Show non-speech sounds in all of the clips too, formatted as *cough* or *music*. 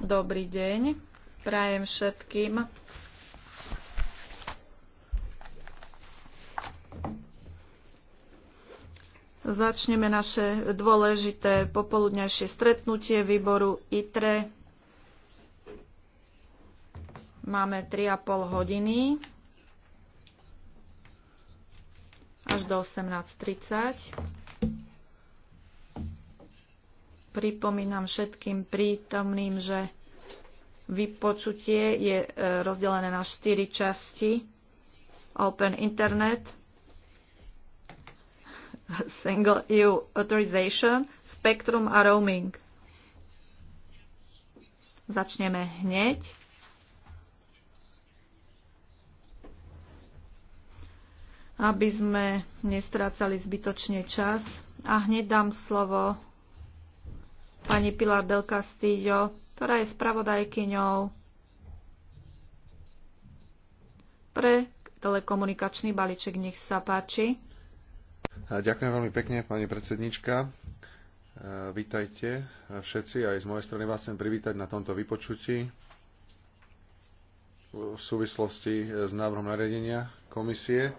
Dobrý deň, prajem všetkým. Začneme naše dôležité popoludňajšie stretnutie výboru ITRE. Máme 3,5 hodiny až do 18.30. Pripomínam všetkým prítomným, že vypočutie je e, rozdelené na štyri časti. Open Internet, Single EU Authorization, Spectrum a Roaming. Začneme hneď. aby sme nestrácali zbytočne čas. A hneď dám slovo pani Pilar del Castillo, ktorá je spravodajkyňou pre telekomunikačný balíček. Nech sa páči. Ďakujem veľmi pekne, pani predsednička. E, vítajte všetci, aj z mojej strany vás chcem privítať na tomto vypočutí v súvislosti s návrhom nariadenia komisie,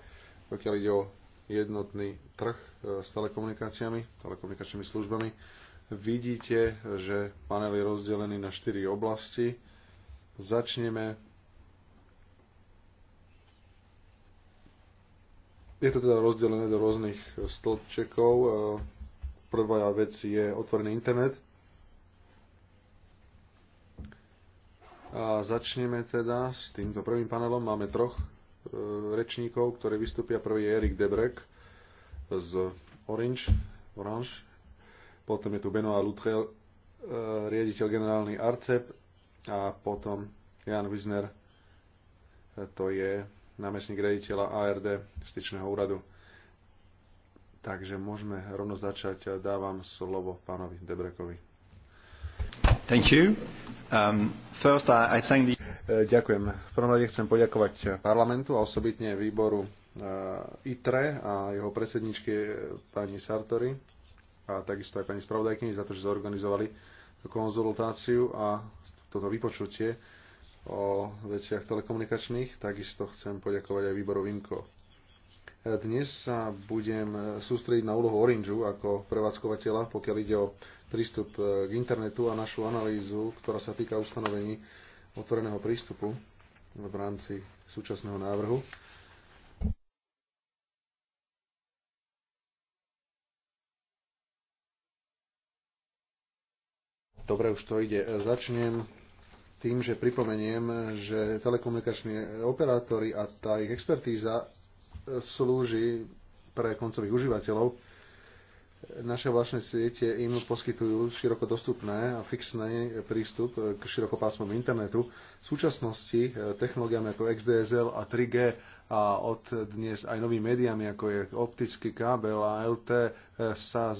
pokiaľ ide o jednotný trh e, s telekomunikáciami, telekomunikačnými službami. Vidíte, že panel je rozdelený na 4 oblasti. Začneme. Je to teda rozdelené do rôznych stĺpčekov. E, Prvá vec je otvorený internet. A začneme teda s týmto prvým panelom. Máme troch e, rečníkov, ktorí vystúpia. Prvý je Erik Debrek z Orange, Orange potom je tu Benoit Lutrel, e, riaditeľ generálny Arcep a potom Jan Wisner, e, to je námestník riaditeľa ARD styčného úradu. Takže môžeme rovno začať. Dávam slovo pánovi Debrekovi. Thank you. Um, first I, I thank the... E, ďakujem. V prvom rade chcem poďakovať parlamentu a osobitne výboru ITRE a jeho predsedničke pani Sartori a takisto aj pani spravodajkyni za to, že zorganizovali konzultáciu a toto vypočutie o veciach telekomunikačných. Takisto chcem poďakovať aj výboru Vimko. Dnes sa budem sústrediť na úlohu Orangeu ako prevádzkovateľa, pokiaľ ide o prístup k internetu a našu analýzu, ktorá sa týka ustanovení otvoreného prístupu v rámci súčasného návrhu. Dobre, už to ide. Začnem tým, že pripomeniem, že telekomunikační operátory a tá ich expertíza slúži pre koncových užívateľov. Naše vlastné siete im poskytujú široko dostupné a fixný prístup k širokopásmom internetu. V súčasnosti eh, technológiami ako XDSL a 3G a od dnes aj novými médiami ako je optický kábel a LT eh, sa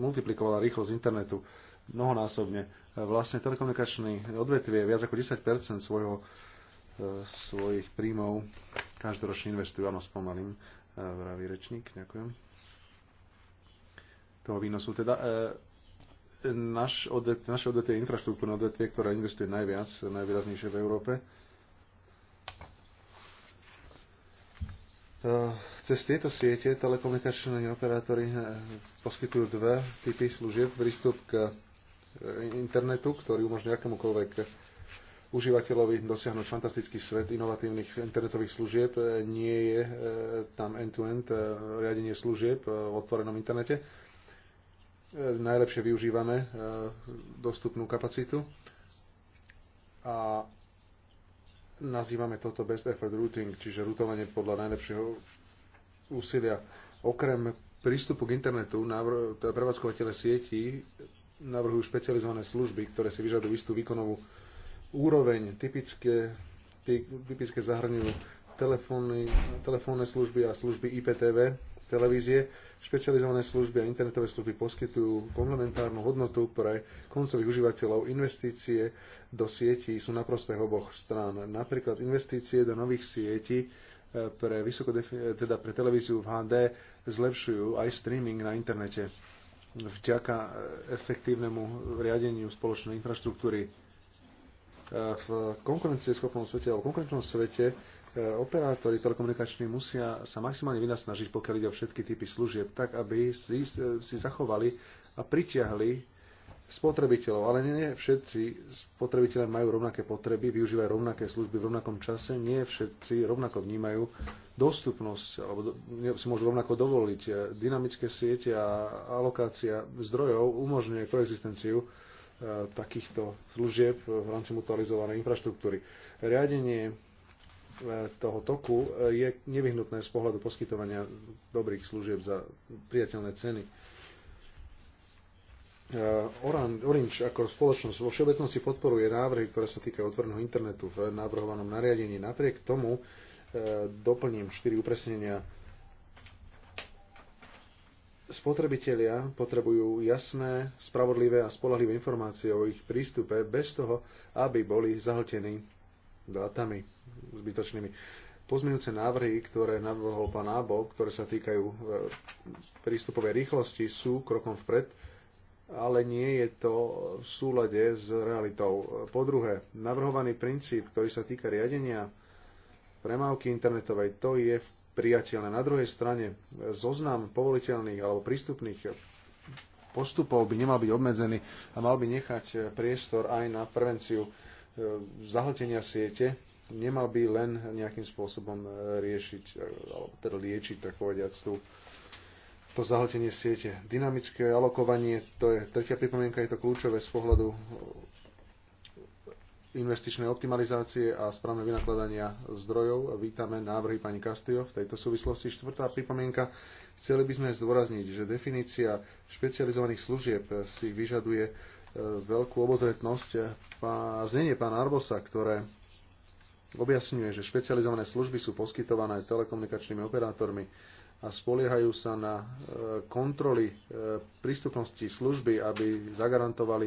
multiplikovala rýchlosť internetu mnohonásobne. E, vlastne telekomunikačný odvetvie viac ako 10 svojho, e, svojich príjmov každoročne investujú. Áno, spomalím, e, vraví rečník. Ďakujem. Toho výnosu teda. Naš odvet, naše odvetvie je infraštruktúrne odvetvie, ktoré investuje najviac, najvýraznejšie v Európe. Cez tieto siete telekomunikační operátori poskytujú dve typy služieb. Prístup k internetu, ktorý umožňuje akémukoľvek užívateľovi dosiahnuť fantastický svet inovatívnych internetových služieb. Nie je e, tam end-to-end -end riadenie služieb e, v otvorenom internete. E, najlepšie využívame dostupnú kapacitu a nazývame toto best effort routing, čiže rutovanie podľa najlepšieho úsilia. Okrem prístupu k internetu, prevádzkovateľe sietí navrhujú špecializované služby, ktoré si vyžadujú istú výkonovú úroveň. Typické, ty, typické zahrňujú telefónne, telefónne služby a služby IPTV, televízie. Špecializované služby a internetové služby poskytujú komplementárnu hodnotu pre koncových užívateľov. Investície do sietí sú na prospech oboch strán. Napríklad investície do nových sietí e, pre, vysoko, e, teda pre televíziu v HD zlepšujú aj streaming na internete vďaka efektívnemu riadeniu spoločnej infraštruktúry e, v konkurencieschopnom svete alebo konkurenčnom svete e, operátori telekomunikační musia sa maximálne vynasnažiť, pokiaľ ide o všetky typy služieb, tak aby si, e, si zachovali a pritiahli spotrebiteľov, ale nie všetci spotrebiteľe majú rovnaké potreby, využívajú rovnaké služby v rovnakom čase, nie všetci rovnako vnímajú dostupnosť, alebo si môžu rovnako dovoliť. Dynamické siete a alokácia zdrojov umožňuje koexistenciu e, takýchto služieb v rámci mutualizovanej infraštruktúry. Riadenie e, toho toku e, je nevyhnutné z pohľadu poskytovania dobrých služieb za priateľné ceny Eh, Orange ako spoločnosť vo všeobecnosti podporuje návrhy, ktoré sa týkajú otvoreného internetu v navrhovanom nariadení. Napriek tomu eh, doplním 4 upresnenia. Spotrebitelia potrebujú jasné, spravodlivé a spolahlivé informácie o ich prístupe bez toho, aby boli zahltení dátami zbytočnými. Pozmeňujúce návrhy, ktoré navrhol pán Ábo, ktoré sa týkajú eh, prístupovej rýchlosti, sú krokom vpred ale nie je to v súlade s realitou. Po druhé, navrhovaný princíp, ktorý sa týka riadenia premávky internetovej, to je priateľné. Na druhej strane, zoznam povoliteľných alebo prístupných postupov by nemal byť obmedzený a mal by nechať priestor aj na prevenciu e, zahltenia siete. Nemal by len nejakým spôsobom riešiť, e, alebo teda liečiť, tak povediať, tú to zahltenie siete. Dynamické alokovanie, to je tretia pripomienka, je to kľúčové z pohľadu investičnej optimalizácie a správne vynakladania zdrojov. Vítame návrhy pani Castillo v tejto súvislosti. Štvrtá pripomienka. Chceli by sme zdôrazniť, že definícia špecializovaných služieb si vyžaduje e, veľkú obozretnosť a znenie pána Arbosa, ktoré objasňuje, že špecializované služby sú poskytované telekomunikačnými operátormi a spoliehajú sa na e, kontroly e, prístupnosti služby, aby zagarantovali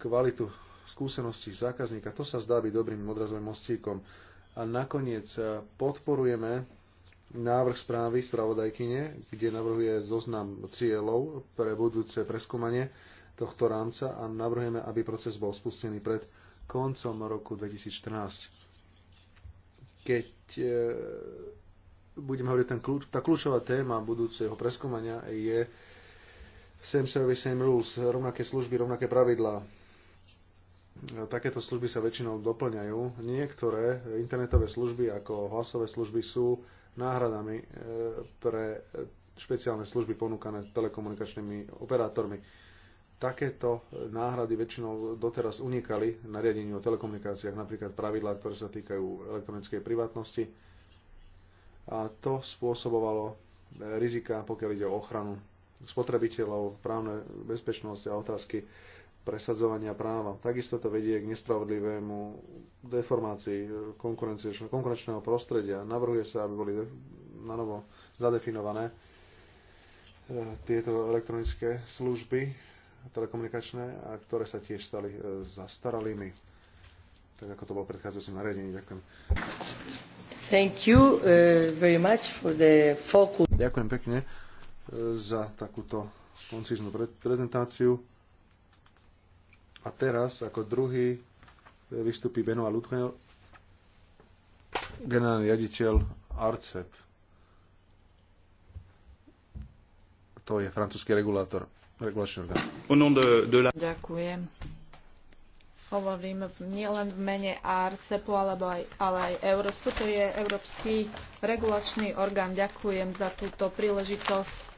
kvalitu skúseností zákazníka. To sa zdá byť dobrým odrazovým mostíkom. A nakoniec e, podporujeme návrh správy spravodajkyne, kde navrhuje zoznam cieľov pre budúce preskúmanie tohto rámca a navrhujeme, aby proces bol spustený pred koncom roku 2014. Keď budem hovoriť, ten kľúč, tá kľúčová téma budúceho preskúmania je same service, same rules, rovnaké služby, rovnaké pravidlá. Takéto služby sa väčšinou doplňajú. Niektoré internetové služby ako hlasové služby sú náhradami e, pre špeciálne služby ponúkané telekomunikačnými operátormi. Takéto náhrady väčšinou doteraz unikali nariadeniu o telekomunikáciách, napríklad pravidlá, ktoré sa týkajú elektronickej privátnosti, a to spôsobovalo e, rizika, pokiaľ ide o ochranu spotrebiteľov, právne bezpečnosť a otázky presadzovania práva. Takisto to vedie k nespravodlivému deformácii e, konkurenčného prostredia. Navrhuje sa, aby boli na novo zadefinované e, tieto elektronické služby telekomunikačné, a ktoré sa tiež stali zastaralými, tak ako to bolo predchádzajúcim predchádzajúcom nariadení. Ďakujem. Uh, Ďakujem pekne uh, za takúto koncíznu prezentáciu. A teraz ako druhý uh, vystupí Benoit Lutchner, generálny riaditeľ ARCEP. To je francúzsky regulátor, regulačný orgán. Ďakujem hovorím nielen v mene ARCEPu, alebo aj, ale aj EUROSu. To je Európsky regulačný orgán. Ďakujem za túto príležitosť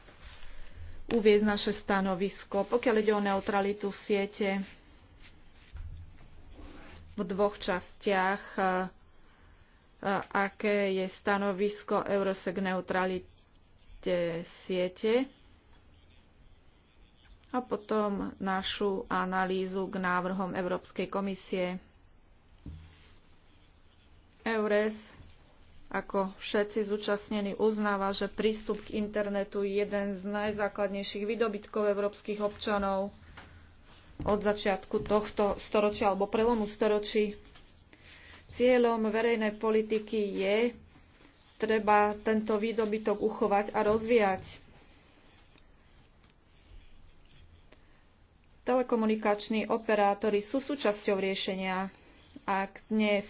uviezť naše stanovisko. Pokiaľ ide o neutralitu siete v dvoch častiach, aké je stanovisko Eurosek neutralite siete a potom našu analýzu k návrhom Európskej komisie. EURES, ako všetci zúčastnení, uznáva, že prístup k internetu je jeden z najzákladnejších vydobitkov európskych občanov od začiatku tohto storočia alebo prelomu storočí. Cieľom verejnej politiky je treba tento výdobytok uchovať a rozvíjať. Telekomunikační operátori sú súčasťou riešenia. Ak dnes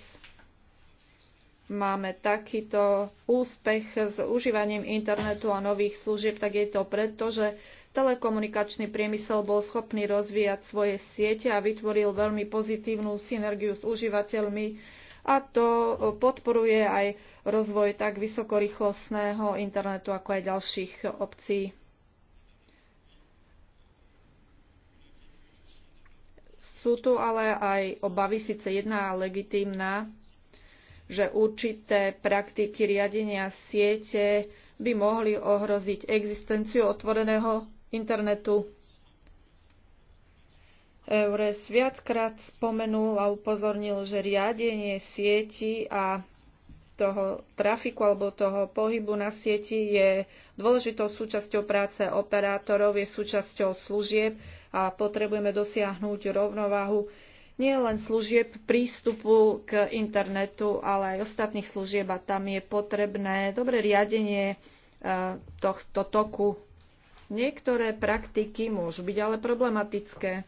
máme takýto úspech s užívaním internetu a nových služieb, tak je to preto, že telekomunikačný priemysel bol schopný rozvíjať svoje siete a vytvoril veľmi pozitívnu synergiu s užívateľmi a to podporuje aj rozvoj tak vysokorýchlostného internetu, ako aj ďalších obcí. Sú tu ale aj obavy, síce jedna legitímna, že určité praktiky riadenia siete by mohli ohroziť existenciu otvoreného internetu. Eures viackrát spomenul a upozornil, že riadenie sieti a toho trafiku alebo toho pohybu na sieti je dôležitou súčasťou práce operátorov, je súčasťou služieb a potrebujeme dosiahnuť rovnováhu nielen služieb prístupu k internetu, ale aj ostatných služieb a tam je potrebné dobré riadenie e, tohto toku. Niektoré praktiky môžu byť ale problematické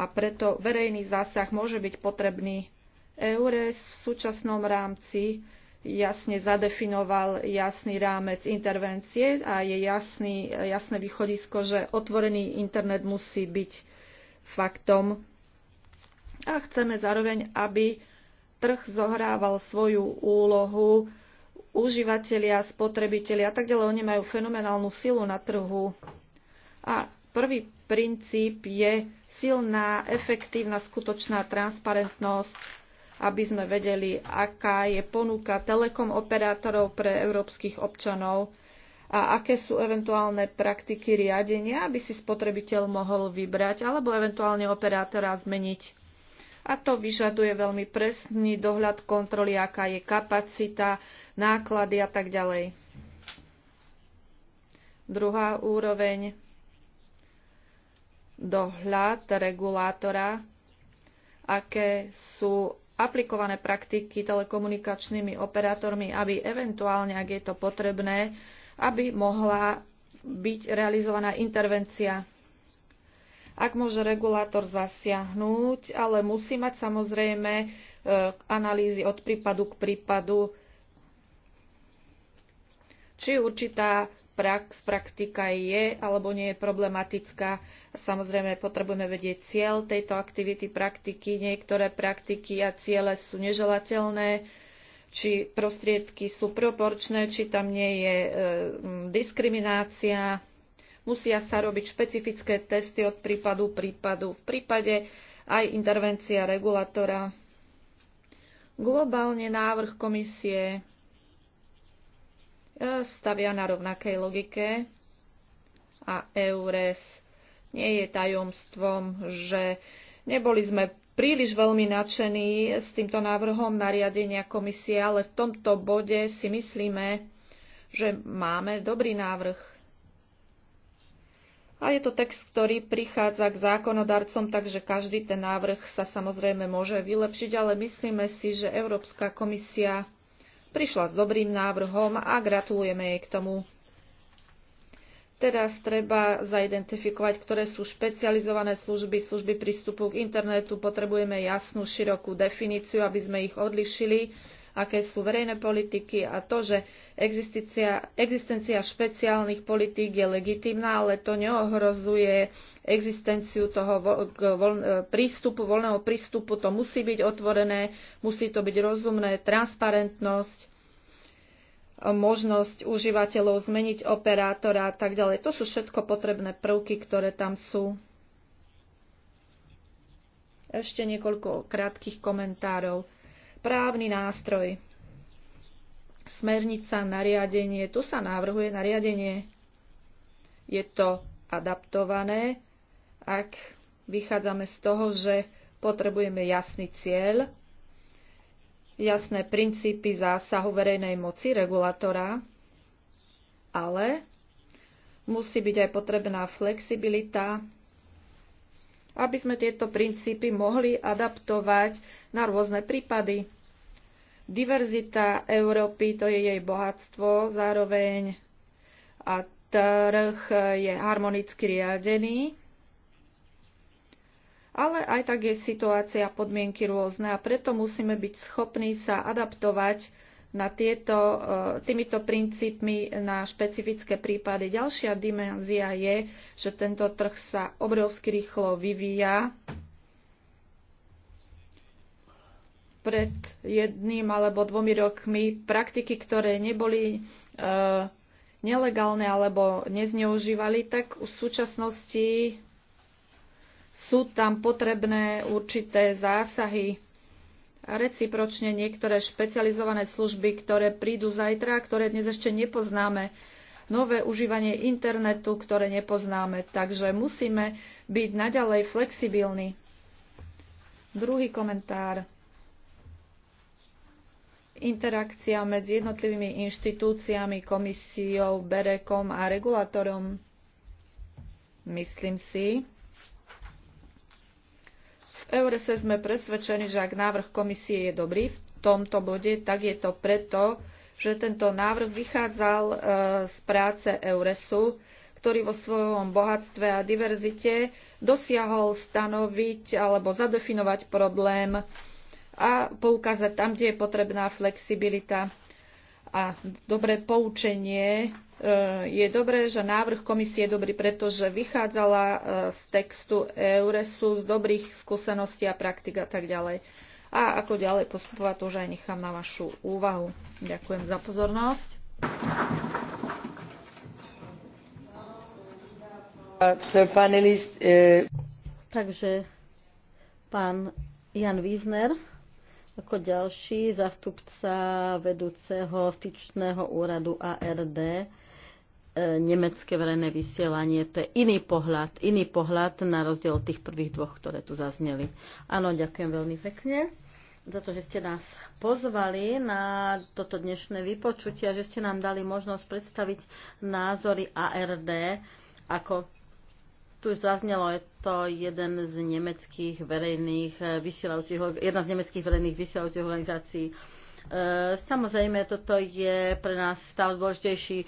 a preto verejný zásah môže byť potrebný. EURES v súčasnom rámci jasne zadefinoval jasný rámec intervencie a je jasný, jasné východisko, že otvorený internet musí byť faktom. A chceme zároveň, aby trh zohrával svoju úlohu, užívateľia, spotrebitelia a tak ďalej, oni majú fenomenálnu silu na trhu. A prvý princíp je silná, efektívna, skutočná transparentnosť aby sme vedeli, aká je ponuka telekom operátorov pre európskych občanov a aké sú eventuálne praktiky riadenia, aby si spotrebiteľ mohol vybrať alebo eventuálne operátora zmeniť. A to vyžaduje veľmi presný dohľad kontroly, aká je kapacita, náklady a tak ďalej. Druhá úroveň dohľad regulátora, aké sú aplikované praktiky telekomunikačnými operátormi, aby eventuálne, ak je to potrebné, aby mohla byť realizovaná intervencia. Ak môže regulátor zasiahnuť, ale musí mať samozrejme e, analýzy od prípadu k prípadu, či určitá prax, praktika je alebo nie je problematická. Samozrejme, potrebujeme vedieť cieľ tejto aktivity, praktiky. Niektoré praktiky a ciele sú neželateľné, či prostriedky sú proporčné, či tam nie je e, diskriminácia. Musia sa robiť špecifické testy od prípadu prípadu. V prípade aj intervencia regulátora. Globálne návrh komisie stavia na rovnakej logike a EURES nie je tajomstvom, že neboli sme príliš veľmi nadšení s týmto návrhom nariadenia komisie, ale v tomto bode si myslíme, že máme dobrý návrh. A je to text, ktorý prichádza k zákonodarcom, takže každý ten návrh sa samozrejme môže vylepšiť, ale myslíme si, že Európska komisia prišla s dobrým návrhom a gratulujeme jej k tomu. Teraz treba zaidentifikovať, ktoré sú špecializované služby, služby prístupu k internetu. Potrebujeme jasnú, širokú definíciu, aby sme ich odlišili aké sú verejné politiky a to, že existencia, existencia špeciálnych politík je legitimná, ale to neohrozuje existenciu toho voľ, e, prístupu, voľného prístupu. To musí byť otvorené, musí to byť rozumné, transparentnosť možnosť užívateľov zmeniť operátora a tak ďalej. To sú všetko potrebné prvky, ktoré tam sú. Ešte niekoľko krátkých komentárov právny nástroj. Smernica, nariadenie, tu sa návrhuje nariadenie. Je to adaptované, ak vychádzame z toho, že potrebujeme jasný cieľ, jasné princípy zásahu verejnej moci regulátora, ale musí byť aj potrebná flexibilita aby sme tieto princípy mohli adaptovať na rôzne prípady. Diverzita Európy to je jej bohatstvo zároveň a trh je harmonicky riadený, ale aj tak je situácia a podmienky rôzne a preto musíme byť schopní sa adaptovať na tieto, eh, týmito princípmi na špecifické prípady. Ďalšia dimenzia je, že tento trh sa obrovsky rýchlo vyvíja. Pred jedným alebo dvomi rokmi praktiky, ktoré neboli eh, nelegálne alebo nezneužívali, tak v súčasnosti sú tam potrebné určité zásahy recipročne niektoré špecializované služby, ktoré prídu zajtra, ktoré dnes ešte nepoznáme, nové užívanie internetu, ktoré nepoznáme. Takže musíme byť naďalej flexibilní. Druhý komentár. Interakcia medzi jednotlivými inštitúciami, komisiou, berekom a regulátorom. Myslím si, Eurese sme presvedčení, že ak návrh komisie je dobrý v tomto bode, tak je to preto, že tento návrh vychádzal e, z práce Euresu, ktorý vo svojom bohatstve a diverzite dosiahol stanoviť alebo zadefinovať problém a poukázať tam, kde je potrebná flexibilita a dobré poučenie e, je dobré, že návrh komisie je dobrý, pretože vychádzala e, z textu Euresu, z dobrých skúseností a praktik a tak ďalej. A ako ďalej postupovať, to už aj nechám na vašu úvahu. Ďakujem za pozornosť. E- Takže pán Jan Wiesner. Ako ďalší zastupca vedúceho styčného úradu ARD e, nemecké verejné vysielanie, to je iný pohľad, iný pohľad na rozdiel od tých prvých dvoch, ktoré tu zazneli. Áno, ďakujem veľmi pekne za to, že ste nás pozvali na toto dnešné vypočutie a že ste nám dali možnosť predstaviť názory ARD ako tu už zaznelo, je to jeden z nemeckých verejných vysielajúcich, jedna z nemeckých verejných vysielajúcich organizácií, E, samozrejme, toto je pre nás stále dôležitejší e,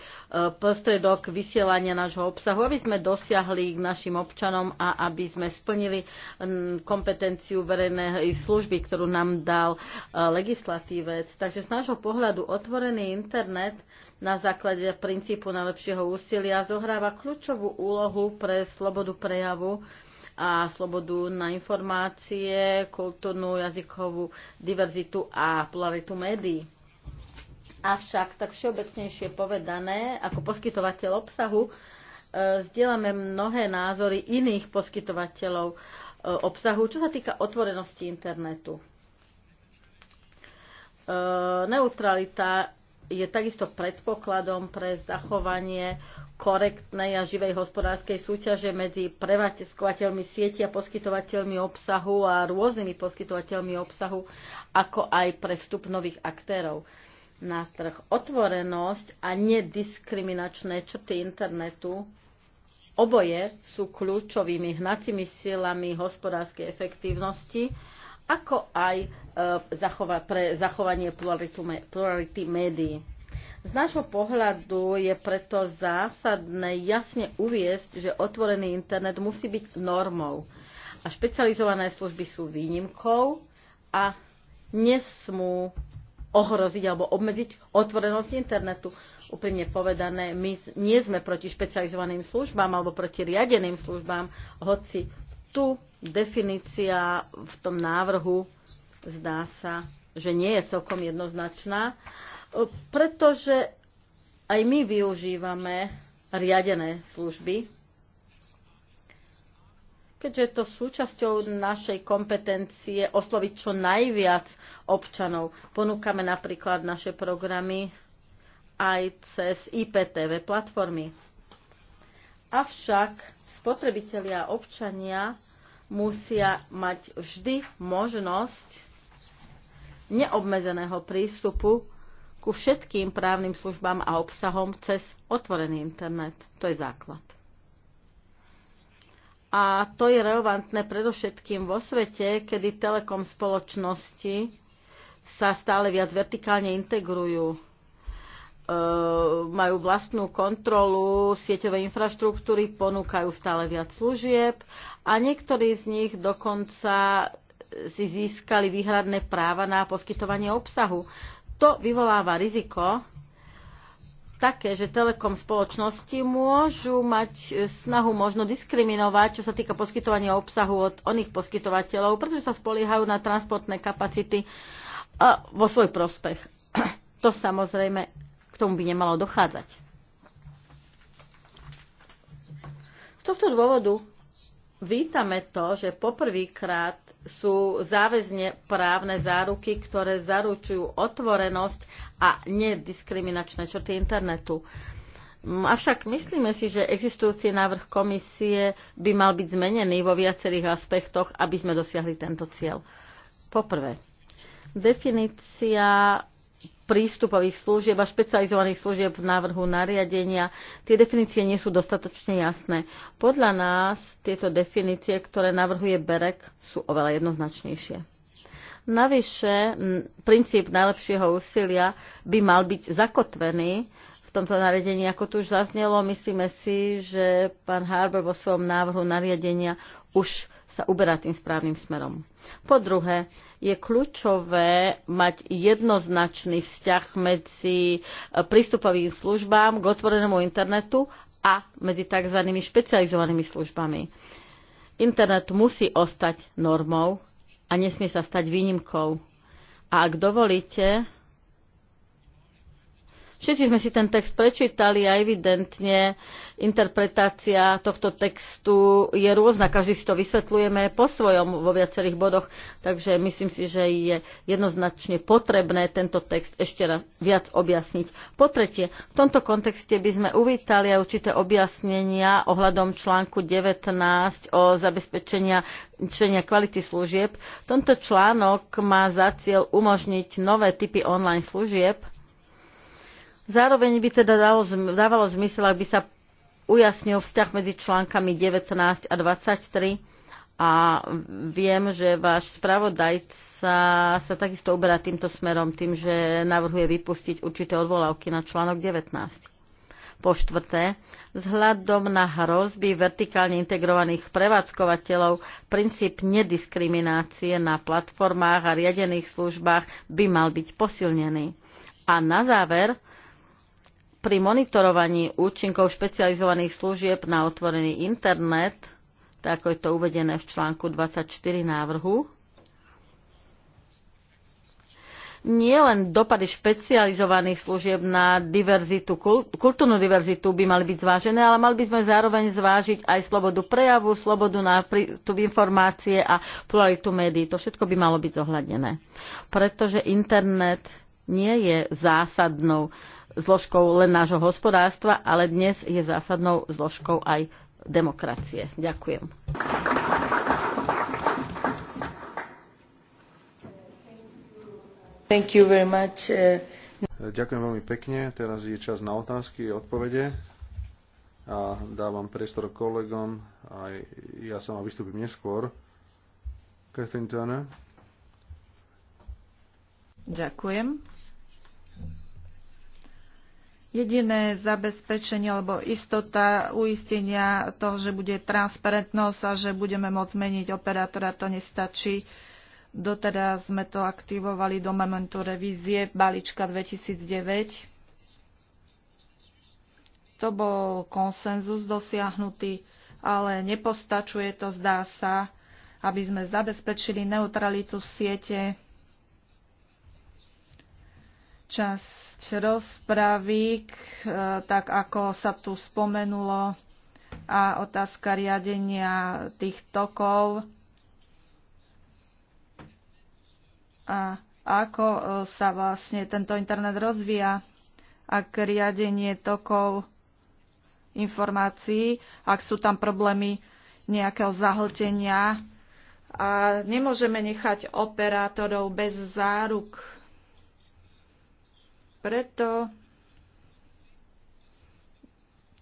prostredok vysielania nášho obsahu, aby sme dosiahli k našim občanom a aby sme splnili kompetenciu verejnej služby, ktorú nám dal e, legislatívec. Takže z nášho pohľadu otvorený internet na základe princípu najlepšieho úsilia zohráva kľúčovú úlohu pre slobodu prejavu a slobodu na informácie, kultúrnu, jazykovú diverzitu a pluralitu médií. Avšak tak všeobecnejšie povedané, ako poskytovateľ obsahu, e, zdieľame mnohé názory iných poskytovateľov e, obsahu, čo sa týka otvorenosti internetu. E, neutralita je takisto predpokladom pre zachovanie korektnej a živej hospodárskej súťaže medzi prevádzkovateľmi sieti a poskytovateľmi obsahu a rôznymi poskytovateľmi obsahu, ako aj pre vstup nových aktérov na trh. Otvorenosť a nediskriminačné črty internetu oboje sú kľúčovými hnacími silami hospodárskej efektívnosti, ako aj e, zachova, pre zachovanie plurality, plurality médií. Z nášho pohľadu je preto zásadné jasne uviesť, že otvorený internet musí byť normou a špecializované služby sú výnimkou a nesmú ohroziť alebo obmedziť otvorenosť internetu. Úprimne povedané, my nie sme proti špecializovaným službám alebo proti riadeným službám, hoci tu definícia v tom návrhu zdá sa, že nie je celkom jednoznačná pretože aj my využívame riadené služby, keďže je to súčasťou našej kompetencie osloviť čo najviac občanov. Ponúkame napríklad naše programy aj cez IPTV platformy. Avšak spotrebitelia a občania musia mať vždy možnosť neobmedzeného prístupu ku všetkým právnym službám a obsahom cez otvorený internet. To je základ. A to je relevantné predovšetkým vo svete, kedy telekom spoločnosti sa stále viac vertikálne integrujú. E, majú vlastnú kontrolu sieťovej infraštruktúry, ponúkajú stále viac služieb a niektorí z nich dokonca si získali výhradné práva na poskytovanie obsahu to vyvoláva riziko také, že telekom spoločnosti môžu mať e, snahu možno diskriminovať, čo sa týka poskytovania obsahu od oných poskytovateľov, pretože sa spoliehajú na transportné kapacity vo svoj prospech. *clears throat* To samozrejme k tomu by nemalo dochádzať. Z tohto dôvodu vítame to, že poprvýkrát sú záväzne právne záruky, ktoré zaručujú otvorenosť a nediskriminačné črty internetu. Mm, avšak myslíme si, že existujúci návrh komisie by mal byť zmenený vo viacerých aspektoch, aby sme dosiahli tento cieľ. Poprvé, definícia prístupových služieb a špecializovaných služieb v návrhu nariadenia. Tie definície nie sú dostatočne jasné. Podľa nás tieto definície, ktoré navrhuje BEREK, sú oveľa jednoznačnejšie. Navyše, princíp najlepšieho úsilia by mal byť zakotvený v tomto nariadení. Ako tu už zaznelo, myslíme si, že pán Harbour vo svojom návrhu nariadenia už sa uberá tým správnym smerom. Po druhé, je kľúčové mať jednoznačný vzťah medzi e, prístupovým službám k otvorenému internetu a medzi tzv. špecializovanými službami. Internet musí ostať normou a nesmie sa stať výnimkou. A ak dovolíte, Všetci sme si ten text prečítali a evidentne interpretácia tohto textu je rôzna. Každý si to vysvetlujeme po svojom vo viacerých bodoch, takže myslím si, že je jednoznačne potrebné tento text ešte raz viac objasniť. Po tretie, v tomto kontexte by sme uvítali aj určité objasnenia ohľadom článku 19 o zabezpečenia čenia kvality služieb. Tento článok má za cieľ umožniť nové typy online služieb, Zároveň by teda dalo, dávalo zmysel, aby sa ujasnil vzťah medzi článkami 19 a 23 a viem, že váš spravodajca sa takisto uberá týmto smerom, tým, že navrhuje vypustiť určité odvolávky na článok 19. Po štvrté, vzhľadom na hrozby vertikálne integrovaných prevádzkovateľov princíp nediskriminácie na platformách a riadených službách by mal byť posilnený. A na záver, pri monitorovaní účinkov špecializovaných služieb na otvorený internet, tak ako je to uvedené v článku 24 návrhu, nie len dopady špecializovaných služieb na diverzitu, kultúrnu diverzitu by mali byť zvážené, ale mali by sme zároveň zvážiť aj slobodu prejavu, slobodu na prístup informácie a pluralitu médií. To všetko by malo byť zohľadené. Pretože internet nie je zásadnou zložkou len nášho hospodárstva, ale dnes je zásadnou zložkou aj demokracie. Ďakujem. Thank you very much. Uh, Ďakujem veľmi pekne. Teraz je čas na otázky a odpovede. A dávam priestor kolegom. Aj ja sama vystúpim neskôr. Turner. Ďakujem. Jediné zabezpečenie alebo istota uistenia toho, že bude transparentnosť a že budeme môcť meniť operátora, to nestačí. Doteraz sme to aktivovali do momentu revízie balíčka 2009. To bol konsenzus dosiahnutý, ale nepostačuje to, zdá sa, aby sme zabezpečili neutralitu siete. Čas rozpravy, e, tak ako sa tu spomenulo, a otázka riadenia tých tokov a ako e, sa vlastne tento internet rozvíja, ak riadenie tokov informácií, ak sú tam problémy nejakého zahltenia a nemôžeme nechať operátorov bez záruk preto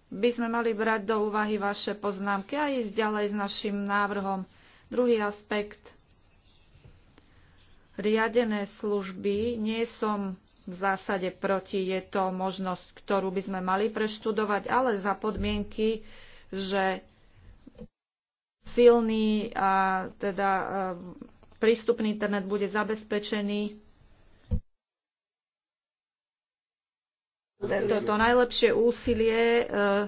by sme mali brať do úvahy vaše poznámky a ísť ďalej s našim návrhom. Druhý aspekt. Riadené služby nie som v zásade proti. Je to možnosť, ktorú by sme mali preštudovať, ale za podmienky, že silný a teda e, prístupný internet bude zabezpečený to, to najlepšie úsilie, eh,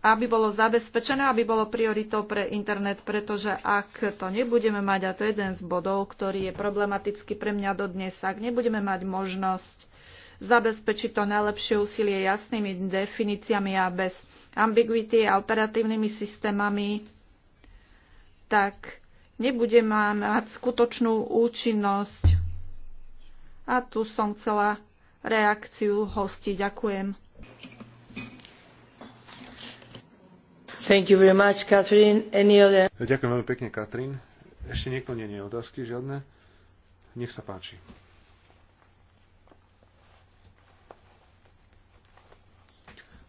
aby bolo zabezpečené, aby bolo prioritou pre internet, pretože ak to nebudeme mať, a to je jeden z bodov, ktorý je problematický pre mňa dodnes, ak nebudeme mať možnosť zabezpečiť to najlepšie úsilie jasnými definíciami a bez ambiguity a operatívnymi systémami, tak nebudeme mať skutočnú účinnosť. A tu som chcela reakciu hostí. Ďakujem. Thank you very much, Catherine. Any other... Ďakujem veľmi pekne, Katrin. Ešte niekto nie je otázky, žiadne? Nech sa páči.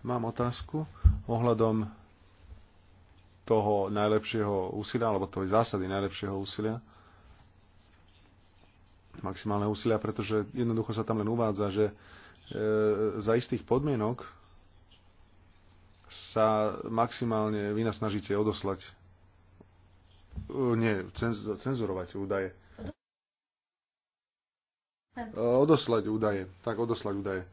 Mám otázku ohľadom toho najlepšieho úsilia, alebo toho zásady najlepšieho úsilia maximálne úsilia, pretože jednoducho sa tam len uvádza, že e, za istých podmienok sa maximálne vy snažíte odoslať, e, nie, cenzurovať údaje. E, odoslať údaje, tak odoslať údaje.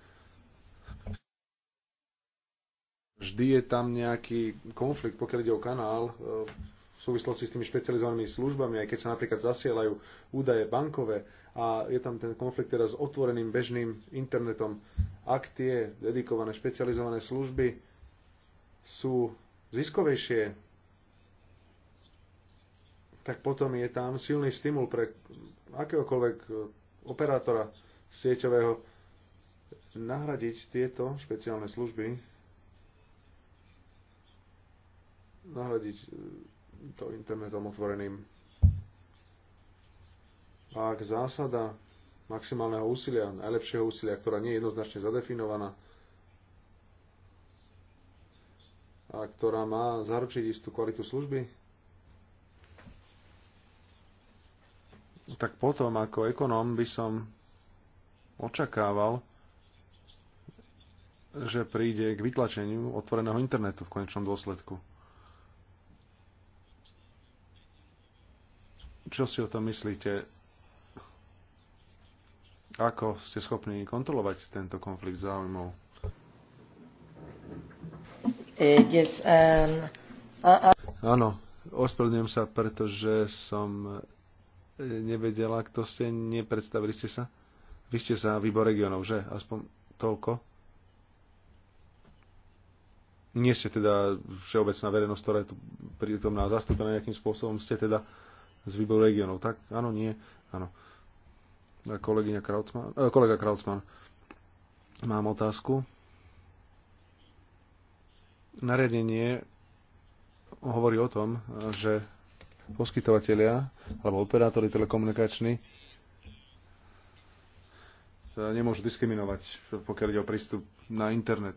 Vždy je tam nejaký konflikt, pokiaľ ide o kanál, v súvislosti s tými špecializovanými službami, aj keď sa napríklad zasielajú údaje bankové, a je tam ten konflikt teraz s otvoreným bežným internetom. Ak tie dedikované špecializované služby sú ziskovejšie, tak potom je tam silný stimul pre akéhokoľvek e, operátora sieťového nahradiť tieto špeciálne služby, nahradiť e, to internetom otvoreným ak zásada maximálneho úsilia, najlepšieho úsilia, ktorá nie je jednoznačne zadefinovaná a ktorá má zaručiť istú kvalitu služby, no tak potom ako ekonóm by som očakával, že príde k vytlačeniu otvoreného internetu v konečnom dôsledku. Čo si o tom myslíte? Ako ste schopní kontrolovať tento konflikt záujmov? E, yes, um, uh, uh. Áno, ospravedlňujem sa, pretože som e, nevedela, kto ste, nepredstavili ste sa. Vy ste sa výbor regionov, že? Aspoň toľko. Nie ste teda všeobecná verejnosť, ktorá je tu prítomná zastúpená nejakým spôsobom, ste teda z výboru regionov, tak? Áno, nie? Áno. Uh, Kolegyňa eh, kolega Krautsman, mám otázku. Nariadenie hovorí o tom, že poskytovateľia alebo operátori telekomunikační eh, nemôžu diskriminovať, pokiaľ ide o prístup na internet.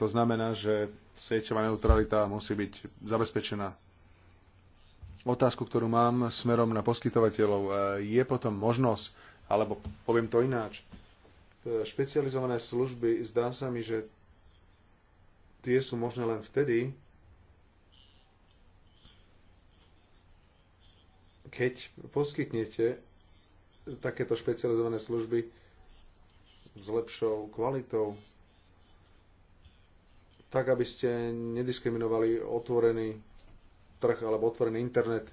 To znamená, že sieťová neutralita musí byť zabezpečená otázku, ktorú mám smerom na poskytovateľov. E, je potom možnosť, alebo poviem to ináč, e, špecializované služby, zdá sa mi, že tie sú možné len vtedy, keď poskytnete takéto špecializované služby s lepšou kvalitou, tak aby ste nediskriminovali otvorený trh alebo otvorený internet.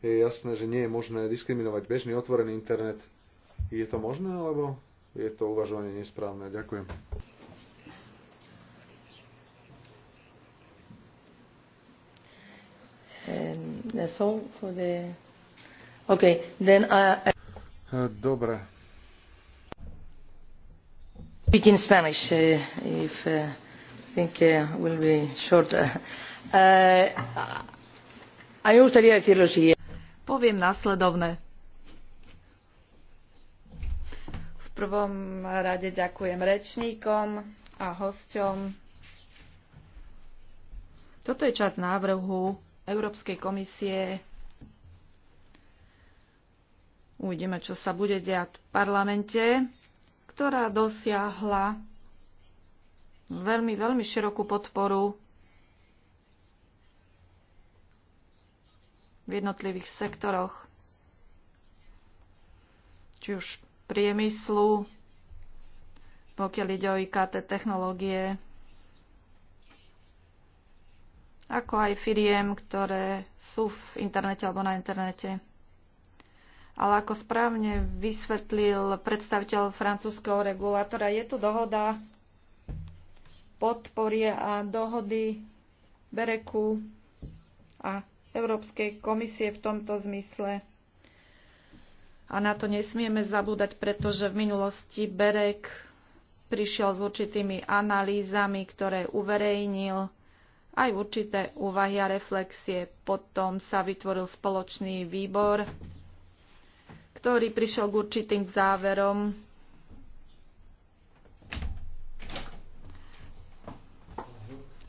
Je jasné, že nie je možné diskriminovať bežný otvorený internet. Je to možné, alebo je to uvažovanie nesprávne? Ďakujem. Dobre. Speak in Spanish, uh, if, uh, think uh, will be short. *laughs* Uh, a gustaría decir lo siguiente. Poviem následovné. V prvom rade ďakujem rečníkom a hosťom. Toto je čas návrhu Európskej komisie. Uvidíme, čo sa bude diať v parlamente, ktorá dosiahla veľmi, veľmi širokú podporu v jednotlivých sektoroch, či už priemyslu, pokiaľ ide o IKT technológie, ako aj firiem, ktoré sú v internete alebo na internete. Ale ako správne vysvetlil predstaviteľ francúzského regulátora, je tu dohoda podporie a dohody Bereku a Európskej komisie v tomto zmysle. A na to nesmieme zabúdať, pretože v minulosti Berek prišiel s určitými analýzami, ktoré uverejnil aj určité úvahy a reflexie. Potom sa vytvoril spoločný výbor, ktorý prišiel k určitým záverom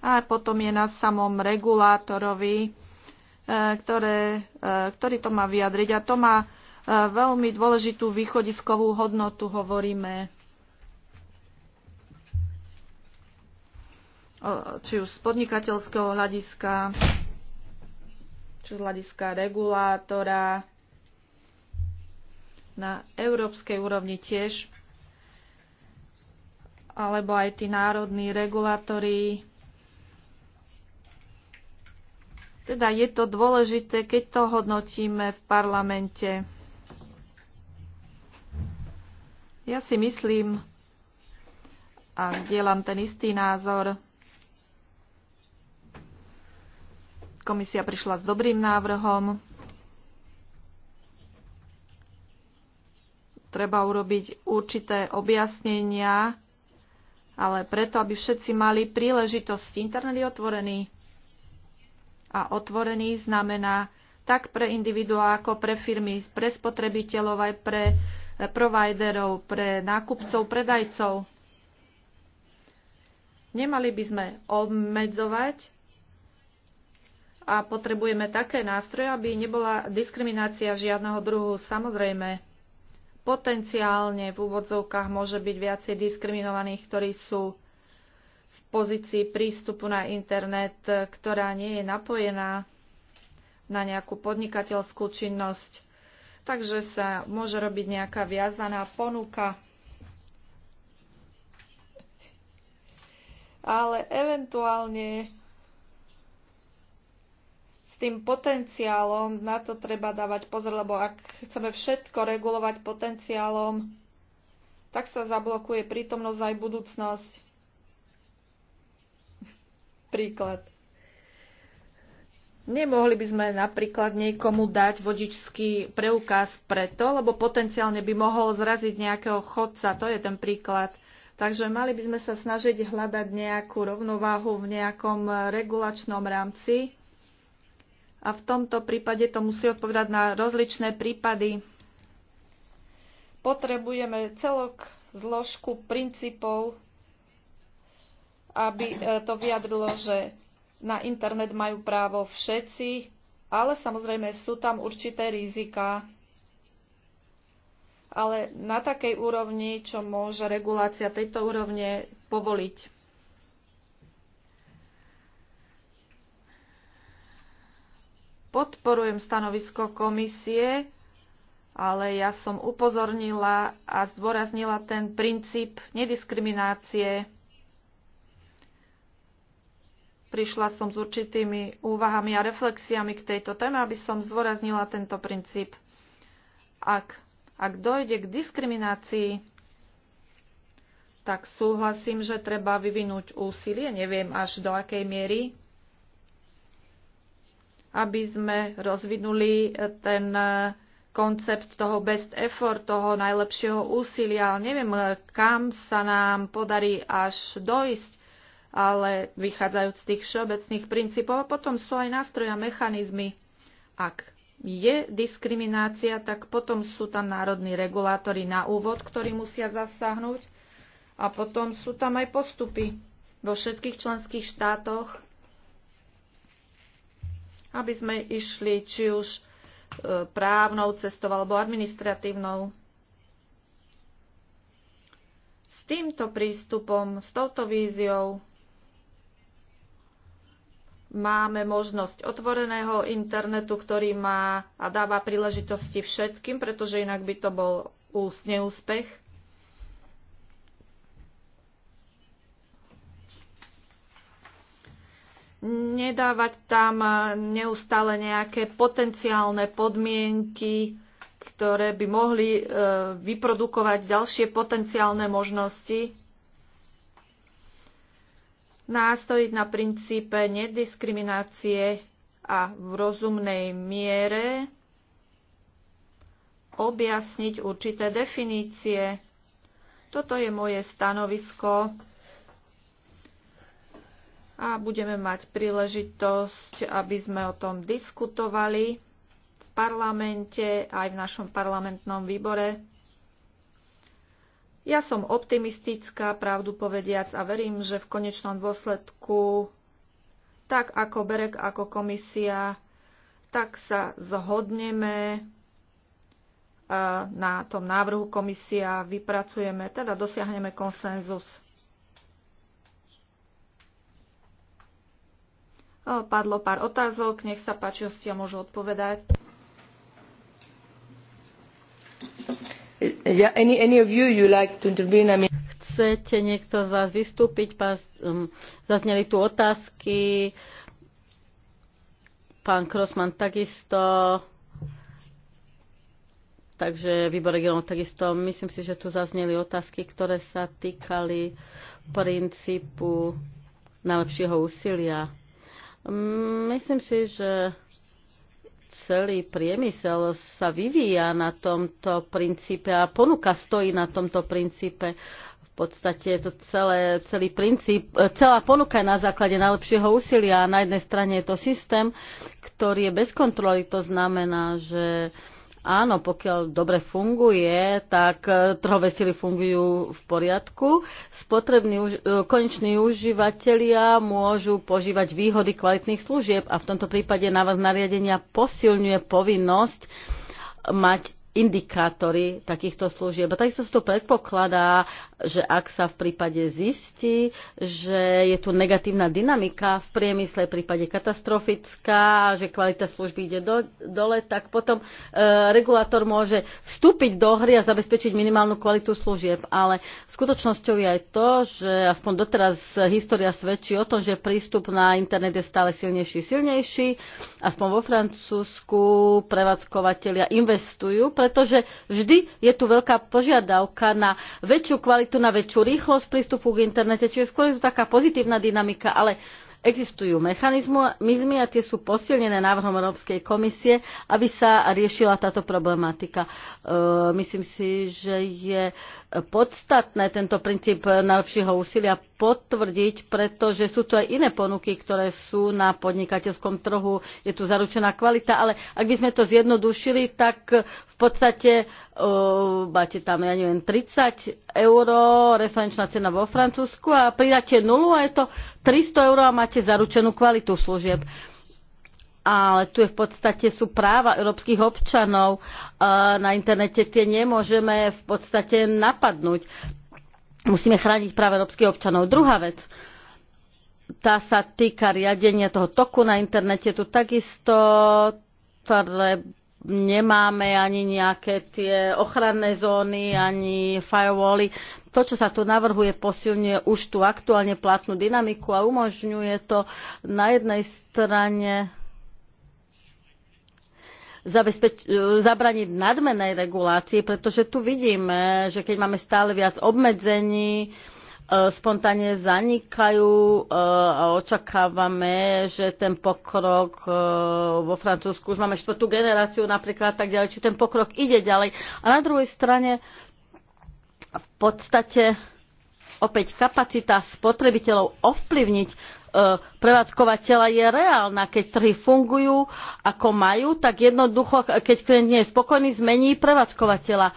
a potom je na samom regulátorovi, e, ktoré, e, ktorý to má vyjadriť. A to má e, veľmi dôležitú východiskovú hodnotu, hovoríme či už z podnikateľského hľadiska, či z hľadiska regulátora, na európskej úrovni tiež, alebo aj tí národní regulátori Teda je to dôležité, keď to hodnotíme v parlamente. Ja si myslím a dielam ten istý názor. Komisia prišla s dobrým návrhom. Treba urobiť určité objasnenia, ale preto, aby všetci mali príležitosť. Internet je otvorený a otvorený znamená tak pre individuá, ako pre firmy, pre spotrebiteľov, aj pre eh, providerov, pre nákupcov, predajcov. Nemali by sme obmedzovať a potrebujeme také nástroje, aby nebola diskriminácia žiadneho druhu. Samozrejme, potenciálne v úvodzovkách môže byť viacej diskriminovaných, ktorí sú pozícii prístupu na internet, ktorá nie je napojená na nejakú podnikateľskú činnosť. Takže sa môže robiť nejaká viazaná ponuka. Ale eventuálne s tým potenciálom na to treba dávať pozor, lebo ak chceme všetko regulovať potenciálom, tak sa zablokuje prítomnosť aj budúcnosť. Príklad. Nemohli by sme napríklad niekomu dať vodičský preukaz preto, lebo potenciálne by mohol zraziť nejakého chodca. To je ten príklad. Takže mali by sme sa snažiť hľadať nejakú rovnováhu v nejakom regulačnom rámci. A v tomto prípade to musí odpovedať na rozličné prípady. Potrebujeme celok zložku princípov aby e, to vyjadrilo, že na internet majú právo všetci, ale samozrejme sú tam určité rizika. Ale na takej úrovni, čo môže regulácia tejto úrovne povoliť. Podporujem stanovisko komisie, ale ja som upozornila a zdôraznila ten princíp nediskriminácie Prišla som s určitými úvahami a reflexiami k tejto téme, aby som zdôraznila tento princíp. Ak, ak dojde k diskriminácii, tak súhlasím, že treba vyvinúť úsilie, neviem až do akej miery, aby sme rozvinuli ten koncept toho best effort, toho najlepšieho úsilia, ale neviem, kam sa nám podarí až dojsť ale vychádzajúc z tých všeobecných princípov. A potom sú aj nástroje a mechanizmy. Ak je diskriminácia, tak potom sú tam národní regulátori na úvod, ktorí musia zasahnuť. A potom sú tam aj postupy vo všetkých členských štátoch, aby sme išli či už e, právnou cestou alebo administratívnou s týmto prístupom, s touto víziou Máme možnosť otvoreného internetu, ktorý má a dáva príležitosti všetkým, pretože inak by to bol neúspech. nedávať tam neustále nejaké potenciálne podmienky, ktoré by mohli e, vyprodukovať ďalšie potenciálne možnosti nástojiť na princípe nediskriminácie a v rozumnej miere objasniť určité definície. Toto je moje stanovisko a budeme mať príležitosť, aby sme o tom diskutovali v parlamente aj v našom parlamentnom výbore. Ja som optimistická, pravdu povediac, a verím, že v konečnom dôsledku, tak ako Berek, ako komisia, tak sa zhodneme na tom návrhu komisia, vypracujeme, teda dosiahneme konsenzus. Padlo pár otázok, nech sa páči, hostia môžu odpovedať. Chcete niekto z vás vystúpiť? Um, zazneli tu otázky. Pán Krosman takisto. Takže výbor regionov takisto. Myslím si, že tu zazneli otázky, ktoré sa týkali princípu najlepšieho úsilia. Mm, myslím si, že celý priemysel sa vyvíja na tomto princípe a ponuka stojí na tomto princípe. V podstate je to celé, celý princíp, celá ponuka je na základe najlepšieho úsilia. Na jednej strane je to systém, ktorý je bez kontroly, to znamená, že Áno, pokiaľ dobre funguje, tak e, trhové sily fungujú v poriadku. Spotrební, e, koneční užívateľia môžu požívať výhody kvalitných služieb a v tomto prípade návrh nariadenia posilňuje povinnosť mať indikátory takýchto služieb. A takisto sa to predpokladá, že ak sa v prípade zistí, že je tu negatívna dynamika v priemysle, v prípade katastrofická, že kvalita služby ide do, dole, tak potom e, regulátor môže vstúpiť do hry a zabezpečiť minimálnu kvalitu služieb. Ale skutočnosťou je aj to, že aspoň doteraz história svedčí o tom, že prístup na internet je stále silnejší, silnejší. Aspoň vo Francúzsku prevádzkovateľia investujú pre pretože vždy je tu veľká požiadavka na väčšiu kvalitu, na väčšiu rýchlosť prístupu k internete, čiže skôr je to taká pozitívna dynamika, ale existujú mechanizmy a tie sú posilnené návrhom Európskej komisie, aby sa riešila táto problematika. E, myslím si, že je podstatné tento princíp najlepšieho úsilia potvrdiť, pretože sú tu aj iné ponuky, ktoré sú na podnikateľskom trhu, je tu zaručená kvalita, ale ak by sme to zjednodušili, tak v podstate uh, máte tam, ja neviem, 30 eur referenčná cena vo Francúzsku a pridáte nulu a je to 300 eur a máte zaručenú kvalitu služieb. Uh, ale tu je v podstate sú práva európskych občanov e, na internete, tie nemôžeme v podstate napadnúť. Musíme chrániť práva európskych občanov. Druhá vec, tá sa týka riadenia toho toku na internete. Tu takisto ktoré nemáme ani nejaké tie ochranné zóny, ani firewally. To, čo sa tu navrhuje, posilňuje už tú aktuálne platnú dynamiku a umožňuje to na jednej strane zabezpeč- e, zabraniť nadmenej regulácii, pretože tu vidíme, že keď máme stále viac obmedzení, e, spontánne zanikajú e, a očakávame, že ten pokrok vo Francúzsku, už máme štvrtú generáciu napríklad tak ďalej, či ten pokrok ide ďalej. A na druhej strane v podstate opäť kapacita spotrebiteľov ovplyvniť E, prevádzkovateľa je reálna. Keď trhy fungujú ako majú, tak jednoducho, keď klient nie je spokojný, zmení prevádzkovateľa.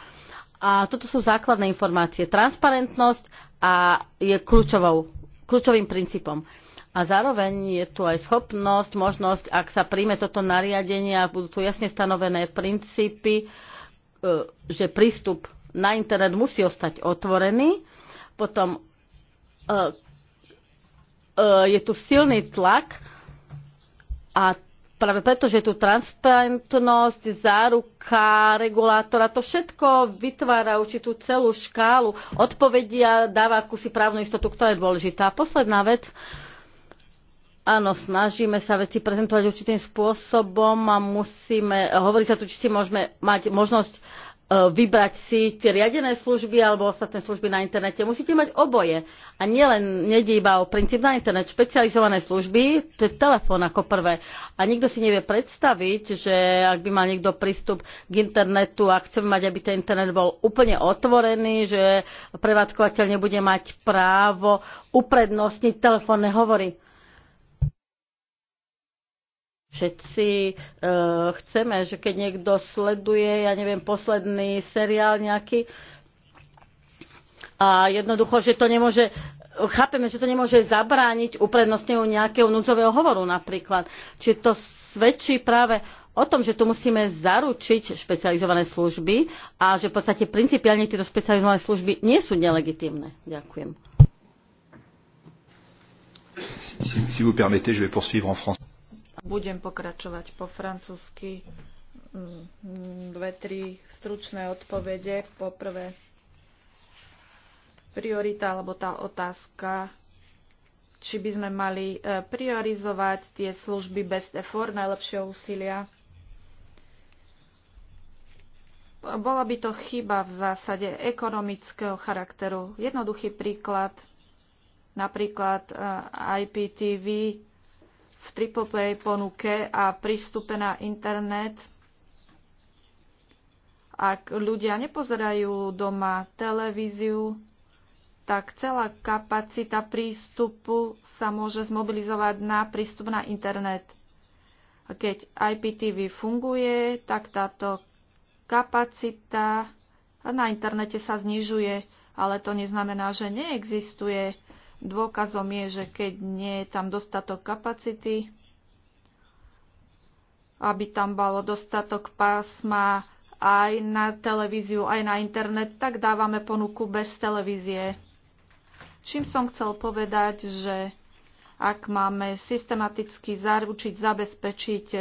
A toto sú základné informácie. Transparentnosť a je kľúčovou, kľúčovým princípom. A zároveň je tu aj schopnosť, možnosť, ak sa príjme toto nariadenie a budú tu jasne stanovené princípy, e, že prístup na internet musí ostať otvorený. Potom e, Eh, je tu silný tlak a práve preto, že je tu transparentnosť, záruka, regulátora, to všetko vytvára určitú celú škálu odpovedia, dáva akúsi právnu istotu, ktorá je dôležitá. A posledná vec, Áno, snažíme sa veci prezentovať určitým spôsobom a musíme, hovorí sa tu, či si môžeme mať možnosť uh, E, vybrať si tie riadené služby alebo ostatné služby na internete. Musíte mať oboje. A nielen nejde iba o princíp na internet. Špecializované služby, to je telefón ako prvé. A nikto si nevie predstaviť, že ak by mal niekto prístup k internetu a chce mať, aby ten internet bol úplne otvorený, že prevádzkovateľ nebude mať právo uprednostniť telefónne hovory Všetci e, chceme, že keď niekto sleduje, ja neviem, posledný seriál nejaký a jednoducho, že to nemôže chápeme, že to nemôže zabrániť uprednostneniu nejakého núdzového hovoru napríklad. Čiže to svedčí práve o tom, že tu musíme zaručiť špecializované služby a že v podstate principiálne tieto špecializované služby nie sú nelegitímne. Ďakujem. Si, si vous permettez, je vais poursuivre en France. Budem pokračovať po francúzsky. Dve, tri stručné odpovede. Poprvé, priorita alebo tá otázka, či by sme mali e, priorizovať tie služby bez effort, najlepšieho úsilia. Bola by to chyba v zásade ekonomického charakteru. Jednoduchý príklad, napríklad e, IPTV v triple ponuke a prístupe na internet. Ak ľudia nepozerajú doma televíziu, tak celá kapacita prístupu sa môže zmobilizovať na prístup na internet. Keď IPTV funguje, tak táto kapacita na internete sa znižuje, ale to neznamená, že neexistuje Dôkazom je, že keď nie je tam dostatok kapacity, aby tam bolo dostatok pásma aj na televíziu, aj na internet, tak dávame ponuku bez televízie. Čím som chcel povedať, že ak máme systematicky zaručiť, zabezpečiť e,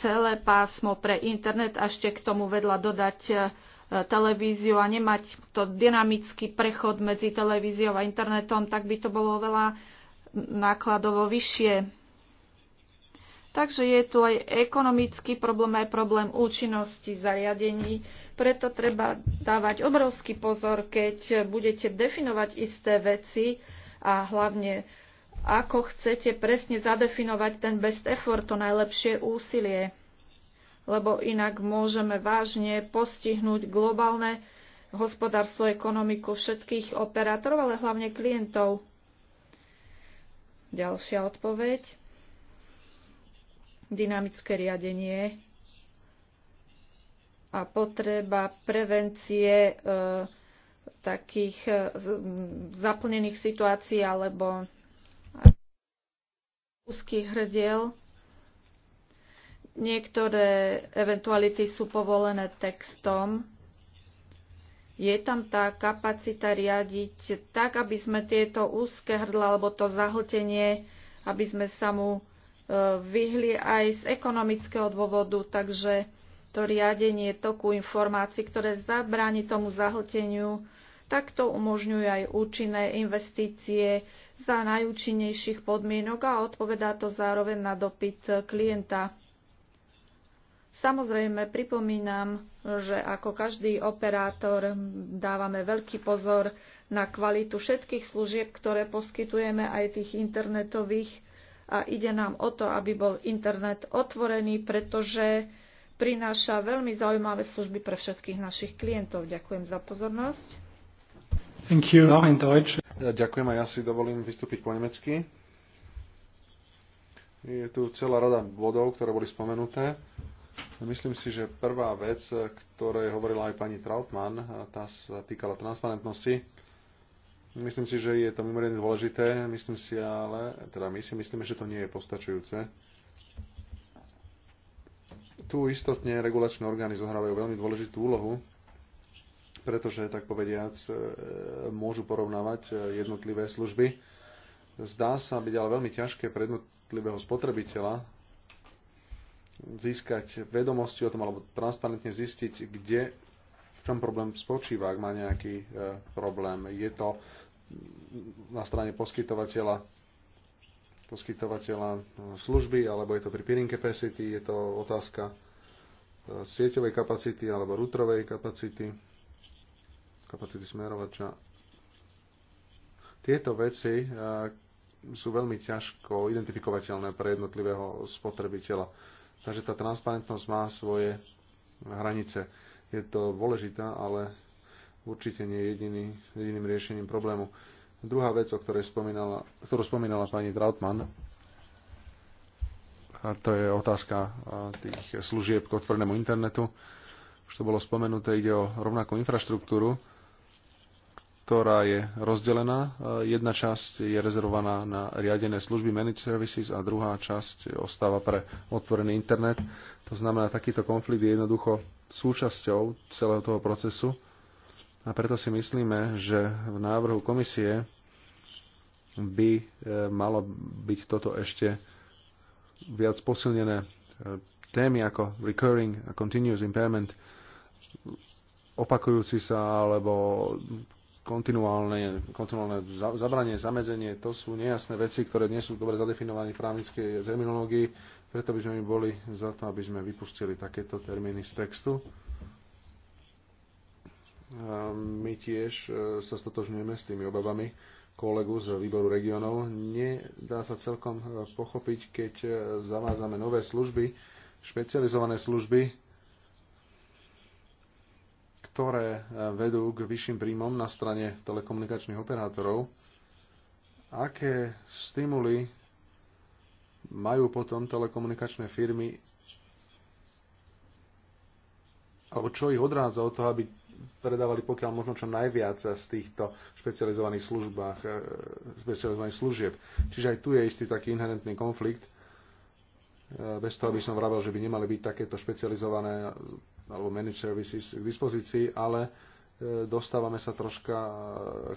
celé pásmo pre internet a ešte k tomu vedľa dodať e, televíziu a nemať to dynamický prechod medzi televíziou a internetom, tak by to bolo veľa nákladovo vyššie. Takže je tu aj ekonomický problém, aj problém účinnosti zariadení. Preto treba dávať obrovský pozor, keď budete definovať isté veci a hlavne ako chcete presne zadefinovať ten best effort, to najlepšie úsilie lebo inak môžeme vážne postihnúť globálne hospodárstvo, ekonomiku všetkých operátorov, ale hlavne klientov. Ďalšia odpoveď. Dynamické riadenie a potreba prevencie e, takých e, zaplnených situácií alebo úzkých hrdiel. Niektoré eventuality sú povolené textom. Je tam tá kapacita riadiť tak, aby sme tieto úzke hrdla alebo to zahltenie, aby sme sa mu e, vyhli aj z ekonomického dôvodu, takže to riadenie toku informácií, ktoré zabráni tomu zahlteniu, tak to umožňuje aj účinné investície za najúčinnejších podmienok a odpovedá to zároveň na dopyt klienta. Samozrejme, pripomínam, že ako každý operátor dávame veľký pozor na kvalitu všetkých služieb, ktoré poskytujeme, aj tých internetových. A ide nám o to, aby bol internet otvorený, pretože prináša veľmi zaujímavé služby pre všetkých našich klientov. Ďakujem za pozornosť. Thank you. In ja Ďakujem a ja si dovolím vystúpiť po nemecky. Je tu celá rada bodov, ktoré boli spomenuté. Myslím si, že prvá vec, ktorej hovorila aj pani Trautmann, tá sa týkala transparentnosti. Myslím si, že je to mimoriadne dôležité. Myslím si ale, teda my si myslíme, že to nie je postačujúce. Tu istotne regulačné orgány zohrávajú veľmi dôležitú úlohu, pretože, tak povediac, e, môžu porovnávať e, jednotlivé služby. Zdá sa byť ale veľmi ťažké pre jednotlivého spotrebiteľa získať vedomosti o tom alebo transparentne zistiť, kde, v čom problém spočíva, ak má nejaký e, problém. Je to na strane poskytovateľa poskytovateľa e, služby, alebo je to pri peering capacity, je to otázka e, sieťovej kapacity alebo rútrovej kapacity, kapacity smerovača. Tieto veci e, sú veľmi ťažko identifikovateľné pre jednotlivého spotrebiteľa Takže tá transparentnosť má svoje hranice. Je to dôležitá, ale určite nie jediný, jediným riešením problému. Druhá vec, o ktorej spomínala, ktorú spomínala pani Trautmann, a to je otázka tých služieb k otvornému internetu. Už to bolo spomenuté, ide o rovnakú infraštruktúru, ktorá je rozdelená. E, jedna časť je rezervovaná na riadené služby managed services a druhá časť ostáva pre otvorený internet. To znamená, takýto konflikt je jednoducho súčasťou celého toho procesu a preto si myslíme, že v návrhu komisie by e, malo byť toto ešte viac posilnené e, témy ako recurring a continuous impairment opakujúci sa alebo kontinuálne, kontinuálne zabranie, zamedzenie, to sú nejasné veci, ktoré nie sú dobre zadefinované v právnickej terminológii, preto by sme my boli za to, aby sme vypustili takéto termíny z textu. My tiež e, sa stotožňujeme s tými obavami kolegu z výboru regionov. Nedá sa celkom e, pochopiť, keď e, zavádzame nové služby, špecializované služby, ktoré e, vedú k vyšším príjmom na strane telekomunikačných operátorov. Aké stimuly majú potom telekomunikačné firmy alebo čo ich odrádza od toho, aby predávali pokiaľ možno čo najviac z týchto špecializovaných službách, e, špecializovaných služieb. Čiže aj tu je istý taký inherentný konflikt. E, bez toho by som vravel, že by nemali byť takéto špecializované alebo managed services k dispozícii, ale e, dostávame sa troška e,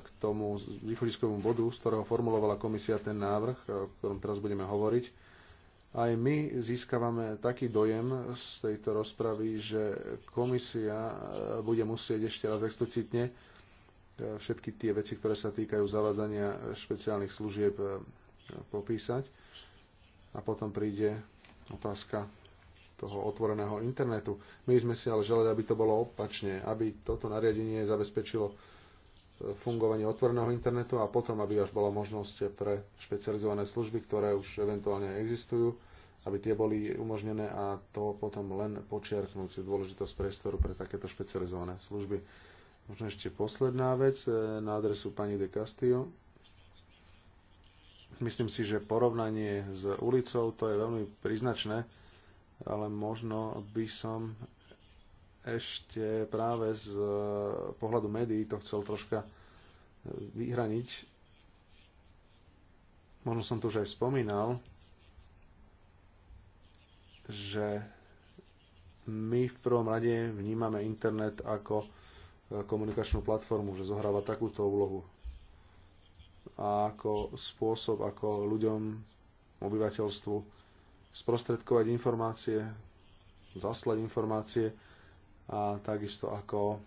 k tomu východiskovému bodu, z ktorého formulovala komisia ten návrh, e, o ktorom teraz budeme hovoriť. Aj my získavame taký dojem z tejto rozpravy, že komisia bude musieť ešte raz explicitne všetky tie veci, ktoré sa týkajú zavádzania špeciálnych služieb popísať. A potom príde otázka toho otvoreného internetu. My sme si ale želeli, aby to bolo opačne, aby toto nariadenie zabezpečilo e, fungovanie otvoreného internetu a potom, aby až bola možnosť pre špecializované služby, ktoré už eventuálne existujú, aby tie boli umožnené a to potom len počiarknúť dôležitosť priestoru pre takéto špecializované služby. Možno ešte posledná vec e, na adresu pani de Castillo. Myslím si, že porovnanie s ulicou to je veľmi príznačné ale možno by som ešte práve z eh, pohľadu médií to chcel troška eh, vyhraniť. Možno som to už aj spomínal, že my v prvom rade vnímame internet ako eh, komunikačnú platformu, že zohráva takúto úlohu a ako spôsob, ako ľuďom, obyvateľstvu sprostredkovať informácie, zaslať informácie a takisto ako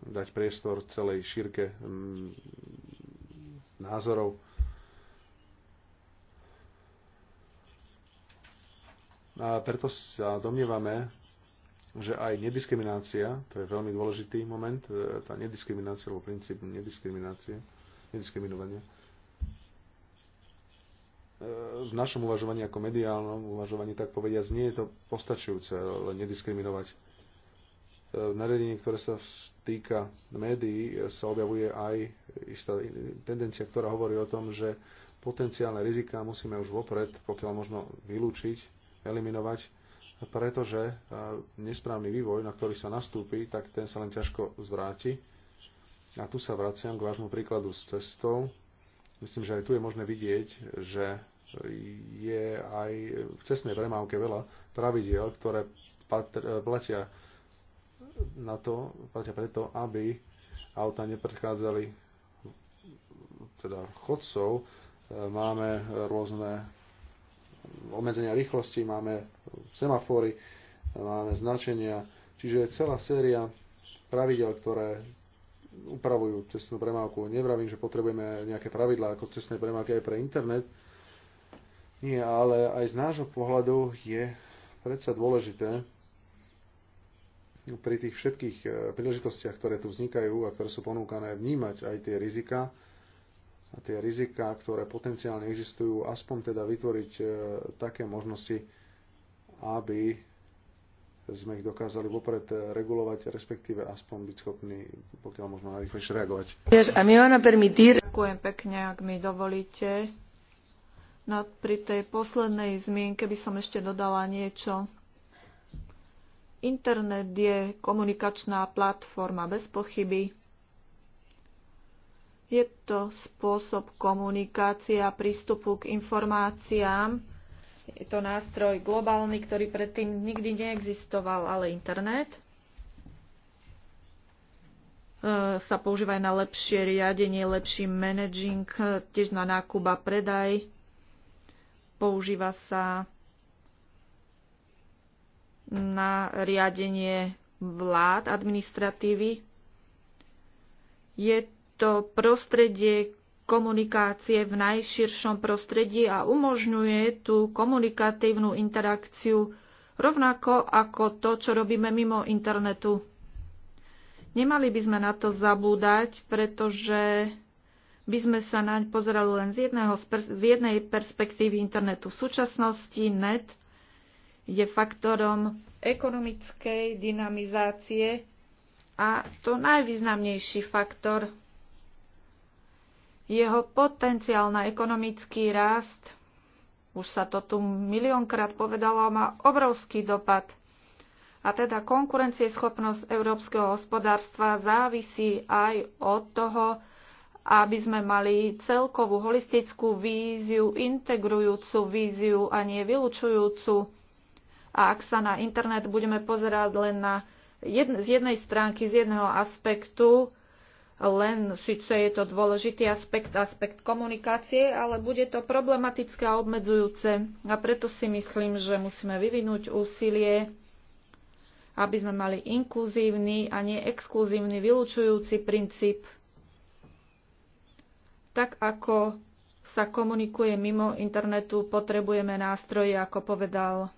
dať priestor celej šírke mm, názorov. A preto sa domnievame, že aj nediskriminácia, to je veľmi dôležitý moment, e, tá nediskriminácia, alebo princíp nediskriminácie, nediskriminovania, E, v našom uvažovaní ako mediálnom uvažovaní, tak povediať, nie je to postačujúce len nediskriminovať. E, Nariadenie, ktoré sa týka médií, sa objavuje aj istá tendencia, ktorá hovorí o tom, že potenciálne riziká musíme už vopred, pokiaľ možno vylúčiť, eliminovať, pretože e, nesprávny vývoj, na ktorý sa nastúpi, tak ten sa len ťažko zvráti. A tu sa vraciam k vášmu príkladu s cestou. Myslím, že aj tu je možné vidieť, že je aj v cestnej premávke veľa pravidiel, ktoré e, platia na to, platia preto, aby auta nepredchádzali teda chodcov. E, máme rôzne obmedzenia rýchlosti, máme semafory, máme značenia, čiže je celá séria pravidel, ktoré upravujú cestnú premávku. Nevravím, že potrebujeme nejaké pravidlá ako cestné premávky aj pre internet, nie, ale aj z nášho pohľadu je predsa dôležité pri tých všetkých eh, príležitostiach, ktoré tu vznikajú a ktoré sú ponúkané, vnímať aj tie rizika a tie rizika, ktoré potenciálne existujú, aspoň teda vytvoriť eh, také možnosti, aby sme ich dokázali vopred eh, regulovať, respektíve aspoň byť schopní, pokiaľ možno najrychlejšie reagovať. Ďakujem pekne, ak mi dovolíte. No pri tej poslednej zmienke by som ešte dodala niečo. Internet je komunikačná platforma bez pochyby. Je to spôsob komunikácia a prístupu k informáciám. Je to nástroj globálny, ktorý predtým nikdy neexistoval, ale internet e, sa používa aj na lepšie riadenie, lepší managing, e, tiež na nákup a predaj používa sa na riadenie vlád, administratívy. Je to prostredie komunikácie v najširšom prostredí a umožňuje tú komunikatívnu interakciu rovnako ako to, čo robíme mimo internetu. Nemali by sme na to zabúdať, pretože by sme sa naň pozerali len z, jedného, z jednej perspektívy internetu. V súčasnosti net je faktorom ekonomickej dynamizácie a to najvýznamnejší faktor. Jeho potenciál na ekonomický rast, už sa to tu miliónkrát povedalo, má obrovský dopad. A teda konkurencieschopnosť európskeho hospodárstva závisí aj od toho, aby sme mali celkovú holistickú víziu, integrujúcu víziu a nie vylúčujúcu. A ak sa na internet budeme pozerať len na jedne, z jednej stránky, z jedného aspektu, len síce je to dôležitý aspekt, aspekt komunikácie, ale bude to problematické a obmedzujúce. A preto si myslím, že musíme vyvinúť úsilie, aby sme mali inkluzívny a nie exkluzívny vylúčujúci princíp. Tak ako sa komunikuje mimo internetu, potrebujeme nástroje, ako povedal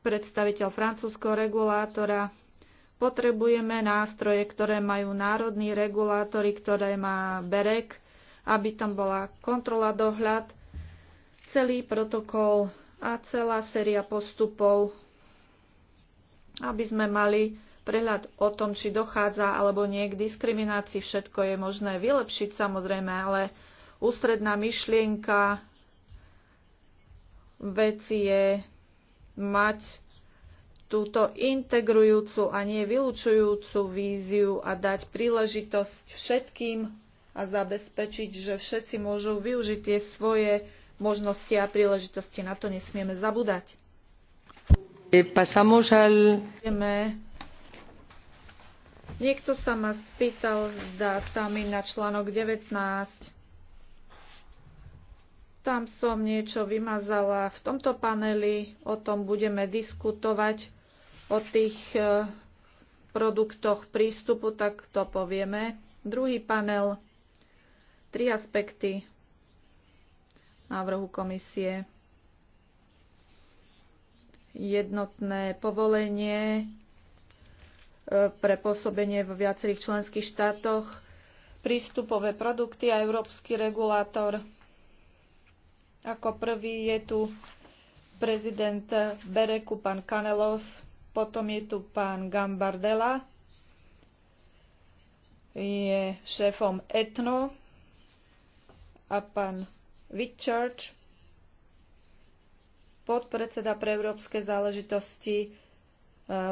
predstaviteľ francúzského regulátora. Potrebujeme nástroje, ktoré majú národní regulátory, ktoré má BEREK, aby tam bola kontrola, dohľad, celý protokol a celá séria postupov, aby sme mali prehľad o tom, či dochádza alebo nie k diskriminácii. Všetko je možné vylepšiť samozrejme, ale ústredná myšlienka veci je mať túto integrujúcu a nie vylúčujúcu víziu a dať príležitosť všetkým a zabezpečiť, že všetci môžu využiť tie svoje možnosti a príležitosti. Na to nesmieme zabúdať. Eh, pasamos al... Ideme Niekto sa ma spýtal, zdá sa mi, na článok 19. Tam som niečo vymazala. V tomto paneli o tom budeme diskutovať, o tých e, produktoch prístupu, tak to povieme. Druhý panel, tri aspekty návrhu komisie. Jednotné povolenie, pre pôsobenie vo viacerých členských štátoch, prístupové produkty a európsky regulátor. Ako prvý je tu prezident Bereku, pán Kanelos, potom je tu pán Gambardella, je šéfom Etno a pán Whitchurch, podpredseda pre európske záležitosti eh,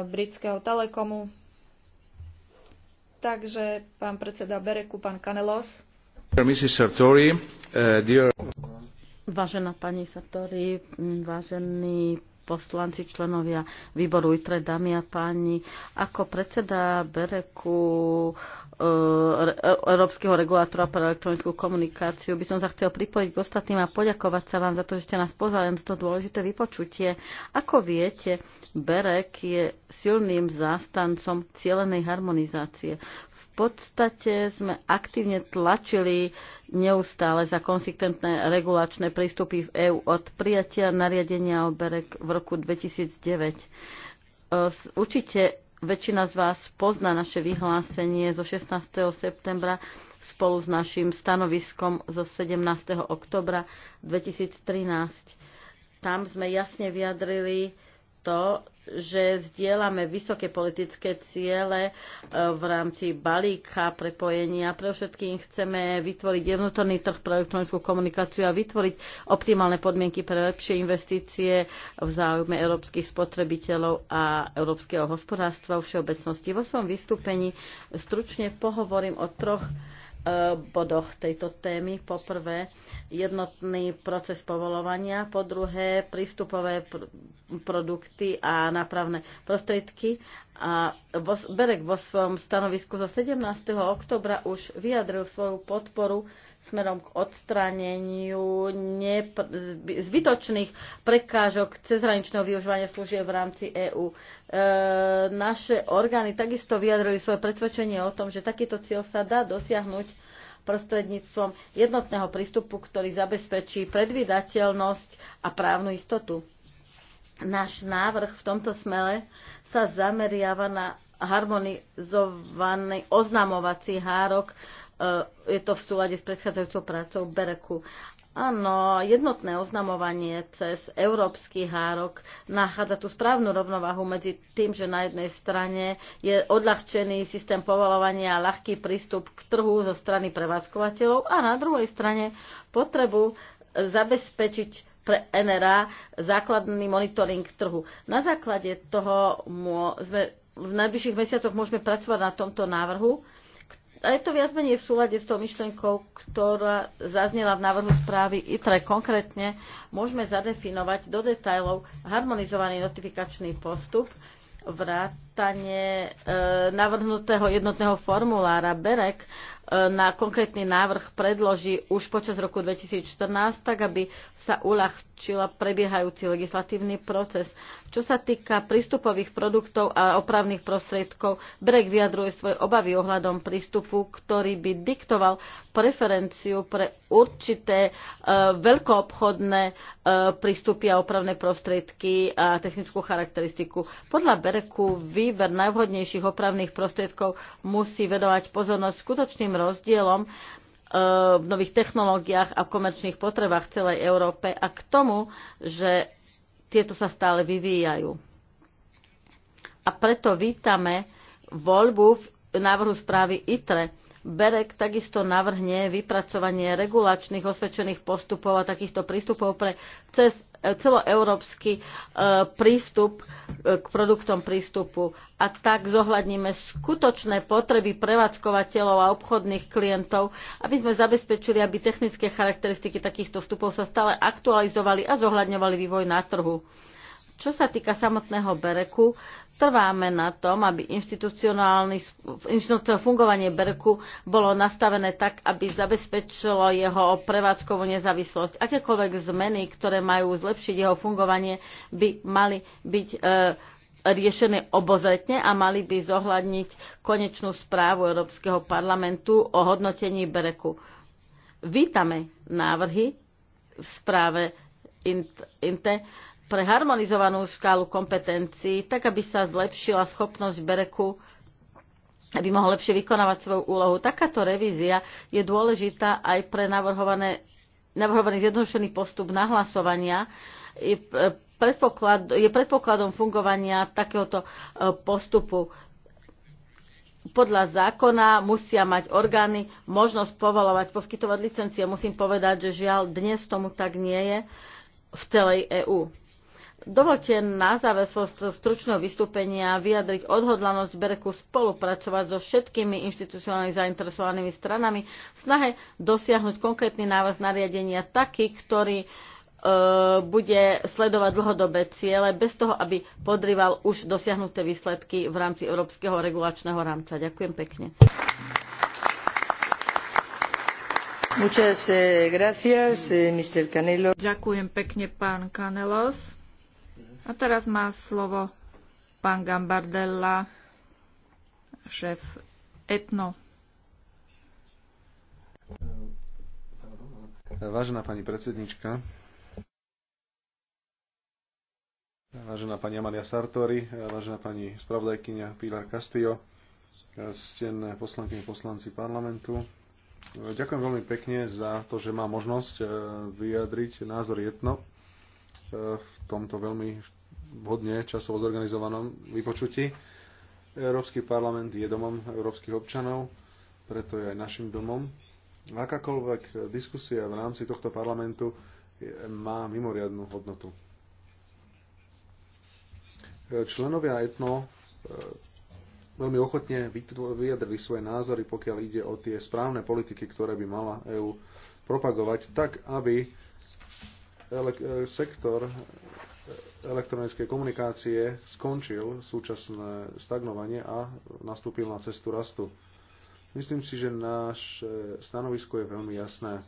britského telekomu. Takže pán predseda Bereku, pán Kanelos. Eh, Vážená pani Sartori, vážení poslanci, členovia výboru ITRE, dámy a páni. Ako predseda Bereku E, e, Európskeho regulátora pre elektronickú komunikáciu. By som sa chcel pripojiť k ostatným a poďakovať sa vám za to, že ste nás pozvali na toto dôležité vypočutie. Ako viete, Berek je silným zástancom cielenej harmonizácie. V podstate sme aktívne tlačili neustále za konsistentné regulačné prístupy v EÚ od prijatia nariadenia o Berek v roku 2009. E, určite väčšina z vás pozná naše vyhlásenie zo 16. septembra spolu s našim stanoviskom zo 17. oktobra 2013. Tam sme jasne vyjadrili to, že zdieľame vysoké politické ciele e, v rámci balíka prepojenia. Pre všetkým chceme vytvoriť jednotný trh pre elektronickú komunikáciu a vytvoriť optimálne podmienky pre lepšie investície v záujme európskych spotrebiteľov a európskeho hospodárstva v všeobecnosti. Vo svojom vystúpení stručne pohovorím o troch bodoch tejto témy. Po prvé, jednotný proces povolovania, po druhé, prístupové pr- produkty a nápravné prostriedky. A Berek vo svojom stanovisku za 17. oktobra už vyjadril svoju podporu smerom k odstráneniu zbytočných prekážok cezhraničného využívania služieb v rámci EÚ. E, naše orgány takisto vyjadrili svoje predsvedčenie o tom, že takýto cieľ sa dá dosiahnuť prostredníctvom jednotného prístupu, ktorý zabezpečí predvydateľnosť a právnu istotu. Náš návrh v tomto smele sa zameriava na harmonizovaný oznamovací hárok E, je to v súlade s predchádzajúcou prácou Bereku. Áno, jednotné oznamovanie cez európsky hárok nachádza tú správnu rovnovahu medzi tým, že na jednej strane je odľahčený systém povolovania a ľahký prístup k trhu zo strany prevádzkovateľov a na druhej strane potrebu zabezpečiť pre NRA základný monitoring trhu. Na základe toho sme v najbližších mesiacoch môžeme pracovať na tomto návrhu a je to viac menej v súlade s tou myšlienkou, ktorá zaznela v návrhu správy ITRE. Konkrétne môžeme zadefinovať do detajlov harmonizovaný notifikačný postup, vrát vrátanie e, navrhnutého jednotného formulára BEREK e, na konkrétny návrh predloží už počas roku 2014, tak aby sa uľahčila prebiehajúci legislatívny proces. Čo sa týka prístupových produktov a opravných prostriedkov, BEREK vyjadruje svoje obavy ohľadom prístupu, ktorý by diktoval preferenciu pre určité e, veľkoobchodné e, prístupy a opravné prostriedky a technickú charakteristiku. Podľa BEREKu vy výber najvhodnejších opravných prostriedkov musí vedovať pozornosť skutočným rozdielom e, v nových technológiách a komerčných potrebách v celej Európe a k tomu, že tieto sa stále vyvíjajú. A preto vítame voľbu v návrhu správy ITRE. BEREK takisto navrhne vypracovanie regulačných osvedčených postupov a takýchto prístupov pre cez celoeurópsky e, prístup e, k produktom prístupu a tak zohľadníme skutočné potreby prevádzkovateľov a obchodných klientov, aby sme zabezpečili, aby technické charakteristiky takýchto vstupov sa stále aktualizovali a zohľadňovali vývoj na trhu. Čo sa týka samotného Bereku, trváme na tom, aby inštitucionálne fungovanie Bereku bolo nastavené tak, aby zabezpečilo jeho prevádzkovú nezávislosť. Akékoľvek zmeny, ktoré majú zlepšiť jeho fungovanie, by mali byť e, riešené obozretne a mali by zohľadniť konečnú správu Európskeho parlamentu o hodnotení Bereku. Vítame návrhy v správe INTE. INTE pre harmonizovanú škálu kompetencií, tak aby sa zlepšila schopnosť Bereku aby mohol lepšie vykonávať svoju úlohu. Takáto revízia je dôležitá aj pre navrhované, navrhovaný zjednodušený postup nahlasovania. Je, e, predpoklad, je predpokladom fungovania takéhoto e, postupu. Podľa zákona musia mať orgány možnosť povolovať, poskytovať licencie. Musím povedať, že žiaľ dnes tomu tak nie je v celej EÚ Dovolte na záver svojho stručného vystúpenia vyjadriť odhodlanosť Berku spolupracovať so všetkými inštitucionálne zainteresovanými stranami v snahe dosiahnuť konkrétny návrh nariadenia taký, ktorý e, bude sledovať dlhodobé ciele bez toho, aby podrýval už dosiahnuté výsledky v rámci Európskeho regulačného rámca. Ďakujem pekne. Muchas eh, gracias, eh, Mr. Ďakujem pekne, pán Canelos. A teraz má slovo pán Gambardella, šéf Etno. Vážená pani predsednička, vážená pani Amalia Sartori, vážená pani spravodajkynia Pilar Castillo, stenné poslanky poslanci parlamentu. Ďakujem veľmi pekne za to, že má možnosť eh, vyjadriť názor Etno v tomto veľmi vhodne časovo zorganizovanom vypočutí. Európsky parlament je domom európskych občanov, preto je aj našim domom. Akákoľvek diskusia v rámci tohto parlamentu má mimoriadnú hodnotu. Členovia etno e, veľmi ochotne vyjadrili svoje názory, pokiaľ ide o tie správne politiky, ktoré by mala EÚ propagovať, tak aby E, sektor e, elektronickej komunikácie skončil súčasné stagnovanie a nastúpil na cestu rastu. Myslím si, že náš stanovisko je veľmi jasné.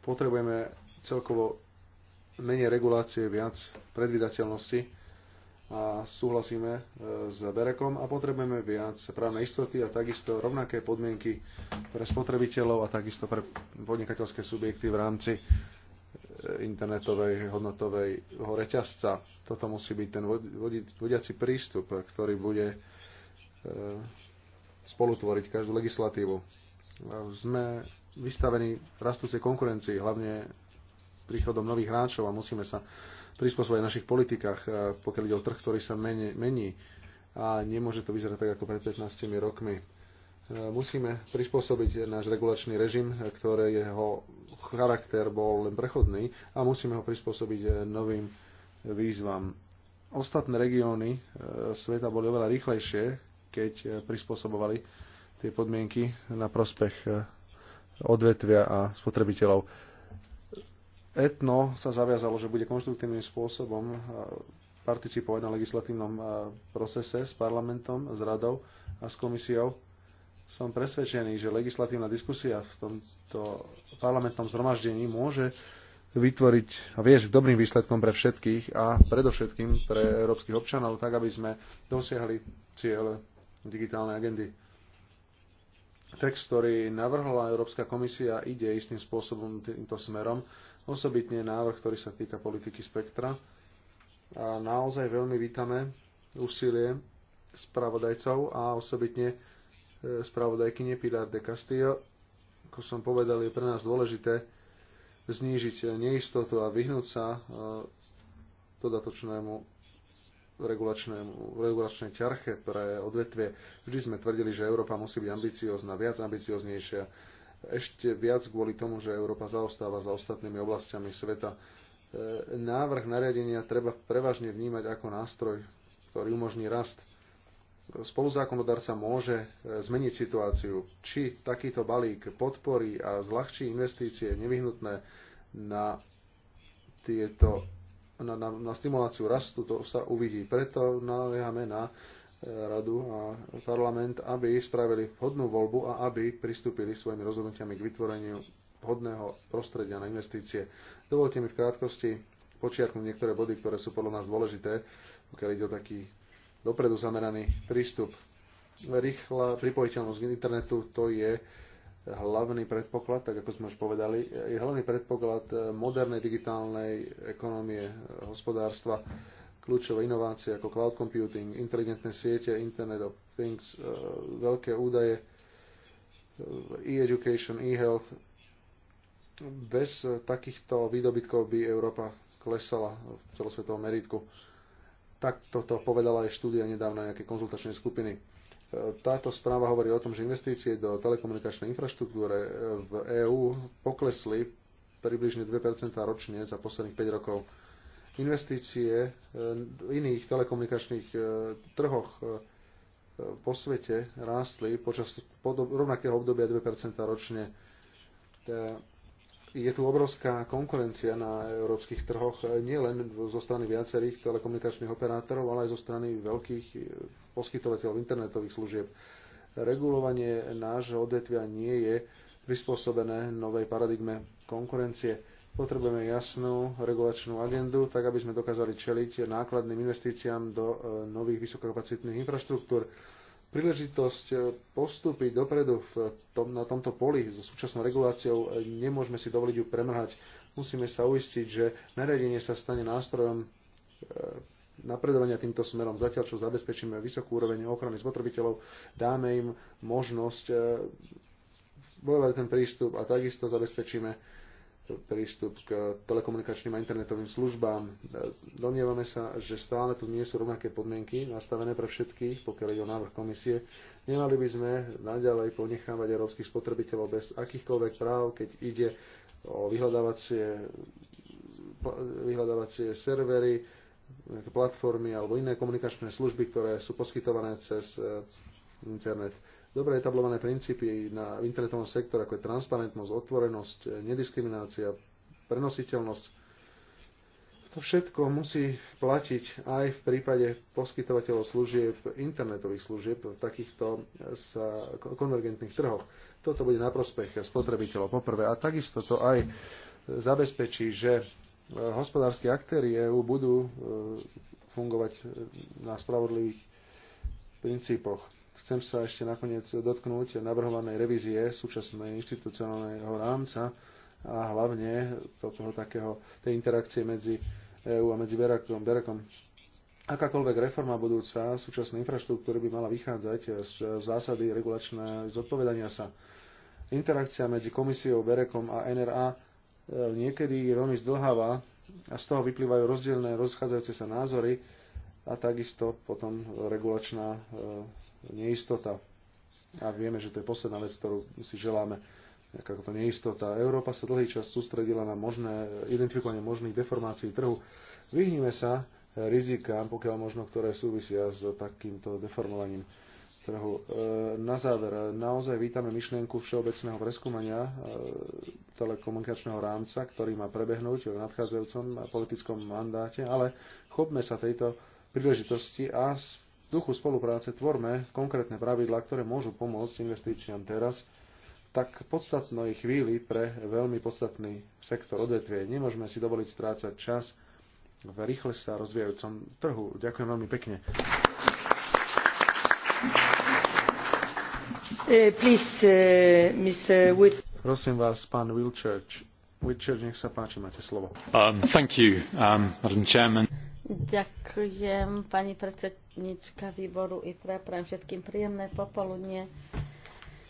Potrebujeme celkovo menej regulácie, viac predvydateľnosti a súhlasíme e, s Berekom a potrebujeme viac právnej istoty a takisto rovnaké podmienky pre spotrebiteľov a takisto pre podnikateľské subjekty v rámci internetovej hodnotovej reťazca. Toto musí byť ten vodiaci prístup, ktorý bude e, spolutvoriť každú legislatívu. Sme vystavení rastúcej konkurencii, hlavne príchodom nových hráčov a musíme sa prispôsobiť v našich politikách, e, pokiaľ ide o trh, ktorý sa mení a nemôže to vyzerať tak ako pred 15 rokmi musíme prispôsobiť náš regulačný režim, ktoré jeho charakter bol len prechodný a musíme ho prispôsobiť novým výzvam. Ostatné regióny e, sveta boli oveľa rýchlejšie, keď e, prispôsobovali tie podmienky na prospech e, odvetvia a spotrebiteľov. Etno sa zaviazalo, že bude konštruktívnym spôsobom participovať na legislatívnom procese s parlamentom, s radou a s komisiou som presvedčený, že legislatívna diskusia v tomto parlamentnom zhromaždení môže vytvoriť a vieš k dobrým výsledkom pre všetkých a predovšetkým pre európskych občanov, tak aby sme dosiahli cieľ digitálnej agendy. Text, ktorý navrhla Európska komisia, ide istým spôsobom týmto smerom, osobitne návrh, ktorý sa týka politiky spektra. A naozaj veľmi vítame úsilie spravodajcov a osobitne spravodajkyne Pilar de Castillo. Ako som povedal, je pre nás dôležité znížiť neistotu a vyhnúť sa e, dodatočnému regulačnému, regulačnej ťarche pre odvetvie. Vždy sme tvrdili, že Európa musí byť ambiciozna, viac ambicioznejšia, ešte viac kvôli tomu, že Európa zaostáva za ostatnými oblastiami sveta. E, návrh nariadenia treba prevažne vnímať ako nástroj, ktorý umožní rast spoluzákonodarca môže e, zmeniť situáciu. Či takýto balík podporí a zľahčí investície nevyhnutné na, tieto, na, na, na stimuláciu rastu, to sa uvidí. Preto naliehame na e, radu a parlament, aby spravili vhodnú voľbu a aby pristúpili svojimi rozhodnutiami k vytvoreniu vhodného prostredia na investície. Dovolte mi v krátkosti počiarknúť niektoré body, ktoré sú podľa nás dôležité, pokiaľ ide o taký dopredu zameraný prístup. Rýchla pripojiteľnosť k internetu to je hlavný predpoklad, tak ako sme už povedali, je hlavný predpoklad modernej digitálnej ekonomie, hospodárstva, kľúčové inovácie ako cloud computing, inteligentné siete, Internet of Things, e, veľké údaje, e, e-education, e-health. Bez takýchto výdobytkov by Európa klesala v celosvetovom meritku. Tak toto povedala aj štúdia nedávna nejaké konzultačnej skupiny. E, táto správa hovorí o tom, že investície do telekomunikačnej infraštruktúre e, v EÚ poklesli približne 2 ročne za posledných 5 rokov. Investície v e, iných telekomunikačných trhoch po svete rástli počas rovnakého obdobia 2 ročne je tu obrovská konkurencia na európskych trhoch, eh, nie len zo strany viacerých telekomunikačných operátorov, ale aj zo strany veľkých eh, poskytovateľov internetových služieb. Regulovanie nášho odvetvia nie je prispôsobené novej paradigme konkurencie. Potrebujeme jasnú regulačnú agendu, tak aby sme dokázali čeliť nákladným investíciám do eh, nových vysokokapacitných infraštruktúr príležitosť e, postúpiť dopredu v tom, na tomto poli so súčasnou reguláciou, e, nemôžeme si dovoliť ju premrhať. Musíme sa uistiť, že nariadenie sa stane nástrojom e, napredovania týmto smerom. Zatiaľ, čo zabezpečíme vysokú úroveň ochrany spotrebiteľov, dáme im možnosť bojovať ten prístup a takisto zabezpečíme prístup k telekomunikačným a internetovým službám. Domnievame sa, že stále tu nie sú rovnaké podmienky nastavené pre všetkých, pokiaľ ide o návrh komisie. Nemali by sme naďalej ponechávať európskych spotrebiteľov bez akýchkoľvek práv, keď ide o vyhľadávacie, vyhľadávacie servery, platformy alebo iné komunikačné služby, ktoré sú poskytované cez internet dobre etablované princípy na internetovom sektore, ako je transparentnosť, otvorenosť, nediskriminácia, prenositeľnosť, to všetko musí platiť aj v prípade poskytovateľov služieb, internetových služieb v takýchto sa konvergentných trhoch. Toto bude na prospech spotrebiteľov poprvé. A takisto to aj zabezpečí, že e, hospodárske aktéry EU budú e, fungovať e, na spravodlivých princípoch. Chcem sa ešte nakoniec dotknúť navrhovanej revízie súčasnej inštitucionálneho rámca a hlavne toho takého, tej interakcie medzi EÚ a medzi Berakom. Berakom. Akákoľvek reforma budúca súčasnej infraštruktúry by mala vychádzať z zásady regulačného zodpovedania sa. Interakcia medzi komisiou, Berekom a NRA e, niekedy je veľmi zdlháva a z toho vyplývajú rozdielne rozchádzajúce sa názory a takisto potom regulačná e, neistota. A vieme, že to je posledná vec, ktorú si želáme, nejaká to neistota. Európa sa dlhý čas sústredila na možné, identifikovanie možných deformácií trhu. Vyhnime sa rizikám, pokiaľ možno, ktoré súvisia s takýmto deformovaním trhu. E, na záver, naozaj vítame myšlienku všeobecného preskúmania e, telekomunikačného rámca, ktorý má prebehnúť v nadchádzajúcom politickom mandáte, ale chopme sa tejto príležitosti a duchu spolupráce tvorme konkrétne pravidlá, ktoré môžu pomôcť investíciám teraz tak podstatnej chvíli pre veľmi podstatný sektor odvetvie. Nemôžeme si dovoliť strácať čas v rýchle sa rozvíjajúcom trhu. Ďakujem veľmi pekne. Eh, eh, Prosím vás, pán Wilchurch. Wilchurch, nech sa páči, máte slovo. Um, thank you, um, Madam Chairman. Ďakujem pani predsednička výboru itra. prajem všetkým príjemné popoludne.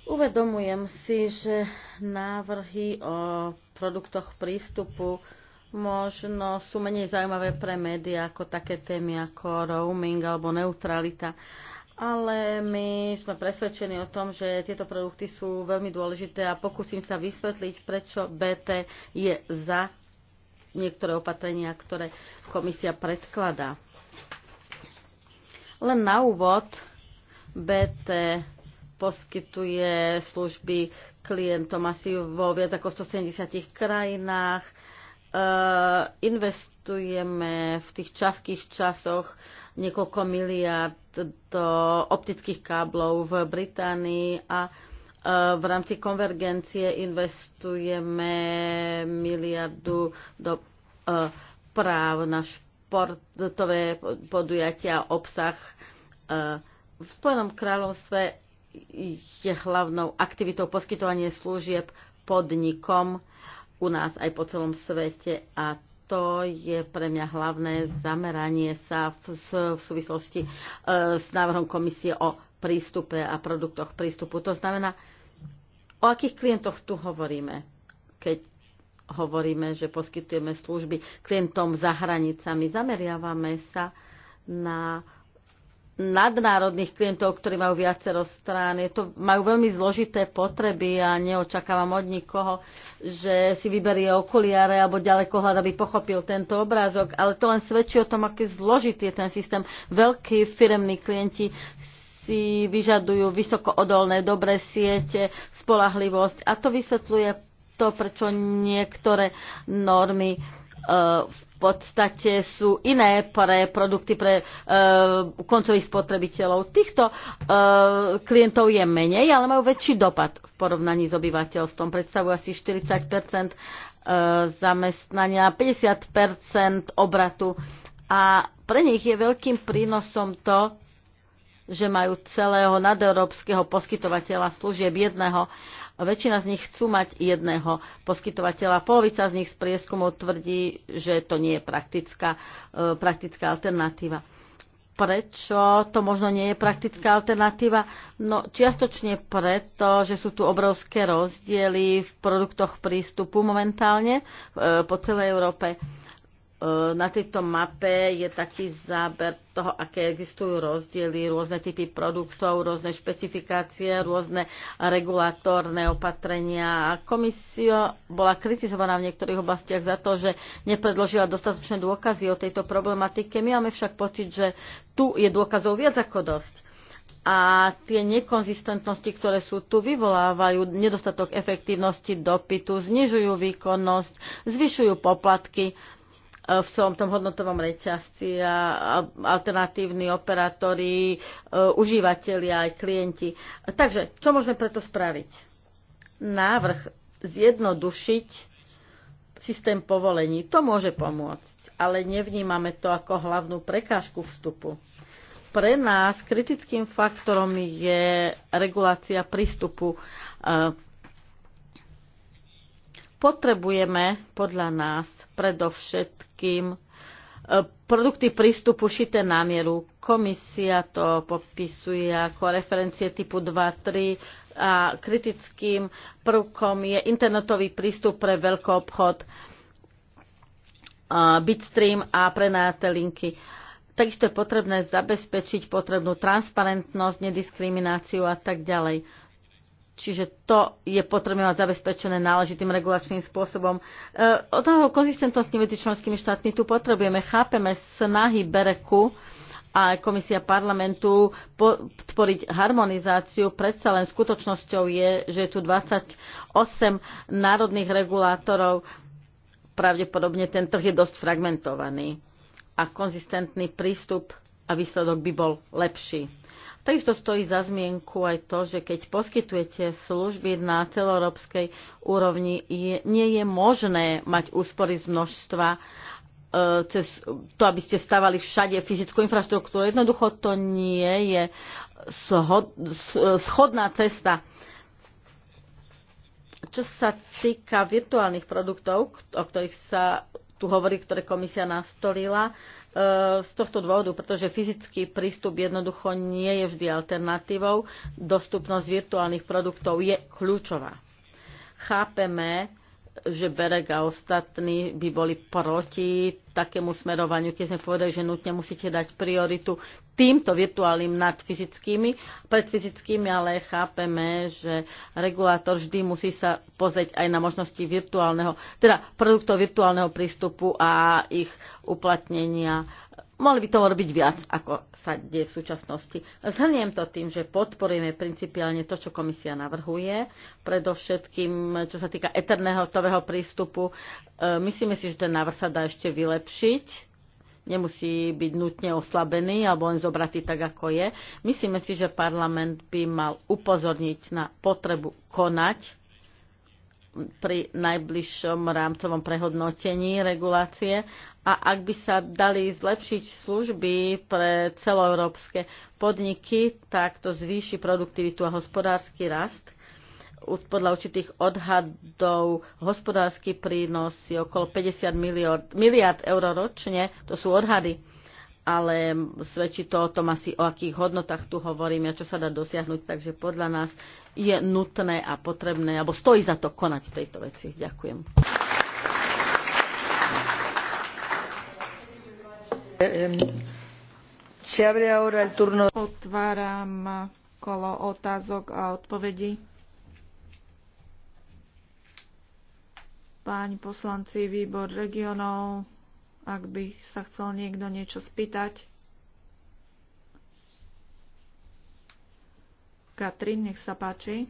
Uvedomujem si, že návrhy o produktoch prístupu možno sú menej zaujímavé pre médiá ako také témy ako roaming alebo neutralita. Ale my sme presvedčení o tom, že tieto produkty sú veľmi dôležité a pokúsim sa vysvetliť, prečo BT je za niektoré opatrenia, ktoré komisia predkladá. Len na úvod BT poskytuje služby klientom asi vo viac ako 170 krajinách. E, investujeme v tých čaských časoch niekoľko miliard do optických káblov v Británii a Eh, v rámci konvergencie investujeme miliardu do eh, práv na športové podujatia, obsah. Eh, v Spojenom kráľovstve je hlavnou aktivitou poskytovanie služieb podnikom u nás aj po celom svete a to je pre mňa hlavné zameranie sa v, v súvislosti s návrhom komisie o prístupe a produktoch prístupu. To znamená, O akých klientoch tu hovoríme, keď hovoríme, že poskytujeme služby klientom za hranicami? Zameriavame sa na nadnárodných klientov, ktorí majú viacero strán. Je to, majú veľmi zložité potreby a neočakávam od nikoho, že si vyberie okuliare alebo ďaleko hľad, aby pochopil tento obrázok. Ale to len svedčí o tom, aký zložitý je ten systém. Veľkí firemní klienti si vyžadujú vysokoodolné, dobré siete, spolahlivosť. A to vysvetľuje to, prečo niektoré normy e, v podstate sú iné pre produkty pre e, koncových spotrebiteľov. Týchto e, klientov je menej, ale majú väčší dopad v porovnaní s obyvateľstvom. Predstavujú asi 40 e, zamestnania, 50 obratu a pre nich je veľkým prínosom to, že majú celého nadeurópskeho poskytovateľa služieb jedného. Väčšina z nich chcú mať jedného poskytovateľa. Polovica z nich z prieskumov tvrdí, že to nie je praktická, e, praktická alternatíva prečo to možno nie je praktická alternatíva? No čiastočne preto, že sú tu obrovské rozdiely v produktoch prístupu momentálne e, po celej Európe. E, na tejto mape je taký záber toho, aké existujú rozdiely, rôzne typy produktov, rôzne špecifikácie, rôzne regulatórne opatrenia. Komisia bola kritizovaná v niektorých oblastiach za to, že nepredložila dostatočné dôkazy o tejto problematike. My máme však pocit, že tu je dôkazov viac ako dosť a tie nekonzistentnosti, ktoré sú tu, vyvolávajú nedostatok efektívnosti dopytu, znižujú výkonnosť, zvyšujú poplatky. Eh, v celom tom hodnotovom reťazci a alternatívni operátori, eh, užívateľi aj klienti. Takže, čo môžeme preto spraviť? Návrh zjednodušiť systém povolení. To môže pomôcť, ale nevnímame to ako hlavnú prekážku vstupu pre nás kritickým faktorom je regulácia prístupu eh, potrebujeme podľa nás predovšetkým e, produkty prístupu šité na mieru. Komisia to popisuje ako referencie typu 2, 3 a kritickým prvkom je internetový prístup pre veľký obchod, e, bitstream a prenajaté linky. Takisto je potrebné zabezpečiť potrebnú transparentnosť, nediskrimináciu a tak ďalej Čiže to je potrebné mať zabezpečené náležitým regulačným spôsobom. E, o toho konzistentnosti medzi členskými štátmi tu potrebujeme. Chápeme snahy Bereku a Komisia parlamentu podporiť harmonizáciu. Predsa len skutočnosťou je, že je tu 28 národných regulátorov. Pravdepodobne ten trh je dosť fragmentovaný a konzistentný prístup a výsledok by bol lepší. Takisto stojí za zmienku aj to, že keď poskytujete služby na celoeurópskej úrovni, je, nie je možné mať úspory z množstva e, cez to, aby ste stavali všade fyzickú infraštruktúru. Jednoducho to nie je schodná cesta. Čo sa týka virtuálnych produktov, o ktorých sa tu hovorí, ktoré komisia nastolila. E, z tohto dôvodu, pretože fyzický prístup jednoducho nie je vždy alternatívou, dostupnosť virtuálnych produktov je kľúčová. Chápeme, že Berek a ostatní by boli proti takému smerovaniu, keď sme povedali, že nutne musíte dať prioritu týmto virtuálnym nad fyzickými, pred fyzickými, ale chápeme, že regulátor vždy musí sa pozrieť aj na možnosti virtuálneho, teda produktov virtuálneho prístupu a ich uplatnenia. Mohli by toho robiť viac, ako sa deje v súčasnosti. Zhrniem to tým, že podporujeme principiálne to, čo komisia navrhuje, predovšetkým čo sa týka eterného tového prístupu. E, myslíme si, že ten návrh sa dá ešte vylepšiť zlepšiť, nemusí byť nutne oslabený alebo len zobratý tak, ako je. Myslíme si, že parlament by mal upozorniť na potrebu konať pri najbližšom rámcovom prehodnotení regulácie a ak by sa dali zlepšiť služby pre celoeurópske podniky, tak to zvýši produktivitu a hospodársky rast podľa určitých odhadov hospodársky prínos je okolo 50 miliard, miliard eur ročne, to sú odhady, ale svedčí to o tom asi, o akých hodnotách tu hovoríme a čo sa dá dosiahnuť, takže podľa nás je nutné a potrebné, alebo stojí za to konať v tejto veci. Ďakujem. Otváram kolo otázok a odpovedí. páni poslanci, výbor regionov, ak by sa chcel niekto niečo spýtať. Katrin, nech sa páči.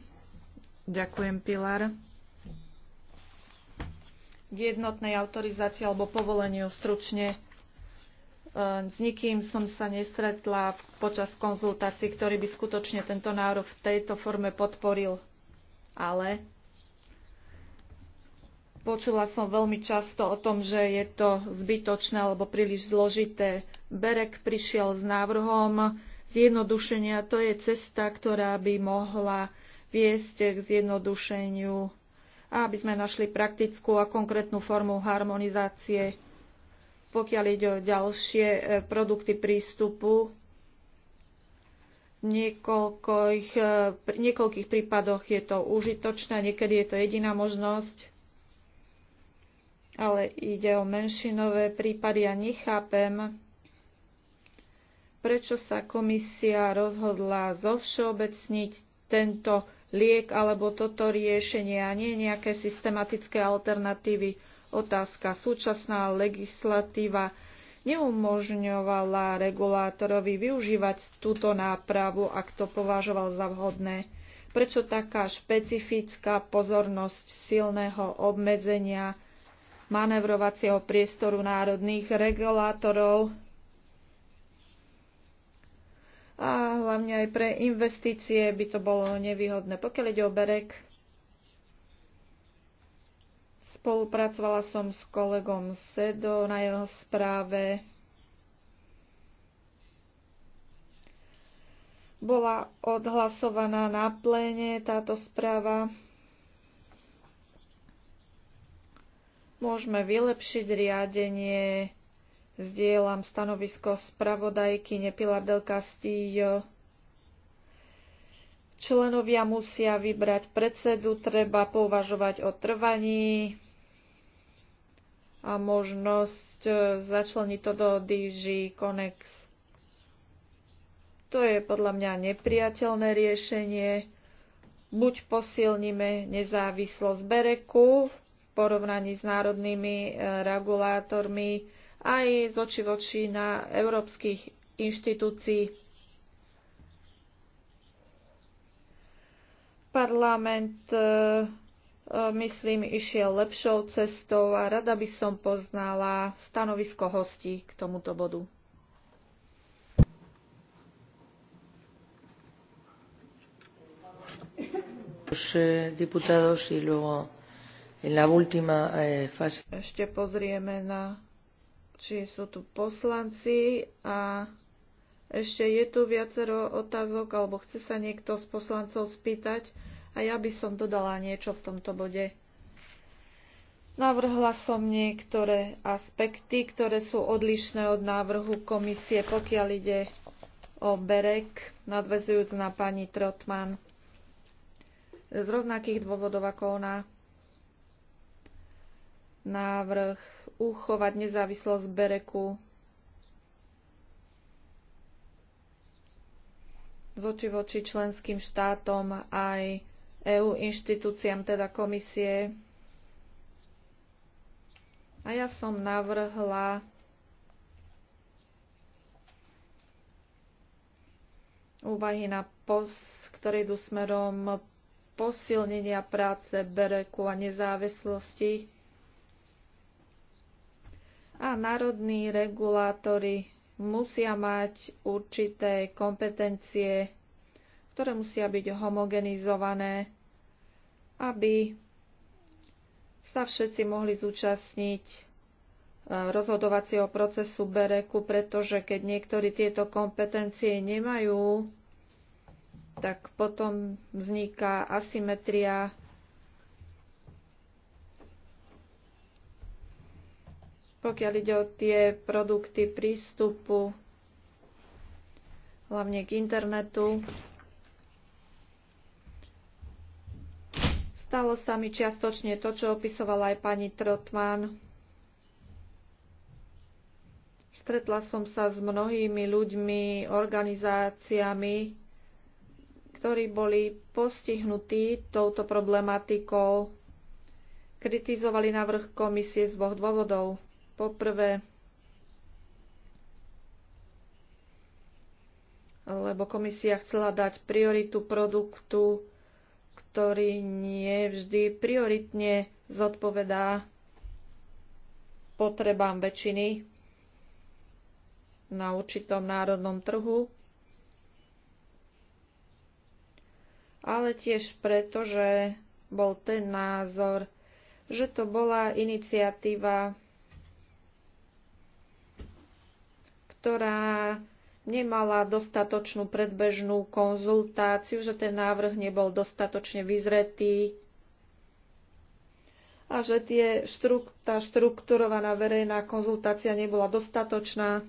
Ďakujem, Pilar. K jednotnej autorizácii alebo povoleniu stručne. E, s nikým som sa nestretla počas konzultácií, ktorý by skutočne tento návrh v tejto forme podporil. Ale Počula som veľmi často o tom, že je to zbytočné alebo príliš zložité. Berek prišiel s návrhom zjednodušenia. To je cesta, ktorá by mohla viesť k zjednodušeniu a aby sme našli praktickú a konkrétnu formu harmonizácie, pokiaľ ide o ďalšie e, produkty prístupu. V niekoľkých, e, niekoľkých prípadoch je to užitočné, niekedy je to jediná možnosť ale ide o menšinové prípady a nechápem, prečo sa komisia rozhodla zovšeobecniť tento liek alebo toto riešenie a nie nejaké systematické alternatívy. Otázka. Súčasná legislatíva neumožňovala regulátorovi využívať túto nápravu, ak to považoval za vhodné. Prečo taká špecifická pozornosť silného obmedzenia manevrovacieho priestoru národných regulátorov a hlavne aj pre investície by to bolo nevýhodné. Pokiaľ ide o Berek, spolupracovala som s kolegom Sedo na jeho správe. Bola odhlasovaná na pléne táto správa. Môžeme vylepšiť riadenie, zdieľam stanovisko spravodajky Nepila del Castillo. Členovia musia vybrať predsedu, treba považovať o trvaní a možnosť e, začleniť to do DG Conex. To je podľa mňa nepriateľné riešenie. Buď posilníme nezávislosť Bereku porovnaní s národnými e, regulátormi aj z oči v oči na európskych inštitúcií. Parlament, e, e, myslím, išiel lepšou cestou a rada by som poznala stanovisko hostí k tomuto bodu. diputados y luego Eh, ešte pozrieme na, či sú tu poslanci a ešte je tu viacero otázok, alebo chce sa niekto z poslancov spýtať a ja by som dodala niečo v tomto bode. Navrhla som niektoré aspekty, ktoré sú odlišné od návrhu komisie, pokiaľ ide o Berek, nadvezujúc na pani Trotman. Z rovnakých dôvodov ako ona návrh uchovať nezávislosť Bereku z oči voči členským štátom aj EU inštitúciám, teda komisie. A ja som navrhla úvahy, na pos, ktoré idú smerom posilnenia práce Bereku a nezávislosti a národní regulátory musia mať určité kompetencie, ktoré musia byť homogenizované, aby sa všetci mohli zúčastniť e, rozhodovacieho procesu Bereku, pretože keď niektorí tieto kompetencie nemajú, tak potom vzniká asymetria Pokiaľ ide o tie produkty prístupu, hlavne k internetu, stalo sa mi čiastočne to, čo opisovala aj pani Trotman. Stretla som sa s mnohými ľuďmi, organizáciami, ktorí boli postihnutí touto problematikou. Kritizovali návrh komisie z dvoch dôvodov. Poprvé, lebo komisia chcela dať prioritu produktu, ktorý nie vždy prioritne zodpovedá potrebám väčšiny na určitom národnom trhu, ale tiež preto, že bol ten názor, že to bola iniciatíva ktorá nemala dostatočnú predbežnú konzultáciu, že ten návrh nebol dostatočne vyzretý a že tie štru, tá štrukturovaná verejná konzultácia nebola dostatočná.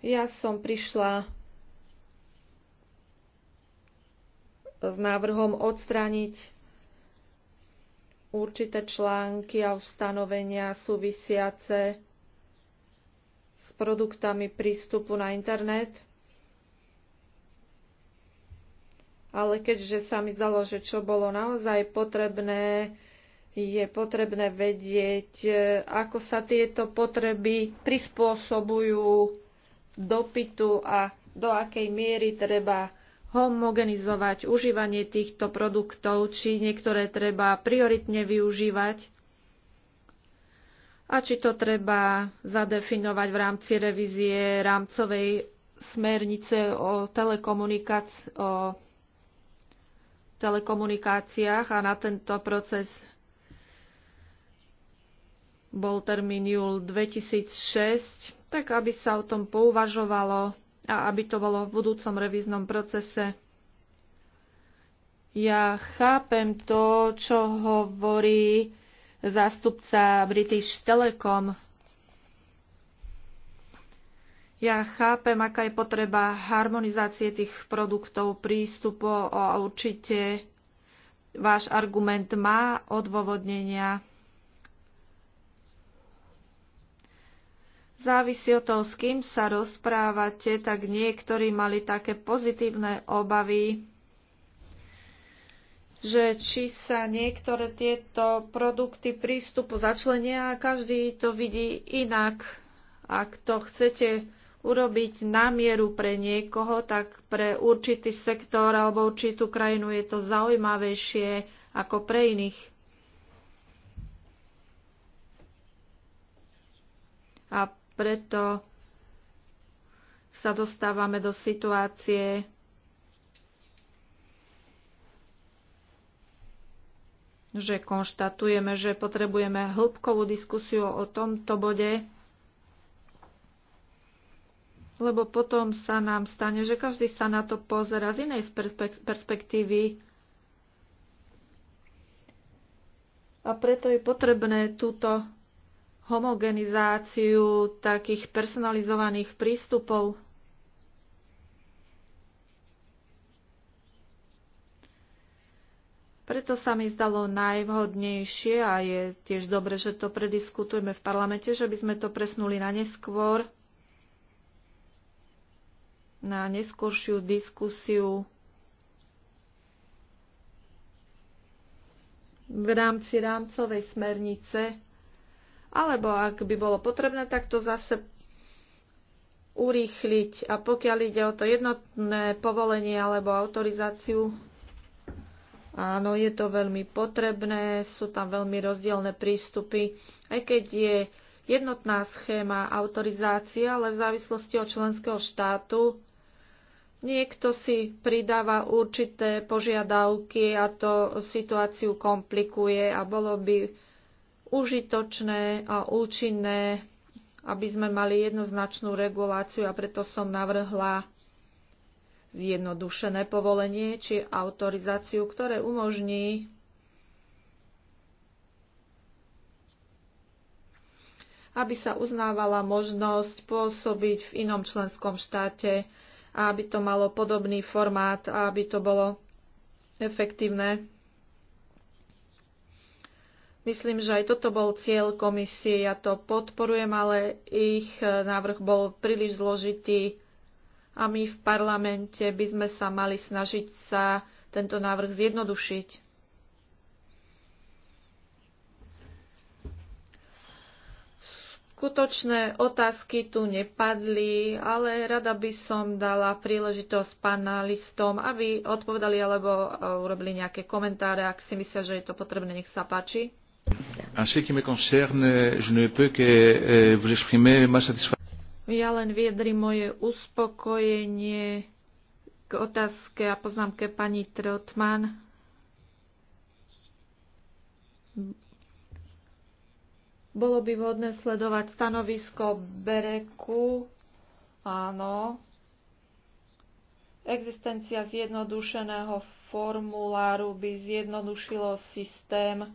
Ja som prišla s návrhom odstrániť určité články a ustanovenia súvisiace s produktami prístupu na internet. Ale keďže sa mi zdalo, že čo bolo naozaj potrebné, je potrebné vedieť, e, ako sa tieto potreby prispôsobujú dopytu a do akej miery treba homogenizovať užívanie týchto produktov, či niektoré treba prioritne využívať a či to treba zadefinovať v rámci revízie rámcovej smernice o, telekomunikac- o telekomunikáciách a na tento proces bol termín júl 2006, tak aby sa o tom pouvažovalo a aby to bolo v budúcom revíznom procese. Ja chápem to, čo hovorí zástupca British Telecom. Ja chápem, aká je potreba harmonizácie tých produktov, prístupu a určite váš argument má odôvodnenia. Závisí o tom, s kým sa rozprávate, tak niektorí mali také pozitívne obavy, že či sa niektoré tieto produkty prístupu začlenia a každý to vidí inak. Ak to chcete urobiť na mieru pre niekoho, tak pre určitý sektor alebo určitú krajinu je to zaujímavejšie ako pre iných. A preto sa dostávame do situácie, že konštatujeme, že potrebujeme hĺbkovú diskusiu o tomto bode, lebo potom sa nám stane, že každý sa na to pozera z inej perspektívy. A preto je potrebné túto homogenizáciu takých personalizovaných prístupov. Preto sa mi zdalo najvhodnejšie a je tiež dobre, že to prediskutujeme v parlamente, že by sme to presnuli na neskôr, na neskôršiu diskusiu v rámci rámcovej smernice alebo ak by bolo potrebné, tak to zase urýchliť. A pokiaľ ide o to jednotné povolenie alebo autorizáciu, áno, je to veľmi potrebné, sú tam veľmi rozdielne prístupy, aj keď je jednotná schéma autorizácie, ale v závislosti od členského štátu Niekto si pridáva určité požiadavky a to situáciu komplikuje a bolo by užitočné a účinné, aby sme mali jednoznačnú reguláciu a preto som navrhla zjednodušené povolenie či autorizáciu, ktoré umožní aby sa uznávala možnosť pôsobiť v inom členskom štáte a aby to malo podobný formát a aby to bolo efektívne. Myslím, že aj toto bol cieľ komisie, ja to podporujem, ale ich e, návrh bol príliš zložitý a my v parlamente by sme sa mali snažiť sa tento návrh zjednodušiť. Skutočné otázky tu nepadli, ale rada by som dala príležitosť panelistom, aby odpovedali alebo e, urobili nejaké komentáre, ak si myslia, že je to potrebné, nech sa páči. Ja len viedrim moje uspokojenie k otázke a poznámke pani Trotman. Bolo by vhodné sledovať stanovisko Bereku. Áno. Existencia zjednodušeného formuláru by zjednodušilo systém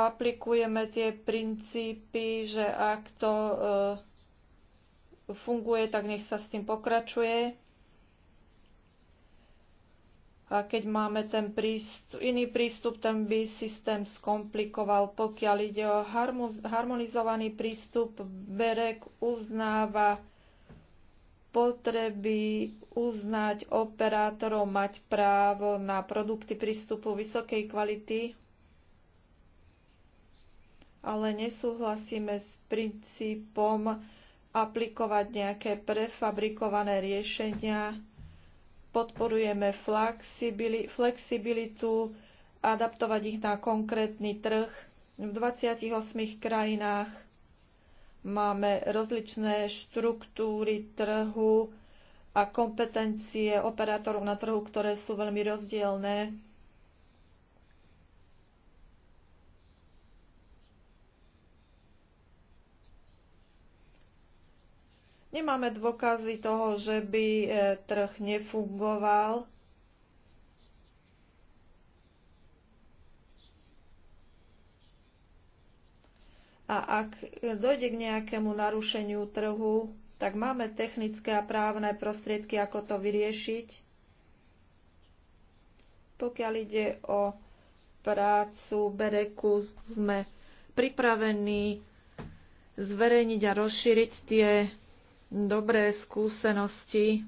aplikujeme tie princípy, že ak to e, funguje, tak nech sa s tým pokračuje. A keď máme ten prístup, iný prístup, ten by systém skomplikoval. Pokiaľ ide o harmonizovaný prístup, BEREK uznáva potreby uznať operátorov mať právo na produkty prístupu vysokej kvality ale nesúhlasíme s princípom aplikovať nejaké prefabrikované riešenia. Podporujeme flexibilitu, adaptovať ich na konkrétny trh. V 28 krajinách máme rozličné štruktúry trhu a kompetencie operátorov na trhu, ktoré sú veľmi rozdielne Nemáme dôkazy toho, že by e, trh nefungoval. A ak dojde k nejakému narušeniu trhu, tak máme technické a právne prostriedky, ako to vyriešiť. Pokiaľ ide o prácu Bereku, sme pripravení zverejniť a rozšíriť tie dobré skúsenosti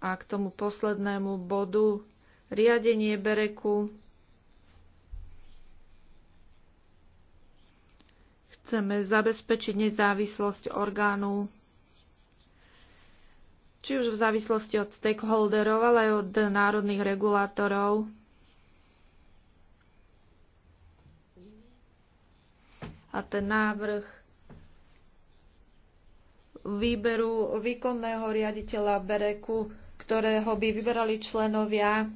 a k tomu poslednému bodu riadenie Bereku. Chceme zabezpečiť nezávislosť orgánu, či už v závislosti od stakeholderov, ale aj od národných regulátorov. A ten návrh výberu výkonného riaditeľa Bereku, ktorého by vyberali členovia.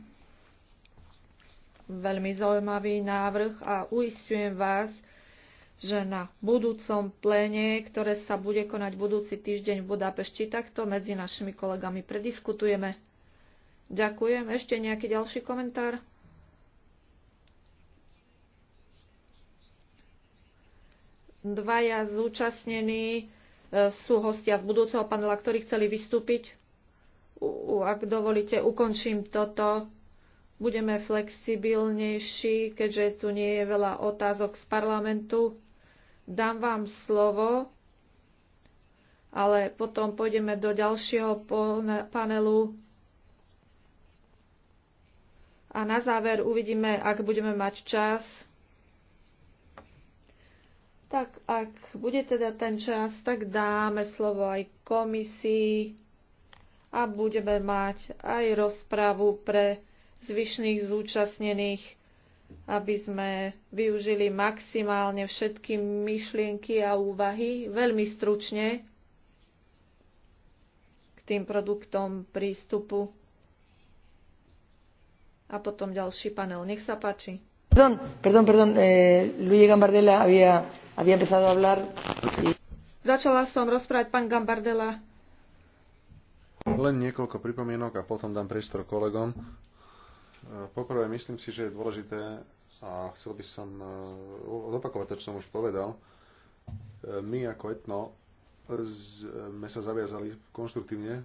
Veľmi zaujímavý návrh a uistujem vás, že na budúcom pléne, ktoré sa bude konať budúci týždeň v Budapešti, takto medzi našimi kolegami prediskutujeme. Ďakujem. Ešte nejaký ďalší komentár? Dvaja zúčastnení sú hostia z budúceho panela, ktorí chceli vystúpiť. Ak dovolíte, ukončím toto. Budeme flexibilnejší, keďže tu nie je veľa otázok z parlamentu. Dám vám slovo, ale potom pôjdeme do ďalšieho panelu. A na záver uvidíme, ak budeme mať čas. Tak ak bude teda ten čas, tak dáme slovo aj komisii a budeme mať aj rozpravu pre zvyšných zúčastnených, aby sme využili maximálne všetky myšlienky a úvahy veľmi stručne k tým produktom prístupu. A potom ďalší panel. Nech sa páči. Perdón, perdón, perdón. Eh, Luis Gambardella había había empezado a hablar... Y... Začala som rozprávať pán Gambardela. Len niekoľko pripomienok a potom dám priestor kolegom. E, poprvé, myslím si, že je dôležité a chcel by som zopakovať e, to, čo som už povedal. E, my ako etno sme sa zaviazali konštruktívne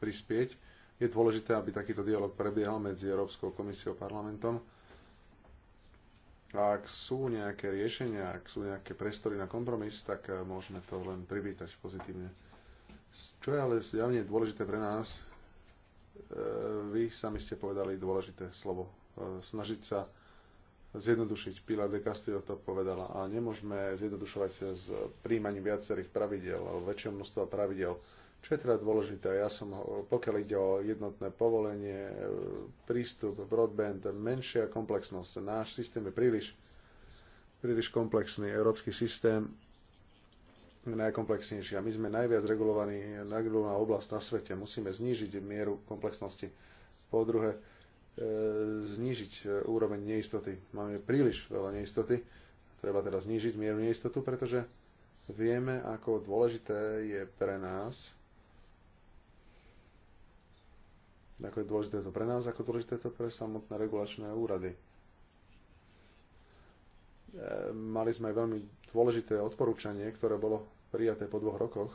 prispieť. Je dôležité, aby takýto dialog prebiehal medzi Európskou komisiou a parlamentom a ak sú nejaké riešenia, ak sú nejaké prestory na kompromis, tak eh, môžeme to len privítať pozitívne. Čo je ale zjavne dôležité pre nás, eh, vy sami ste povedali dôležité slovo. Eh, snažiť sa zjednodušiť. Pila de Castillo to povedala. A nemôžeme zjednodušovať s príjmaním viacerých pravidel, väčšieho množstva pravidel čo je teda dôležité? Ja som, pokiaľ ide o jednotné povolenie, e, prístup, broadband, menšia komplexnosť. Náš systém je príliš, príliš komplexný. Európsky systém je najkomplexnejší a my sme najviac regulovaní, najregulovaná oblasť na svete. Musíme znížiť mieru komplexnosti. Po druhé, e, znížiť e, úroveň neistoty. Máme príliš veľa neistoty, treba teda znížiť mieru neistotu, pretože vieme, ako dôležité je pre nás Ako je dôležité to pre nás, ako dôležité to pre samotné regulačné úrady. E, mali sme aj veľmi dôležité odporúčanie, ktoré bolo prijaté po dvoch rokoch.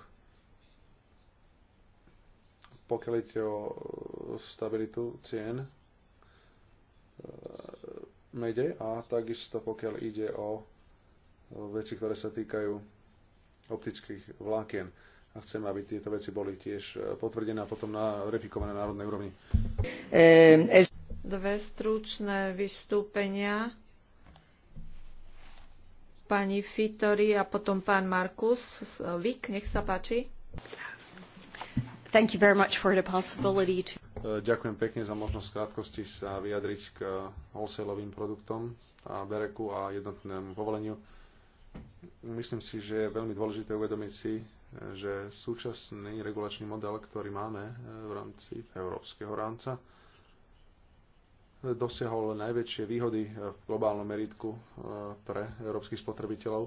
Pokiaľ ide o stabilitu cien e, mede a takisto pokiaľ ide o veci, ktoré sa týkajú optických vlákien a chcem, aby tieto veci boli tiež e, potvrdené a potom na, refikované národnej úrovni. E, Dve stručné vystúpenia. Pani Fitori a potom pán Markus. Vik, nech sa páči. Thank you very much for the possibility to... E, ďakujem pekne za možnosť krátkosti sa vyjadriť k wholesaleovým produktom a bereku a jednotnému povoleniu. Myslím si, že je veľmi dôležité uvedomiť si, že súčasný regulačný model, ktorý máme e, v rámci európskeho rámca, dosiahol najväčšie výhody v globálnom meritku e, pre európskych spotrebiteľov.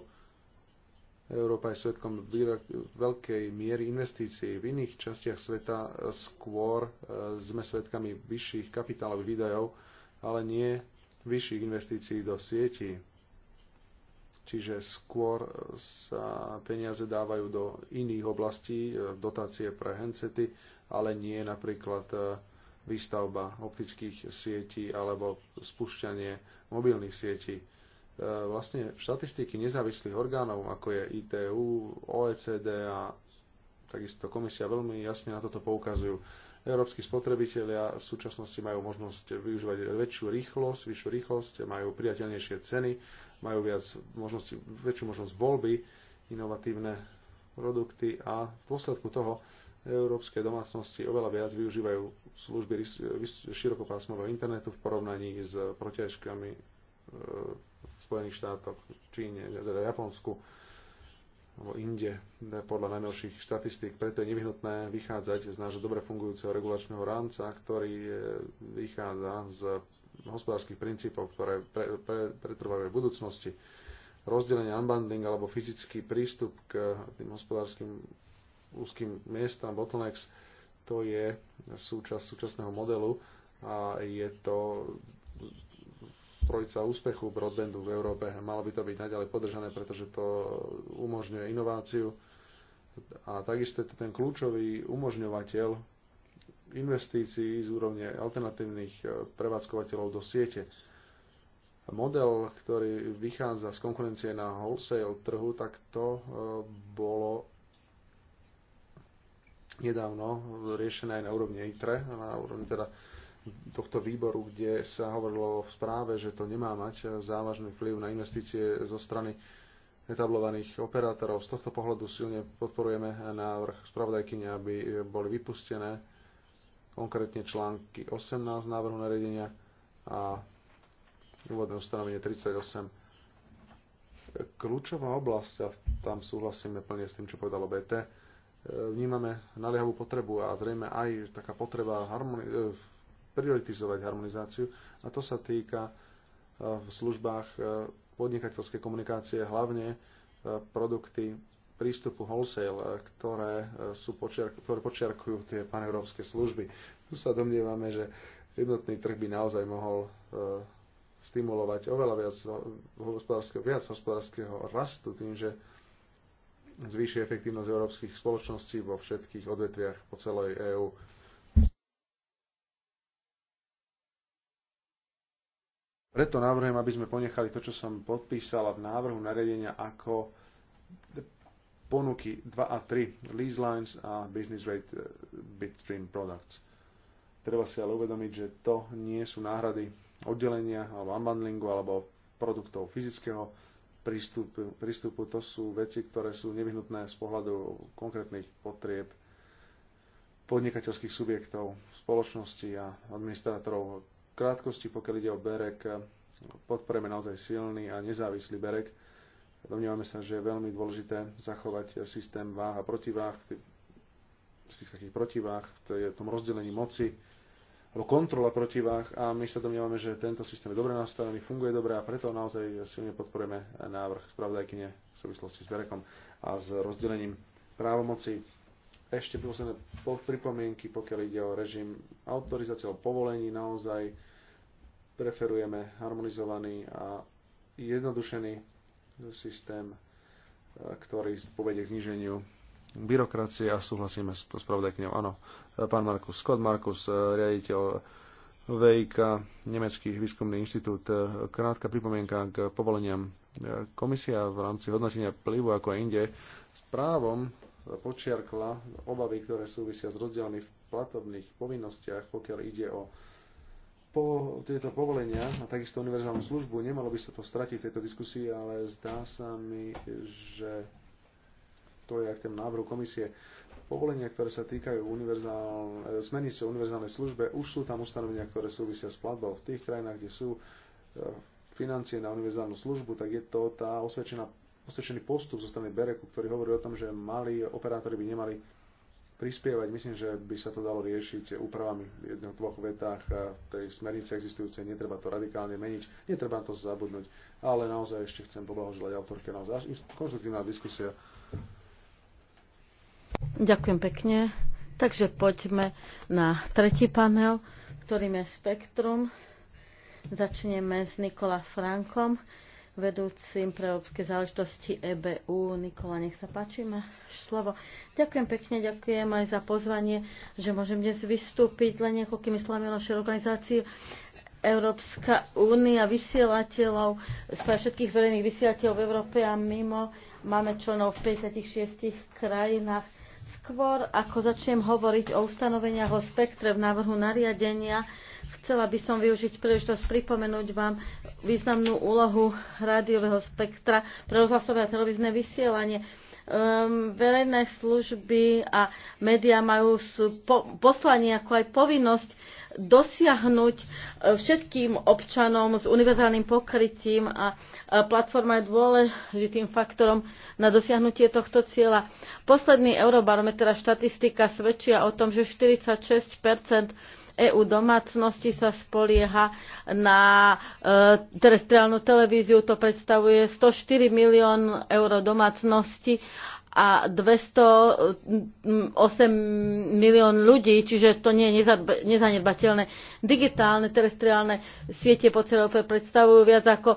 Európa je svetkom veľkej miery investícií. V iných častiach sveta skôr e, sme svetkami vyšších kapitálových výdajov, ale nie vyšších investícií do sietí čiže skôr sa peniaze dávajú do iných oblastí, e, dotácie pre handsety, ale nie napríklad e, výstavba optických sietí alebo spúšťanie mobilných sietí. E, vlastne štatistiky nezávislých orgánov, ako je ITU, OECD a takisto komisia veľmi jasne na toto poukazujú. Európsky spotrebitelia v súčasnosti majú možnosť využívať väčšiu rýchlosť, vyššiu rýchlosť, majú priateľnejšie ceny, majú viac možnosti, väčšiu možnosť voľby, inovatívne produkty a v dôsledku toho európske domácnosti oveľa viac využívajú služby širokopásmového internetu v porovnaní s protiažkami e, v Spojených štátoch, Číne, teda Japonsku alebo inde, podľa najnovších štatistík. Preto je nevyhnutné vychádzať z nášho dobre fungujúceho regulačného rámca, ktorý e, vychádza z hospodárskych princípov, ktoré pre, pre, pretrvajú v budúcnosti. Rozdelenie unbundling alebo fyzický prístup k tým hospodárskym úzkým miestam, bottlenecks, to je súčasť súčasného modelu a je to trojica úspechu broadbandu v Európe. Malo by to byť naďalej podržané, pretože to umožňuje inováciu a takisto je to ten kľúčový umožňovateľ investícií z úrovne alternatívnych e, prevádzkovateľov do siete. Model, ktorý vychádza z konkurencie na wholesale trhu, tak to e, bolo nedávno riešené aj na úrovni ITRE, na úrovni teda tohto výboru, kde sa hovorilo v správe, že to nemá mať závažný vplyv na investície zo strany etablovaných operátorov. Z tohto pohľadu silne podporujeme návrh spravodajkyne, aby boli vypustené konkrétne články 18 návrhu nariadenia a úvodné ustanovenie 38. Kľúčová oblasť, a tam súhlasíme plne s tým, čo povedalo BT, e, vnímame naliehavú potrebu a zrejme aj taká potreba harmoni- e, prioritizovať harmonizáciu a to sa týka e, v službách podnikateľskej komunikácie hlavne produkty prístupu wholesale, ktoré, e, sú počiark- ktoré počiarkujú tie paneurópske služby. Tu sa domnievame, že jednotný trh by naozaj mohol e, stimulovať oveľa viac hospodárskeho, viac hospodárskeho rastu tým, že zvýši efektívnosť európskych spoločností vo všetkých odvetviach po celej EÚ. Preto navrhujem, aby sme ponechali to, čo som podpísala v návrhu nariadenia ako ponuky 2 a 3, lease lines a business rate eh, bitstream products. Treba si ale uvedomiť, že to nie sú náhrady oddelenia alebo unbundlingu alebo produktov fyzického prístupu. prístupu. To sú veci, ktoré sú nevyhnutné z pohľadu konkrétnych potrieb podnikateľských subjektov, spoločnosti a administrátorov. V krátkosti, pokiaľ ide o Berek, eh, podporujeme naozaj silný a nezávislý Berek, Domnievame sa, že je veľmi dôležité zachovať systém váh a protiváh, z tých takých protiváh, to je v tom rozdelení moci, alebo kontrola protiváh a my sa domnievame, že tento systém je dobre nastavený, funguje dobre a preto naozaj silne podporujeme návrh spravodajkyne v súvislosti s Berekom a s rozdelením právomoci. Ešte posledné pripomienky, pokiaľ ide o režim autorizácie alebo povolení, naozaj preferujeme harmonizovaný a jednodušený systém, e, ktorý povedie k zniženiu byrokracie a súhlasíme s spravodajkňou. Áno, e, pán Markus Scott, Markus, e, riaditeľ VIK, Nemecký výskumný inštitút. Krátka pripomienka k povoleniam komisia v rámci hodnotenia plivu ako aj inde s právom počiarkla obavy, ktoré súvisia s rozdielmi v platobných povinnostiach, pokiaľ ide o po tieto povolenia a takisto univerzálnu službu, nemalo by sa to stratiť v tejto diskusii, ale zdá sa mi, že to je ak ten návrh komisie. Povolenia, ktoré sa týkajú univerzál, e, smernice o univerzálnej službe, už sú tam ustanovenia, ktoré súvisia s platbou. V tých krajinách, kde sú e, financie na univerzálnu službu, tak je to tá osvedčená, osvedčený postup zo strany Bereku, ktorý hovorí o tom, že mali operátori by nemali prispievať. Myslím, že by sa to dalo riešiť úpravami v jedných dvoch vetách tej smernice existujúcej. Netreba to radikálne meniť, netreba to zabudnúť. Ale naozaj ešte chcem poblahoželať autorke. Naozaj konštruktívna diskusia. Ďakujem pekne. Takže poďme na tretí panel, ktorým je Spektrum. Začneme s Nikola Frankom vedúcim pre európske záležitosti EBU. Nikola, nech sa páči, máš slovo. Ďakujem pekne, ďakujem aj za pozvanie, že môžem dnes vystúpiť len niekoľkými slovami našej organizácii. Európska únia vysielateľov, spája všetkých verejných vysielateľov v Európe a mimo. Máme členov v 56 krajinách. Skôr, ako začnem hovoriť o ustanoveniach o spektre v návrhu nariadenia, Chcela by som využiť príležitosť pripomenúť vám významnú úlohu rádiového spektra pre rozhlasové a televízne vysielanie um, verejné služby a médiá majú po, poslanie ako aj povinnosť dosiahnuť e, všetkým občanom s univerzálnym pokrytím a e, platforma je dôležitým faktorom na dosiahnutie tohto cieľa. Posledný eurobarometra štatistika svedčia o tom, že 46 EU domácnosti sa spolieha na e, terestriálnu televíziu. To predstavuje 104 milión eur domácnosti a 208 milión ľudí, čiže to nie je nezanedbateľné. Digitálne terestriálne siete po celé predstavujú viac ako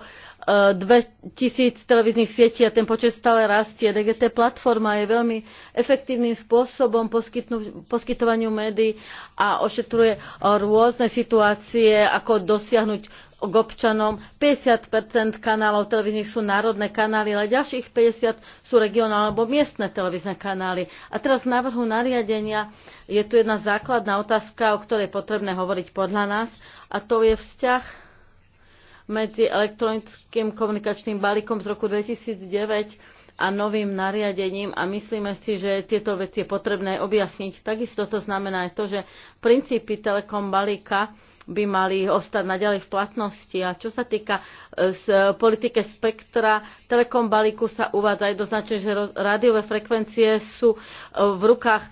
tisíc televíznych sietí a ten počet stále rastie. DGT platforma je veľmi efektívnym spôsobom poskytovaniu médií a ošetruje eh, rôzne situácie, ako dosiahnuť k občanom. 50 kanálov televíznych sú národné kanály, ale ďalších 50 sú regionálne alebo miestne televízne kanály. A teraz v návrhu nariadenia je tu jedna základná otázka, o ktorej je potrebné hovoriť podľa nás, a to je vzťah medzi elektronickým komunikačným balíkom z roku 2009 a novým nariadením a myslíme si, že tieto veci je potrebné objasniť. Takisto to znamená aj to, že princípy telekom balíka by mali ostať naďalej v platnosti. A čo sa týka z e, politike spektra, telekom balíku sa uvádza aj doznačne, že rádiové frekvencie sú e, v rukách e,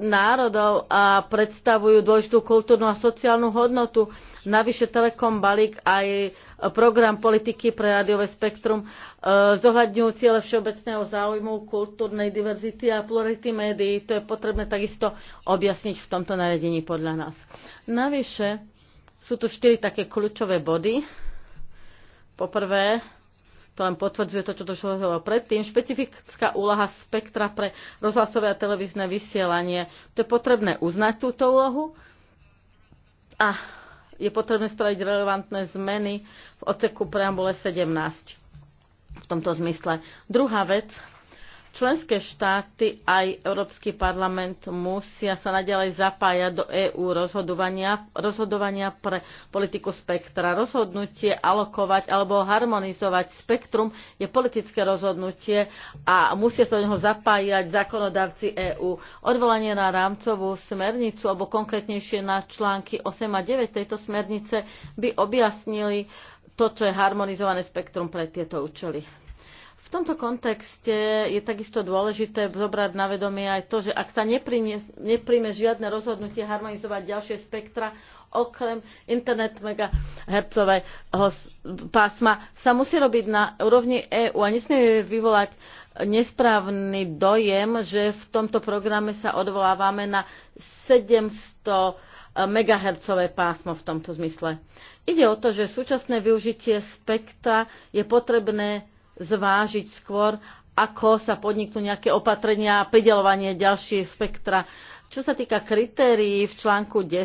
národov a predstavujú dôležitú kultúrnu a sociálnu hodnotu Navyše Telekom balík aj e, program politiky pre rádiové spektrum e, zohľadňujú ciele všeobecného záujmu, kultúrnej diverzity a plurality médií. To je potrebné takisto objasniť v tomto naredení podľa nás. Navyše sú tu štyri také kľúčové body. Poprvé, to len potvrdzuje to, čo to hovorilo predtým, špecifická úlaha spektra pre rozhlasové a televízne vysielanie. To je potrebné uznať túto úlohu a je potrebné spraviť relevantné zmeny v oceku preambule 17 v tomto zmysle. Druhá vec, Členské štáty aj Európsky parlament musia sa naďalej zapájať do EÚ rozhodovania, rozhodovania pre politiku spektra. Rozhodnutie alokovať alebo harmonizovať spektrum je politické rozhodnutie a musia sa do neho zapájať zákonodavci EÚ. Odvolanie na rámcovú smernicu alebo konkrétnejšie na články 8 a 9 tejto smernice by objasnili to, čo je harmonizované spektrum pre tieto účely. V tomto kontexte je takisto dôležité zobrať na vedomie aj to, že ak sa nepríjme žiadne rozhodnutie harmonizovať ďalšie spektra, okrem internet megahercového pásma, sa musí robiť na úrovni EÚ a nesmie vyvolať nesprávny dojem, že v tomto programe sa odvolávame na 700 e, megahertzové pásmo v tomto zmysle. Ide o to, že súčasné využitie spektra je potrebné zvážiť skôr, ako sa podniknú nejaké opatrenia a pridelovanie ďalšie spektra. Čo sa týka kritérií v článku 10, e,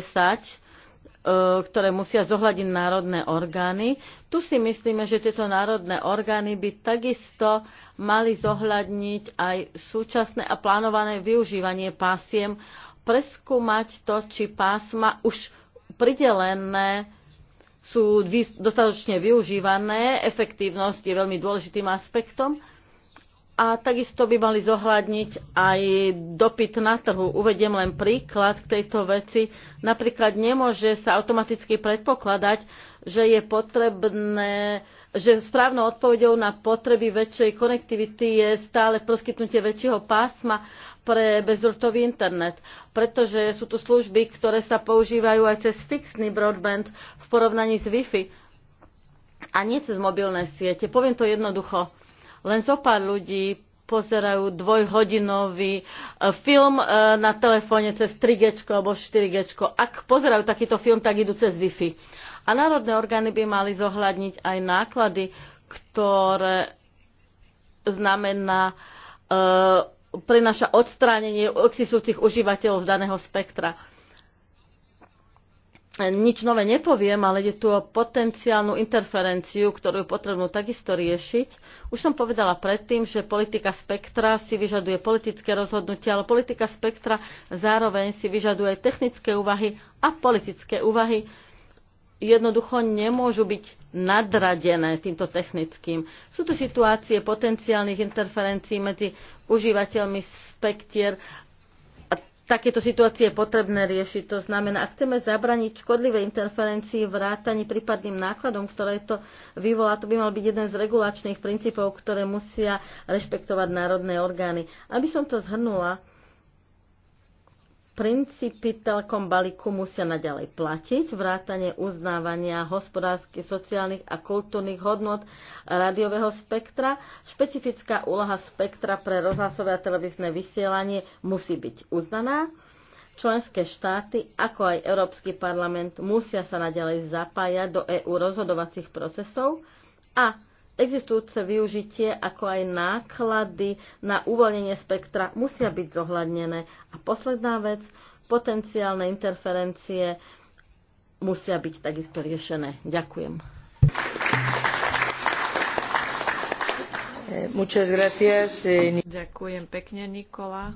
ktoré musia zohľadiť národné orgány. Tu si myslíme, že tieto národné orgány by takisto mali zohľadniť aj súčasné a plánované využívanie pásiem, preskúmať to, či pásma už pridelené sú dostatočne využívané. Efektívnosť je veľmi dôležitým aspektom. A takisto by mali zohľadniť aj dopyt na trhu. Uvediem len príklad k tejto veci. Napríklad nemôže sa automaticky predpokladať, že je potrebné, že správnou odpovedou na potreby väčšej konektivity je stále poskytnutie väčšieho pásma pre bezdrôtový internet, pretože sú tu služby, ktoré sa používajú aj cez fixný broadband v porovnaní s Wi-Fi a nie cez mobilné siete. Poviem to jednoducho. Len zo pár ľudí pozerajú dvojhodinový e, film e, na telefóne cez 3G alebo 4G. Ak pozerajú takýto film, tak idú cez Wi-Fi. A národné orgány by mali zohľadniť aj náklady, ktoré znamená e, prináša odstránenie existujúcich užívateľov z daného spektra. Nič nové nepoviem, ale je tu o potenciálnu interferenciu, ktorú je potrebnú takisto riešiť. Už som povedala predtým, že politika spektra si vyžaduje politické rozhodnutia, ale politika spektra zároveň si vyžaduje technické úvahy a politické úvahy. Jednoducho nemôžu byť nadradené týmto technickým. Sú tu situácie potenciálnych interferencií medzi užívateľmi spektier a takéto situácie je potrebné riešiť. To znamená, ak chceme zabraniť škodlivé interferencii vrátaní prípadným nákladom, ktoré to vyvolá, to by mal byť jeden z regulačných princípov, ktoré musia rešpektovať národné orgány. Aby som to zhrnula, Princípy telkom balíku musia naďalej platiť, vrátanie uznávania hospodárskych, sociálnych a kultúrnych hodnot rádiového spektra. Špecifická úloha spektra pre rozhlasové a televízne vysielanie musí byť uznaná. Členské štáty, ako aj Európsky parlament, musia sa naďalej zapájať do EÚ rozhodovacích procesov a existujúce využitie, ako aj náklady na uvoľnenie spektra musia byť zohľadnené. A posledná vec, potenciálne interferencie musia byť takisto riešené. Ďakujem. Eh, eh, Ďakujem pekne, Nikola.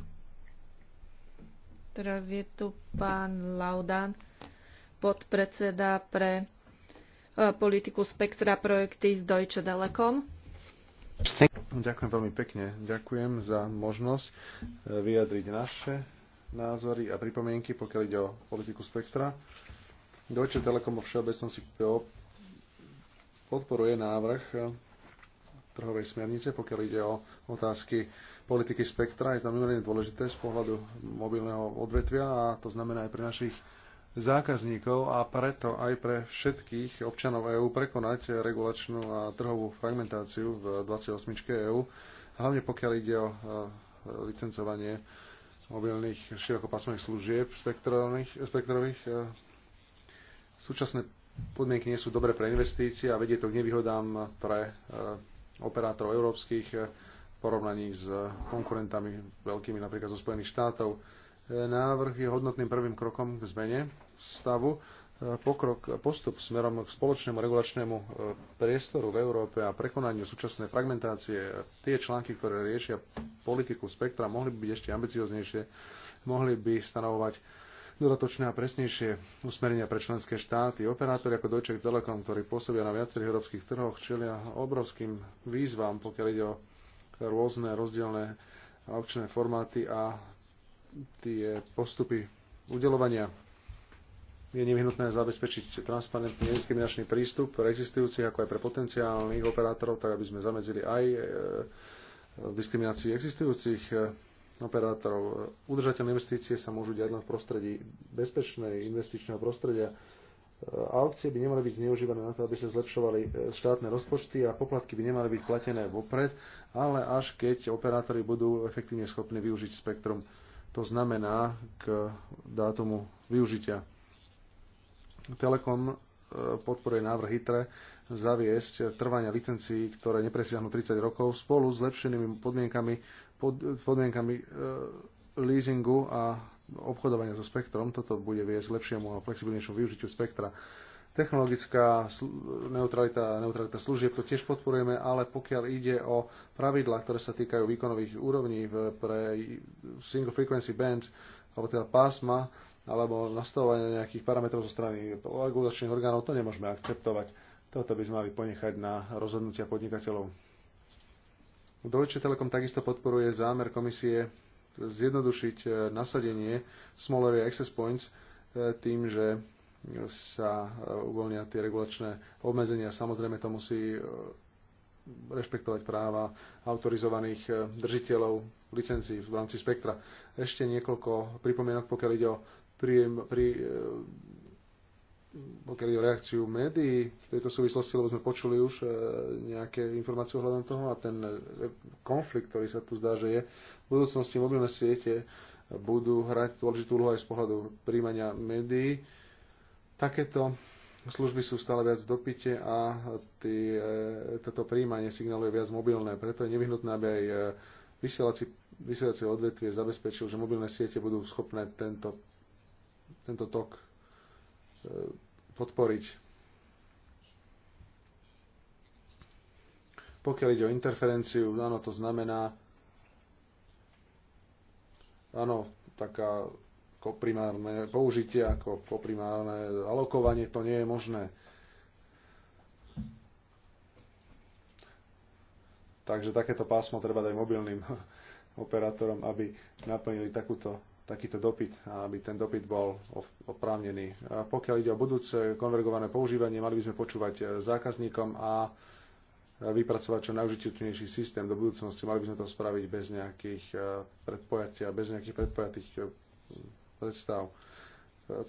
Teraz je tu pán Laudan, podpredseda pre E, politiku spektra projekty z Deutsche Telekom. No, ďakujem veľmi pekne. Ďakujem za možnosť e, vyjadriť naše názory a pripomienky, pokiaľ ide o politiku spektra. Deutsche Telekom vo všeobecnosti podporuje návrh e, trhovej smernice, pokiaľ ide o otázky politiky spektra. Je to mimoriadne dôležité z pohľadu mobilného odvetvia a to znamená aj pre našich zákazníkov a preto aj pre všetkých občanov EÚ prekonať regulačnú a trhovú fragmentáciu v 28. EÚ, hlavne pokiaľ ide o e, licencovanie mobilných širokopásmových služieb spektrových. E, súčasné podmienky nie sú dobré pre investície a vedie to k nevýhodám pre e, operátorov európskych v porovnaní s konkurentami veľkými napríklad zo Spojených štátov Návrh je hodnotným prvým krokom k zmene stavu. E, pokrok, postup smerom k spoločnému regulačnému e, priestoru v Európe a prekonaniu súčasnej fragmentácie, tie články, ktoré riešia politiku spektra, mohli by byť ešte ambicioznejšie, mohli by stanovovať dodatočné a presnejšie usmerenia pre členské štáty. Operátori ako Deutsche Telekom, ktorí pôsobia na viacerých európskych trhoch, čelia obrovským výzvam, pokiaľ ide o rôzne rozdielne aukčné formáty a tie postupy udelovania je nevyhnutné zabezpečiť transparentný nediskriminačný prístup pre existujúcich ako aj pre potenciálnych operátorov, tak aby sme zamedzili aj e, diskriminácii existujúcich e, operátorov. Udržateľné investície sa môžu diať len v prostredí bezpečnej investičného prostredia. E, aukcie by nemali byť zneužívané na to, aby sa zlepšovali štátne rozpočty a poplatky by nemali byť platené vopred, ale až keď operátori budú efektívne schopní využiť spektrum to znamená k dátumu využitia. Telekom e, podporuje návrh ITRE zaviesť trvania licencií, ktoré nepresiahnu 30 rokov spolu s lepšenými podmienkami, pod, podmienkami e, leasingu a obchodovania so spektrom. Toto bude viesť k lepšiemu a flexibilnejšiemu využitiu spektra. E, Technologická neutralita, neutralita služieb, to tiež podporujeme, ale pokiaľ ide o pravidlá, ktoré sa týkajú výkonových úrovní v, pre single frequency bands, alebo teda pásma, alebo nastavovanie nejakých parametrov zo strany regulačných orgánov, to nemôžeme akceptovať. Toto by sme mali ponechať na rozhodnutia podnikateľov. Deutsche Telekom takisto podporuje zámer komisie zjednodušiť eh, nasadenie Smaller Access Points eh, tým, že sa e, uvoľnia tie regulačné obmedzenia. Samozrejme to musí e, rešpektovať práva autorizovaných e, držiteľov licencií v rámci spektra. Ešte niekoľko pripomienok, pokiaľ ide o príjem, pri, pokiaľ ide o reakciu médií v tejto súvislosti, lebo sme počuli už nejaké informácie ohľadom toho a ten konflikt, ktorý sa tu zdá, že je, v budúcnosti mobilné siete budú hrať dôležitú úlohu aj z pohľadu príjmania médií Takéto služby sú stále viac dopite a tý, e, toto príjmanie signálu je viac mobilné. Preto je nevyhnutné, aby aj e, vysielacie odvetvie zabezpečil, že mobilné siete budú schopné tento, tento tok e, podporiť. Pokiaľ ide o interferenciu, áno, to znamená, áno, taká koprimárne použitie, ako koprimárne alokovanie, to nie je možné. Takže takéto pásmo treba dať mobilným *laughs* operátorom, aby naplnili takúto, takýto dopyt a aby ten dopyt bol oprávnený. A pokiaľ ide o budúce konvergované používanie, mali by sme počúvať e, zákazníkom a vypracovať čo najužitočnejší systém do budúcnosti. Mali by sme to spraviť bez nejakých e, predpojatia, bez nejakých predpojatých e, predstav.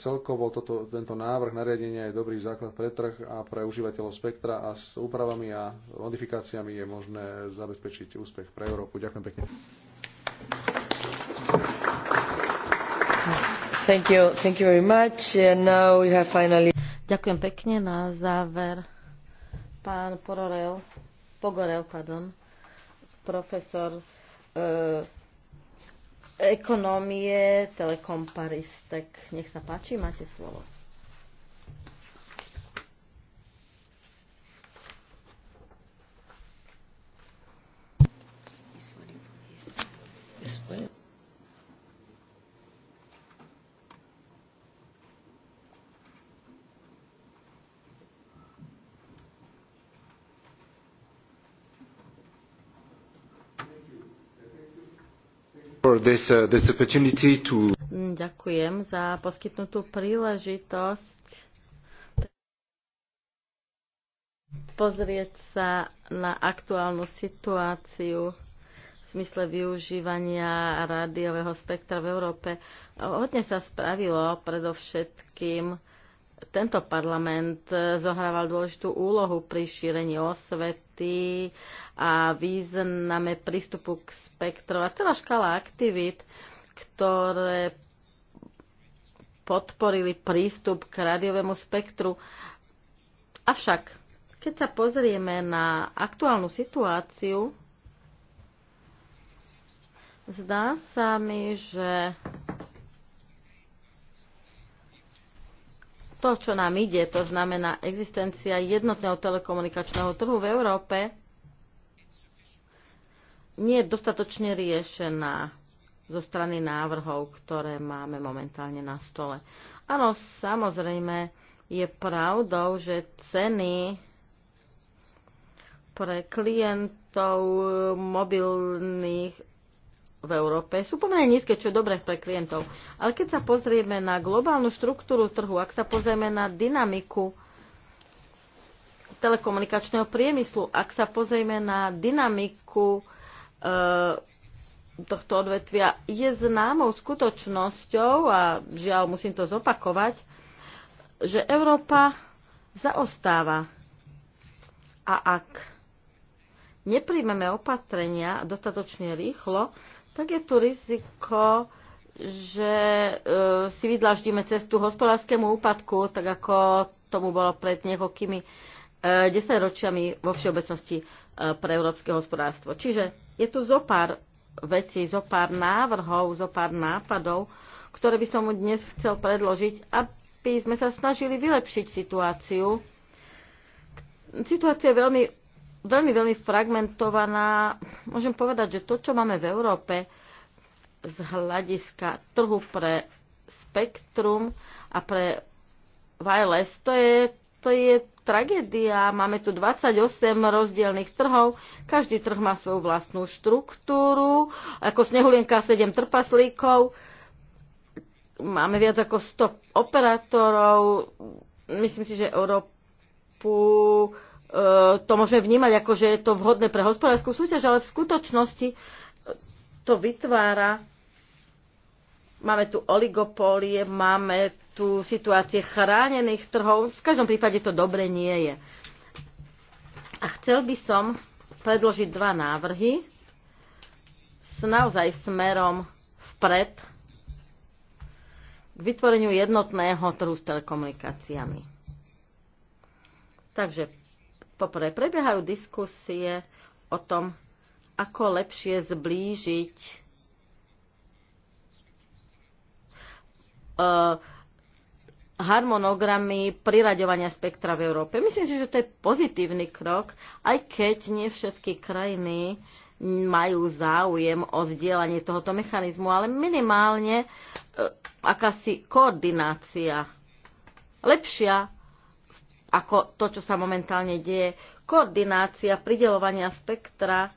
Celkovo toto, tento návrh nariadenia je dobrý základ pre trh a pre užívateľov spektra a s úpravami a modifikáciami je možné zabezpečiť úspech pre Európu. Ďakujem pekne. Thank you. Thank you very much. And now we have finally... Ďakujem pekne. Na záver pán Pororel, Pogorel, pardon, profesor uh, ekonómie Telekom Paris. Tak nech sa páči, máte slovo. this, uh, this opportunity to... Ďakujem za poskytnutú príležitosť pozrieť sa na aktuálnu situáciu v smysle využívania rádiového spektra v Európe. Hodne sa spravilo predovšetkým tento parlament e, zohrával dôležitú úlohu pri šírení osvety a význame prístupu k spektru a celá škala aktivít, ktoré podporili prístup k rádiovému spektru. Avšak, keď sa pozrieme na aktuálnu situáciu, zdá sa mi, že to, čo nám ide, to znamená existencia jednotného telekomunikačného trhu v Európe, nie je dostatočne riešená zo strany návrhov, ktoré máme momentálne na stole. Áno, samozrejme, je pravdou, že ceny pre klientov mobilných v Európe sú pomerne nízke, čo je dobré pre klientov. Ale keď sa pozrieme na globálnu štruktúru trhu, ak sa pozrieme na dynamiku telekomunikačného priemyslu, ak sa pozrieme na dynamiku e, tohto odvetvia, je známou skutočnosťou, a žiaľ musím to zopakovať, že Európa zaostáva. A ak nepríjmeme opatrenia dostatočne rýchlo, tak je tu riziko, že e, si vydlaždíme cestu hospodárskému úpadku, tak ako tomu bolo pred niekoľkými e, desaťročiami vo všeobecnosti e, pre európske hospodárstvo. Čiže je tu zo pár vecí, zo pár návrhov, zo pár nápadov, ktoré by som mu dnes chcel predložiť, aby sme sa snažili vylepšiť situáciu. Situácia je veľmi veľmi, veľmi fragmentovaná. Môžem povedať, že to, čo máme v Európe z hľadiska trhu pre spektrum a pre wireless, to je, to je tragédia. Máme tu 28 rozdielných trhov, každý trh má svoju vlastnú štruktúru, ako snehulienka 7 trpaslíkov, máme viac ako 100 operátorov, myslím si, že Európu E, to môžeme vnímať ako, že je to vhodné pre hospodárskú súťaž, ale v skutočnosti to vytvára máme tu oligopólie, máme tu situácie chránených trhov. V každom prípade to dobre nie je. A chcel by som predložiť dva návrhy s naozaj smerom vpred k vytvoreniu jednotného trhu s telekomunikáciami. Takže Poprvé, prebiehajú diskusie o tom, ako lepšie zblížiť eh, harmonogramy priraďovania spektra v Európe. Myslím si, že to je pozitívny krok, aj keď nie všetky krajiny majú záujem o zdieľanie tohoto mechanizmu, ale minimálne eh, akási koordinácia, lepšia ako to, čo sa momentálne deje. Koordinácia pridelovania spektra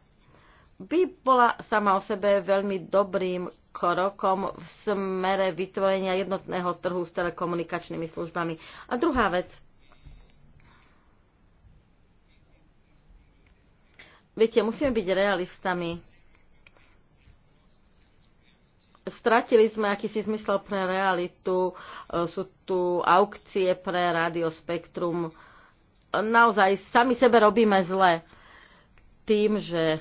by bola sama o sebe veľmi dobrým krokom v smere vytvorenia jednotného trhu s telekomunikačnými službami. A druhá vec. Viete, musíme byť realistami Stratili sme akýsi zmysel pre realitu, e, sú tu aukcie pre radiospektrum. E, naozaj sami sebe robíme zle tým, že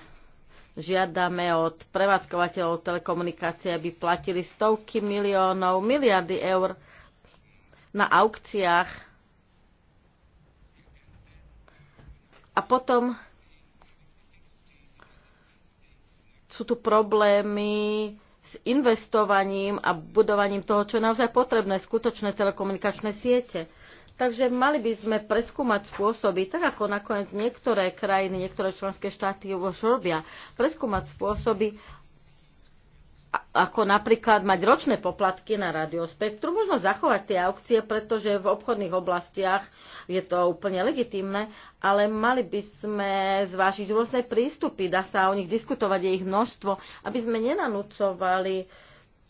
žiadame od prevádzkovateľov telekomunikácie, aby platili stovky miliónov, miliardy eur na aukciách. A potom sú tu problémy s investovaním a budovaním toho, čo je naozaj potrebné, skutočné telekomunikačné siete. Takže mali by sme preskúmať spôsoby, tak ako nakoniec niektoré krajiny, niektoré členské štáty už robia, preskúmať spôsoby, ako napríklad mať ročné poplatky na radiospektru, možno zachovať tie aukcie, pretože v obchodných oblastiach je to úplne legitimné, ale mali by sme zvážiť rôzne prístupy, dá sa o nich diskutovať, je ich množstvo, aby sme nenanúcovali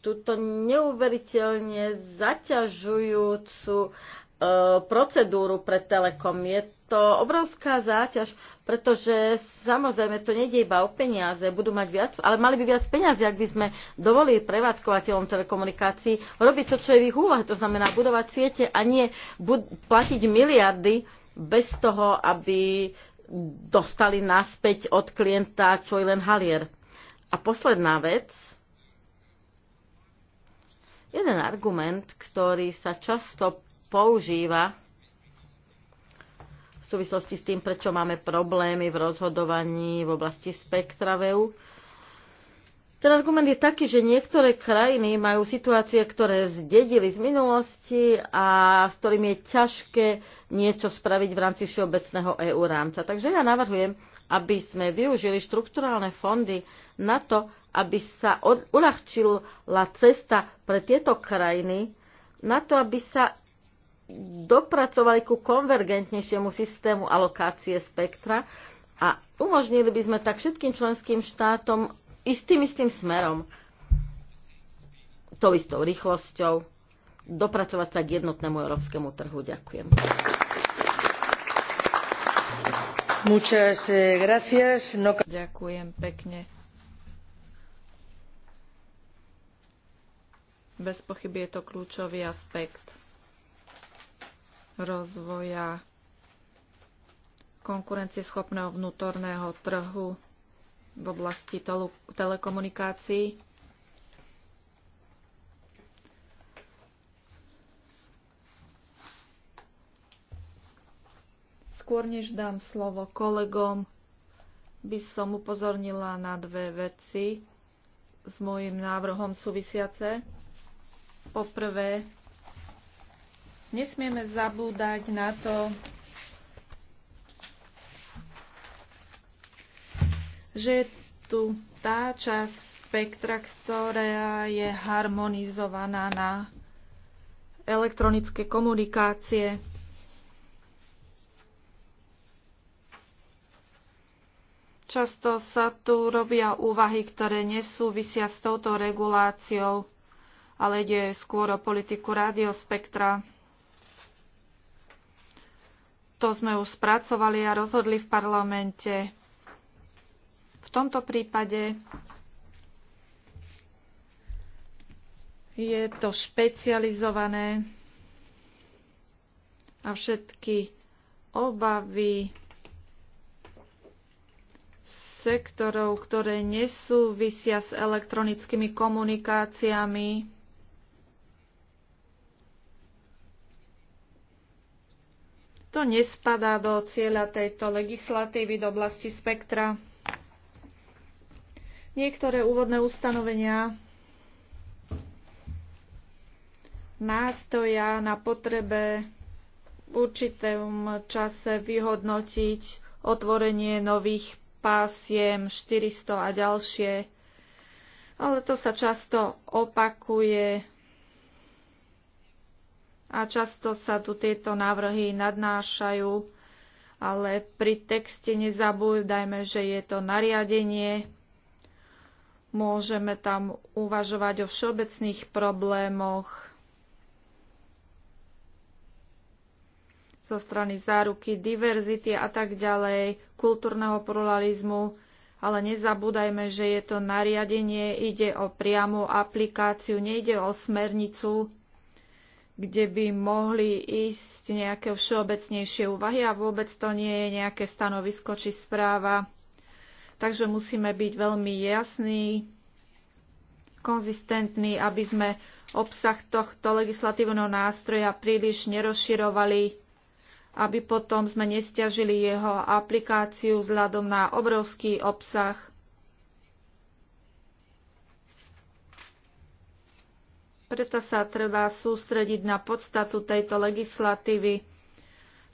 túto neuveriteľne zaťažujúcu e, procedúru pre Telekom. Je to obrovská záťaž, pretože samozrejme to nejde iba o peniaze, budú mať viac, ale mali by viac peniazy, ak by sme dovolili prevádzkovateľom telekomunikácií robiť to, čo je v ich úvahe, to znamená budovať siete a nie bud- platiť miliardy bez toho, aby dostali naspäť od klienta čo je len halier. A posledná vec, jeden argument, ktorý sa často používa súvislosti s tým, prečo máme problémy v rozhodovaní v oblasti spektra v EU. Ten argument je taký, že niektoré krajiny majú situácie, ktoré zdedili z minulosti a s ktorým je ťažké niečo spraviť v rámci všeobecného EU rámca. Takže ja navrhujem, aby sme využili štrukturálne fondy na to, aby sa od, uľahčila cesta pre tieto krajiny, na to, aby sa dopracovali ku konvergentnejšiemu systému alokácie spektra a umožnili by sme tak všetkým členským štátom istým istým smerom, tou istou rýchlosťou, dopracovať sa k jednotnému európskemu trhu. Ďakujem. Eh, no Ďakujem pekne. Bez pochyby je to kľúčový aspekt rozvoja konkurencieschopného vnútorného trhu v oblasti telekomunikácií. Skôr než dám slovo kolegom, by som upozornila na dve veci s môjim návrhom súvisiace. Poprvé, Nesmieme zabúdať na to, že je tu tá časť spektra, ktorá je harmonizovaná na elektronické komunikácie. Často sa tu robia úvahy, ktoré nesúvisia s touto reguláciou, ale ide skôr o politiku rádiospektra. To sme už spracovali a rozhodli v parlamente. V tomto prípade je to špecializované a všetky obavy sektorov, ktoré nesúvisia s elektronickými komunikáciami, To nespadá do cieľa tejto legislatívy do oblasti spektra. Niektoré úvodné ustanovenia nástoja na potrebe v určitom čase vyhodnotiť otvorenie nových pásiem 400 a ďalšie. Ale to sa často opakuje a často sa tu tieto návrhy nadnášajú, ale pri texte nezabúdajme, že je to nariadenie. Môžeme tam uvažovať o všeobecných problémoch zo strany záruky, diverzity a tak ďalej, kultúrneho pluralizmu, ale nezabúdajme, že je to nariadenie, ide o priamu aplikáciu, nejde o smernicu, kde by mohli ísť nejaké všeobecnejšie úvahy a vôbec to nie je nejaké stanovisko či správa. Takže musíme byť veľmi jasní, konzistentní, aby sme obsah tohto legislatívneho nástroja príliš nerozširovali, aby potom sme nestiažili jeho aplikáciu vzhľadom na obrovský obsah Preto sa treba sústrediť na podstatu tejto legislatívy.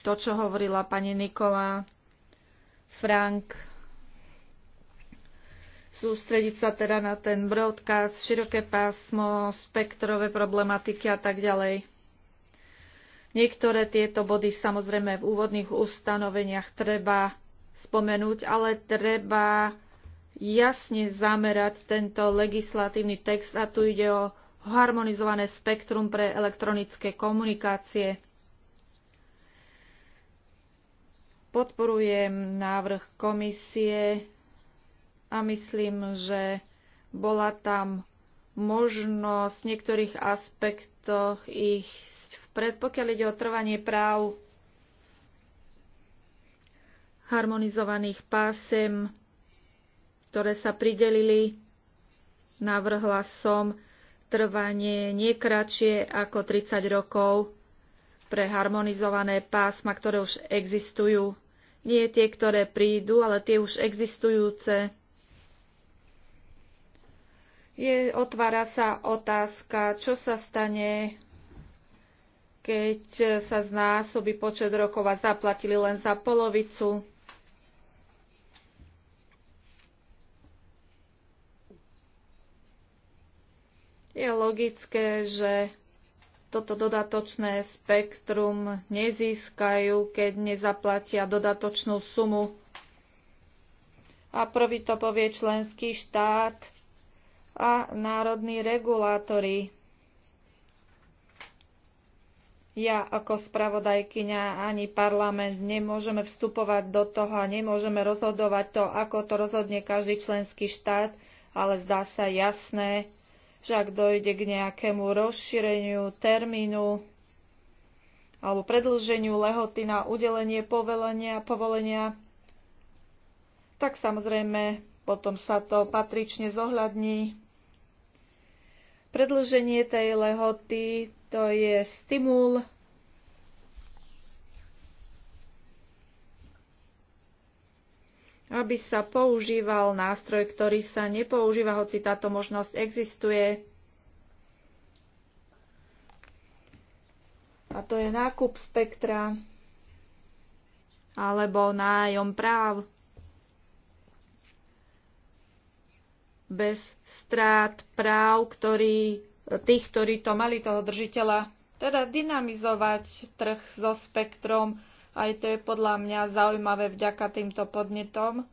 To, čo hovorila pani Nikola, Frank, sústrediť sa teda na ten broadcast, široké pásmo, spektrové problematiky a tak ďalej. Niektoré tieto body samozrejme v úvodných ustanoveniach treba spomenúť, ale treba jasne zamerať tento legislatívny text a tu ide o harmonizované spektrum pre elektronické komunikácie. Podporujem návrh komisie a myslím, že bola tam možnosť v niektorých aspektoch ich vpred, pokiaľ ide o trvanie práv harmonizovaných pásem, ktoré sa pridelili. Navrhla som trvanie nie kratšie ako 30 rokov pre harmonizované pásma, ktoré už existujú. Nie tie, ktoré prídu, ale tie už existujúce. Je, otvára sa otázka, čo sa stane, keď sa znásobí počet rokov a zaplatili len za polovicu Je logické, že toto dodatočné spektrum nezískajú, keď nezaplatia dodatočnú sumu. A prvý to povie členský štát a národní regulátori. Ja ako spravodajkyňa ani parlament nemôžeme vstupovať do toho a nemôžeme rozhodovať to, ako to rozhodne každý členský štát, ale zdá sa jasné, že ak dojde k nejakému rozšíreniu termínu alebo predlženiu lehoty na udelenie povolenia, povolenia tak samozrejme potom sa to patrične zohľadní. Predlženie tej lehoty to je stimul aby sa používal nástroj, ktorý sa nepoužíva, hoci táto možnosť existuje. A to je nákup spektra alebo nájom práv bez strát práv, ktorý, tých, ktorí to mali, toho držiteľa, teda dynamizovať trh so spektrom, aj to je podľa mňa zaujímavé vďaka týmto podnetom.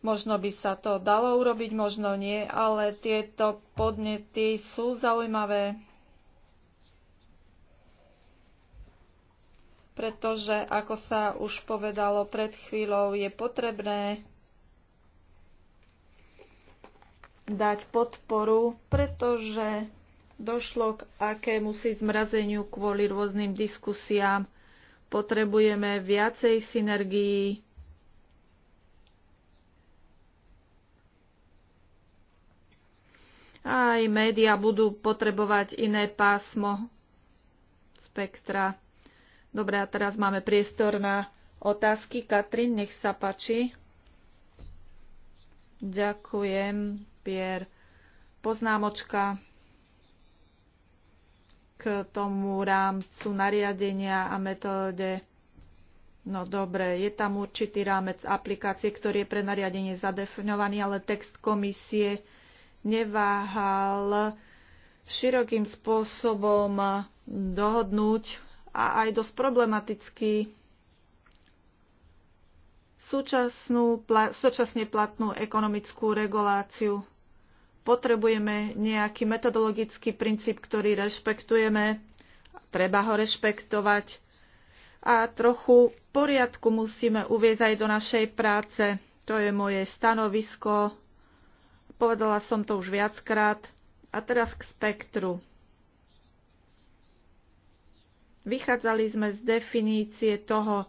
Možno by sa to dalo urobiť, možno nie, ale tieto podnety sú zaujímavé. pretože, ako sa už povedalo pred chvíľou, je potrebné dať podporu, pretože došlo k akémusi zmrazeniu kvôli rôznym diskusiám Potrebujeme viacej synergií. Aj média budú potrebovať iné pásmo spektra. Dobre, a teraz máme priestor na otázky. Katrin, nech sa páči. Ďakujem, Pier. Poznámočka k tomu rámcu nariadenia a metóde. No dobre, je tam určitý rámec aplikácie, ktorý je pre nariadenie zadefinovaný, ale text komisie neváhal širokým spôsobom dohodnúť a aj dosť problematicky súčasnú, súčasne platnú ekonomickú reguláciu Potrebujeme nejaký metodologický princíp, ktorý rešpektujeme. Treba ho rešpektovať. A trochu poriadku musíme uviezť aj do našej práce. To je moje stanovisko. Povedala som to už viackrát. A teraz k spektru. Vychádzali sme z definície toho,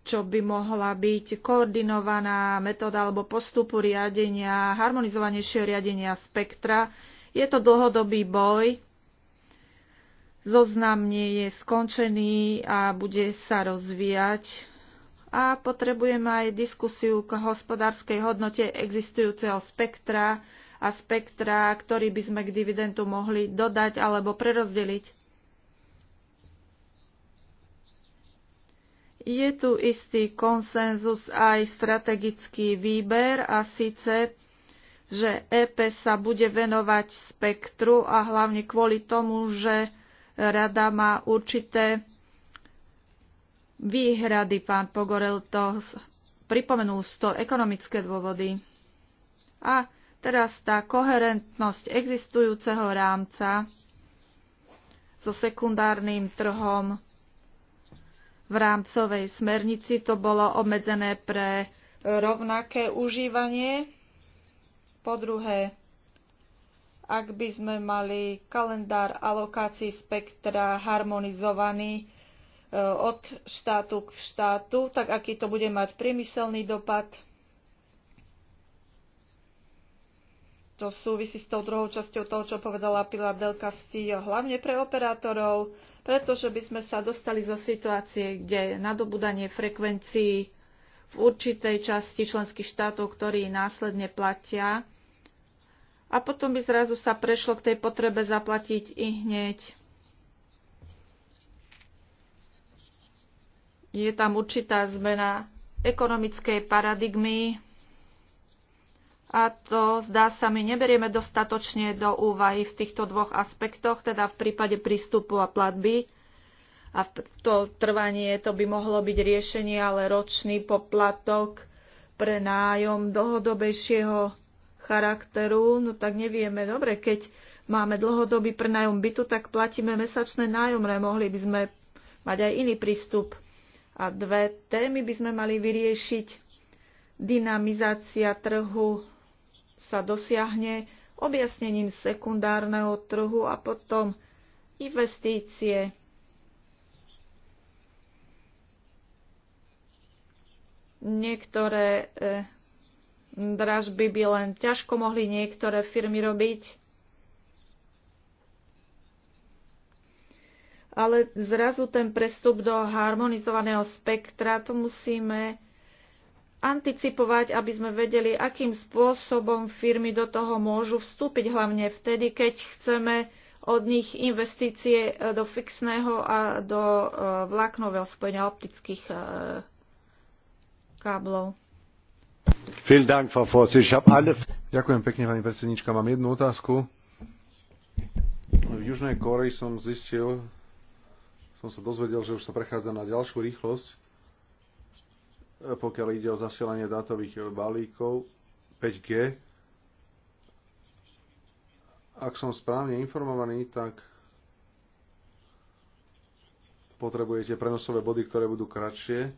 čo by mohla byť koordinovaná metóda alebo postupu riadenia, harmonizovanejšieho riadenia spektra. Je to dlhodobý boj. Zoznam nie je skončený a bude sa rozvíjať. A potrebujeme aj diskusiu k hospodárskej hodnote existujúceho spektra a spektra, ktorý by sme k dividendu mohli dodať alebo prerozdeliť. Je tu istý konsenzus aj strategický výber a síce, že EP sa bude venovať spektru a hlavne kvôli tomu, že rada má určité výhrady. Pán Pogorel to pripomenul z to ekonomické dôvody. A teraz tá koherentnosť existujúceho rámca so sekundárnym trhom v rámcovej smernici to bolo obmedzené pre rovnaké užívanie. Po druhé, ak by sme mali kalendár alokácií spektra harmonizovaný e, od štátu k štátu, tak aký to bude mať priemyselný dopad. To súvisí s tou druhou časťou toho, čo povedala Pilar Del Castillo, hlavne pre operátorov, pretože by sme sa dostali zo situácie, kde nadobudanie frekvencií v určitej časti členských štátov, ktorí následne platia, a potom by zrazu sa prešlo k tej potrebe zaplatiť i hneď. Je tam určitá zmena ekonomickej paradigmy, a to zdá sa mi neberieme dostatočne do úvahy v týchto dvoch aspektoch, teda v prípade prístupu a platby. A to trvanie to by mohlo byť riešenie, ale ročný poplatok pre nájom dlhodobejšieho charakteru, no tak nevieme. Dobre, keď máme dlhodobý prenájom bytu, tak platíme mesačné nájomné. Mohli by sme mať aj iný prístup. A dve témy by sme mali vyriešiť. Dynamizácia trhu sa dosiahne objasnením sekundárneho trhu a potom investície. Niektoré e, dražby by len ťažko mohli niektoré firmy robiť, ale zrazu ten prestup do harmonizovaného spektra, to musíme anticipovať, aby sme vedeli, akým spôsobom firmy do toho môžu vstúpiť, hlavne vtedy, keď chceme od nich investície eh, do fixného a do eh, vláknového spojenia optických eh, káblov. Ďakujem pekne, pani predsednička. Mám jednu otázku. V Južnej Koreji som zistil, som sa dozvedel, že už sa prechádza na ďalšiu rýchlosť pokiaľ ide o zasielanie dátových balíkov 5G. Ak som správne informovaný, tak potrebujete prenosové body, ktoré budú kratšie.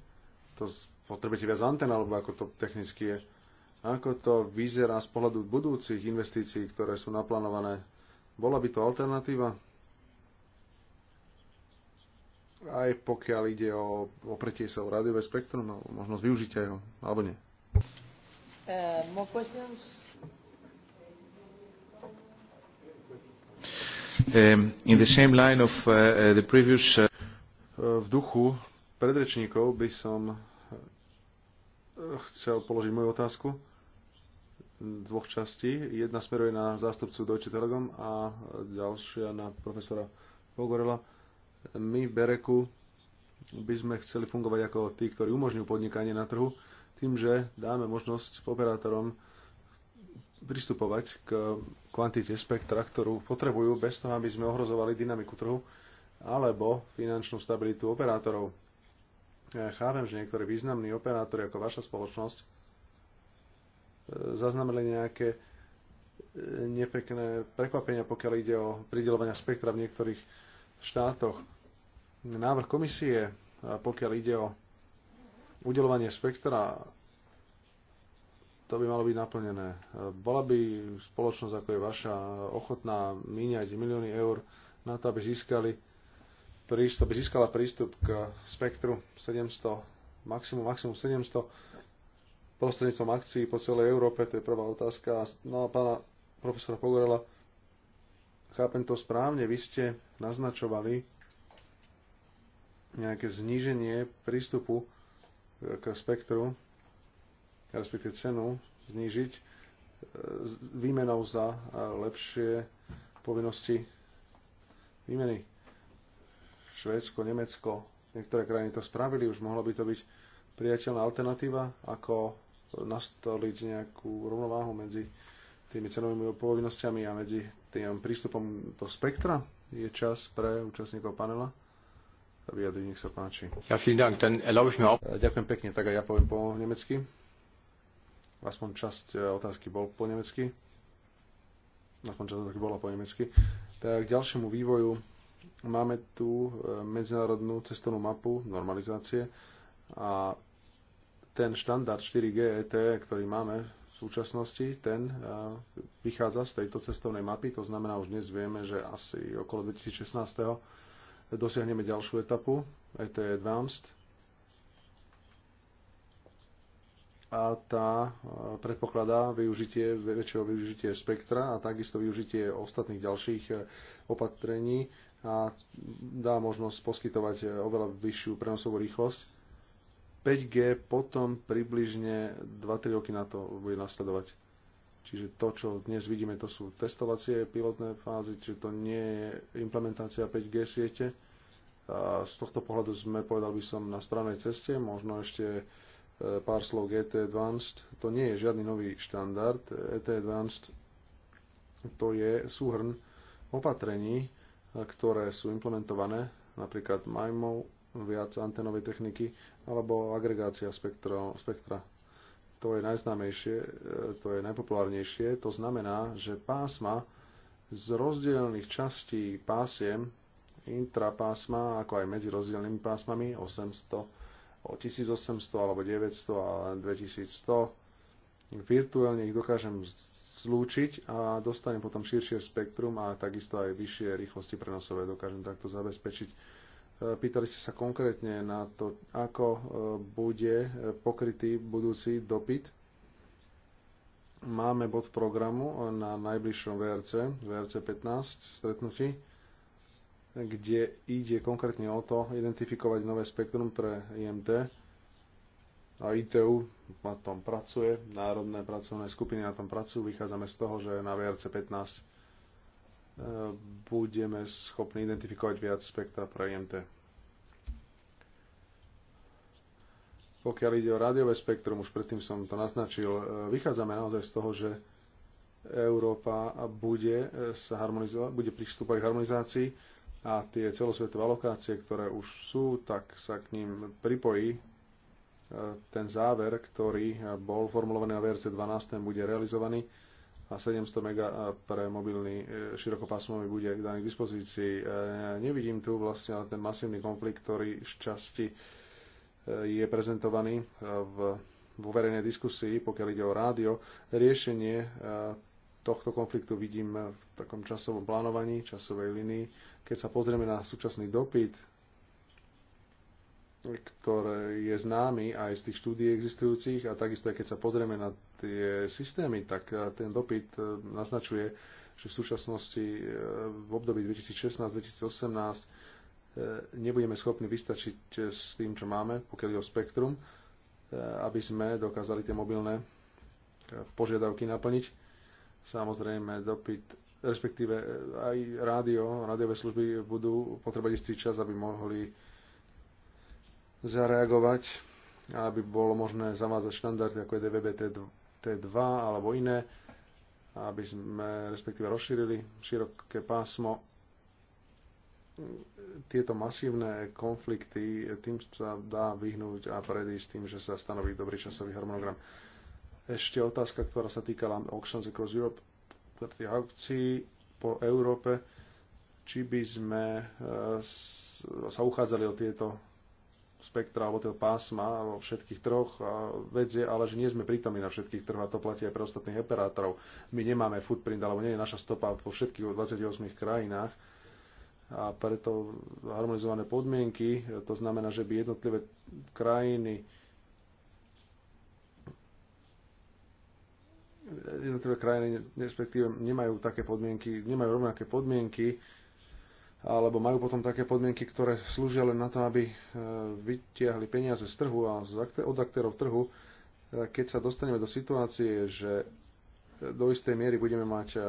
To potrebujete viac anten, alebo ako to technicky je. Ako to vyzerá z pohľadu budúcich investícií, ktoré sú naplánované? Bola by to alternatíva? aj pokiaľ ide o opretie sa o rádiové spektrum a no, možnosť využitia jeho, alebo nie? Uh, um, in the same line of uh, uh, the previous... V duchu predrečníkov by som chcel položiť moju otázku dvoch častí. Jedna smeruje na zástupcu Deutsche Telekom a ďalšia na profesora Pogorela my Bereku by sme chceli fungovať ako tí, ktorí umožňujú podnikanie na trhu, tým, že dáme možnosť operátorom pristupovať k kvantite spektra, ktorú potrebujú, bez toho, aby sme ohrozovali dynamiku trhu alebo finančnú stabilitu operátorov. Ja chápem, že niektorí významní operátori, ako vaša spoločnosť, e, zaznamenali nejaké e, nepekné prekvapenia, pokiaľ ide o pridelovania spektra v niektorých štátoch. Návrh komisie, pokiaľ ide o udelovanie spektra, to by malo byť naplnené. Bola by spoločnosť ako je vaša ochotná míňať milióny eur na to, aby získali prístup, aby získala prístup k spektru 700, maximum, maximum 700 prostredníctvom akcií po celej Európe, to je prvá otázka. No a pána profesora Pogorela, chápem to správne, vy ste naznačovali nejaké zníženie prístupu k spektru, respektive cenu znížiť e, výmenou za e, lepšie povinnosti výmeny. Švédsko, Nemecko, niektoré krajiny to spravili, už mohla by to byť priateľná alternatíva, ako nastoliť nejakú rovnováhu medzi tými cenovými povinnosťami a medzi tým prístupom do spektra je čas pre účastníkov panela. Vyjadri, nech sa páči. Ja, dank, ten e, Ďakujem pekne, tak aj ja poviem po nemecky. Aspoň časť e, otázky bol po nemecky. Aspoň časť otázky bola po nemecky. Tak k ďalšiemu vývoju máme tu e, medzinárodnú cestovnú mapu normalizácie a ten štandard 4G ETE, ktorý máme súčasnosti, ten eh, vychádza z tejto cestovnej mapy, to znamená, už dnes vieme, že asi okolo 2016. dosiahneme ďalšiu etapu, ET e Advanced, a tá eh, predpokladá využitie, väčšieho využitie spektra a takisto využitie ostatných ďalších eh, opatrení a dá možnosť poskytovať oveľa vyššiu prenosovú rýchlosť 5G potom približne 2-3 roky na to bude nasledovať. Čiže to, čo dnes vidíme, to sú testovacie pilotné fázy, čiže to nie je implementácia 5G siete. A z tohto pohľadu sme, povedal by som, na správnej ceste, možno ešte e, pár slov GT e Advanced. To nie je žiadny nový štandard. ET Advanced to je súhrn opatrení, e, ktoré sú implementované, napríklad MIMO, viac antenovej techniky, alebo agregácia spektra. spektra. To je najznámejšie, e, to je najpopulárnejšie. To znamená, že pásma z rozdielných častí pásiem, intrapásma, ako aj medzi rozdielnými pásmami, 800, 1800 alebo 900 a 2100, virtuálne ich dokážem zlúčiť a dostanem potom širšie spektrum a takisto aj vyššie rýchlosti prenosové dokážem takto zabezpečiť E, pýtali ste sa konkrétne na to, ako e, bude e, pokrytý budúci dopyt. Máme bod programu na najbližšom VRC, VRC 15 stretnutí, kde ide konkrétne o to identifikovať nové spektrum pre IMT. A ITU na tom pracuje, národné pracovné skupiny na tom pracujú. Vychádzame z toho, že na VRC 15 budeme schopní identifikovať viac spektra pre IMT. Pokiaľ ide o rádiové spektrum, už predtým som to naznačil, e, vychádzame naozaj z toho, že Európa bude, e, sa harmonizovať, bude pristúpať k harmonizácii a tie celosvetové alokácie, ktoré už sú, tak sa k ním pripojí e, ten záver, ktorý bol formulovaný na VRC 12, ten bude realizovaný a 700 mega pre mobilný e, širokopásmový bude k k dispozícii. E, nevidím tu vlastne ten masívny konflikt, ktorý z časti e, je prezentovaný v, vo verejnej diskusii, pokiaľ ide o rádio. Riešenie tohto konfliktu vidím v takom časovom plánovaní, časovej linii. Keď sa pozrieme na súčasný dopyt ktoré je známy aj z tých štúdií existujúcich a takisto aj keď sa pozrieme na tie systémy, tak eh, ten dopyt eh, naznačuje, že v súčasnosti eh, v období 2016-2018 nebudeme schopní vystačiť s tým, čo máme, pokiaľ je o spektrum, aby sme dokázali tie mobilné požiadavky naplniť. Samozrejme, dopyt respektíve aj rádio, rádiové služby budú potrebovať istý čas, aby mohli zareagovať, aby bolo možné zavádzať štandardy ako je DVB T2 alebo iné, aby sme respektíve rozšírili široké pásmo tieto masívne konflikty, tým sa dá vyhnúť a predísť tým, že sa stanoví dobrý časový harmonogram. Ešte otázka, ktorá sa týkala Auctions Across Europe, tých aukcií po Európe, či by sme e, sa uchádzali o tieto spektra alebo toho pásma vo všetkých troch. vedzie, ale, že nie sme prítomní na všetkých troch a to platí aj pre ostatných operátorov. My nemáme footprint alebo nie je naša stopa po všetkých 28 krajinách a preto harmonizované podmienky, to znamená, že by jednotlivé krajiny jednotlivé krajiny respektíve nemajú také podmienky, nemajú rovnaké podmienky, alebo majú potom také podmienky, ktoré slúžia len na to, aby e, vytiahli peniaze z trhu a od aktérov trhu, e, keď sa dostaneme do situácie, že do istej miery budeme mať e,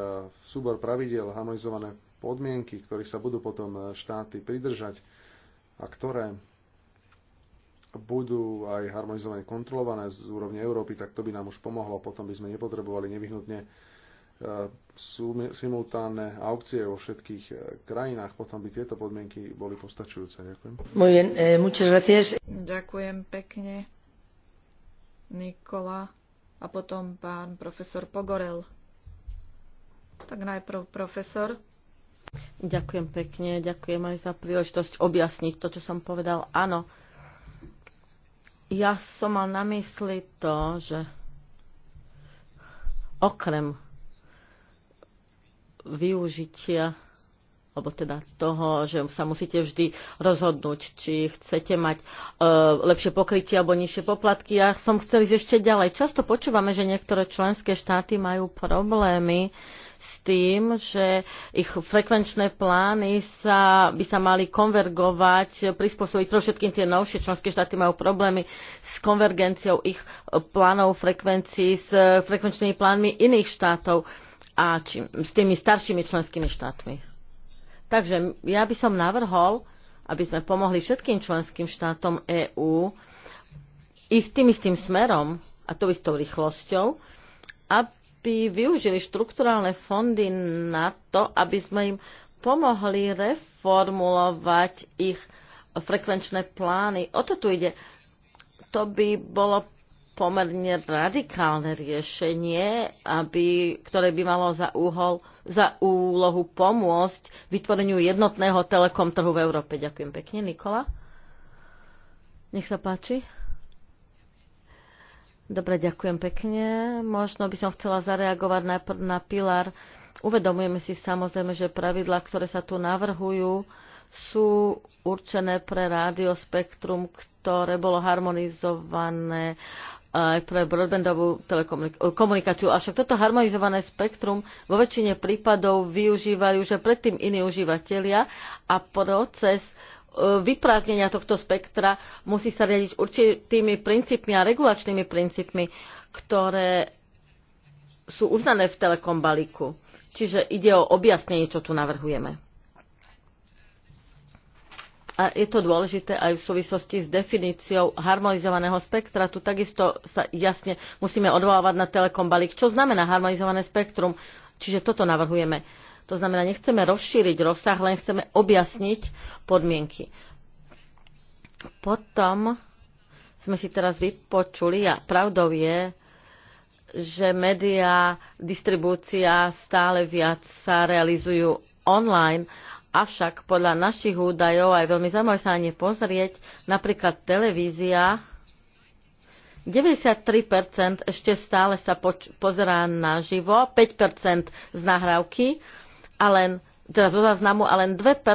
súbor pravidel, harmonizované podmienky, ktorých sa budú potom štáty pridržať a ktoré budú aj harmonizované kontrolované z úrovne Európy, tak to by nám už pomohlo. Potom by sme nepotrebovali nevyhnutne E, simultánne aukcie vo všetkých e, krajinách, potom by tieto podmienky boli postačujúce. Ďakujem. Muy bien, eh, muchas gracias. Ďakujem pekne, Nikola. A potom pán profesor Pogorel. Tak najprv profesor. Ďakujem pekne, ďakujem aj za príležitosť objasniť to, čo som povedal. Áno, ja som mal na mysli to, že okrem využitia alebo teda toho, že sa musíte vždy rozhodnúť, či chcete mať e, lepšie pokrytie alebo nižšie poplatky. Ja som chcel ísť ešte ďalej. Často počúvame, že niektoré členské štáty majú problémy s tým, že ich frekvenčné plány sa, by sa mali konvergovať, prispôsobiť. Pro všetkým tie novšie členské štáty majú problémy s konvergenciou ich plánov frekvencií s frekvenčnými plánmi iných štátov. E, a či, s tými staršími členskými štátmi. Takže ja by som navrhol, aby sme pomohli všetkým členským štátom EÚ ísť tým istým smerom a to istou rýchlosťou, aby využili štrukturálne fondy na to, aby sme im pomohli reformulovať ich frekvenčné plány. O to tu ide. To by bolo pomerne radikálne riešenie, aby, ktoré by malo za, úhol, za úlohu pomôcť vytvoreniu jednotného telekom trhu v Európe. Ďakujem pekne. Nikola? Nech sa páči. Dobre, ďakujem pekne. Možno by som chcela zareagovať najprv na Pilar. Uvedomujeme si samozrejme, že pravidla, ktoré sa tu navrhujú, sú určené pre rádiospektrum, ktoré bolo harmonizované aj pre broadbandovú komunikáciu. Avšak toto harmonizované spektrum vo väčšine prípadov využívajú že predtým iní užívateľia a proces e, vyprázdnenia tohto spektra musí sa riadiť určitými princípmi a regulačnými princípmi, ktoré sú uznané v telekom balíku. Čiže ide o objasnenie, čo tu navrhujeme a je to dôležité aj v súvislosti s definíciou harmonizovaného spektra. Tu takisto sa jasne musíme odvolávať na telekom balík. Čo znamená harmonizované spektrum? Čiže toto navrhujeme. To znamená, nechceme rozšíriť rozsah, len chceme objasniť podmienky. Potom sme si teraz vypočuli a pravdou je, že médiá, distribúcia stále viac sa realizujú online Avšak podľa našich údajov aj veľmi zaujímavé sa na ne pozrieť, napríklad televízia, 93% ešte stále sa poč- pozerá živo, 5% z nahrávky a len teda zo záznamu a len 2%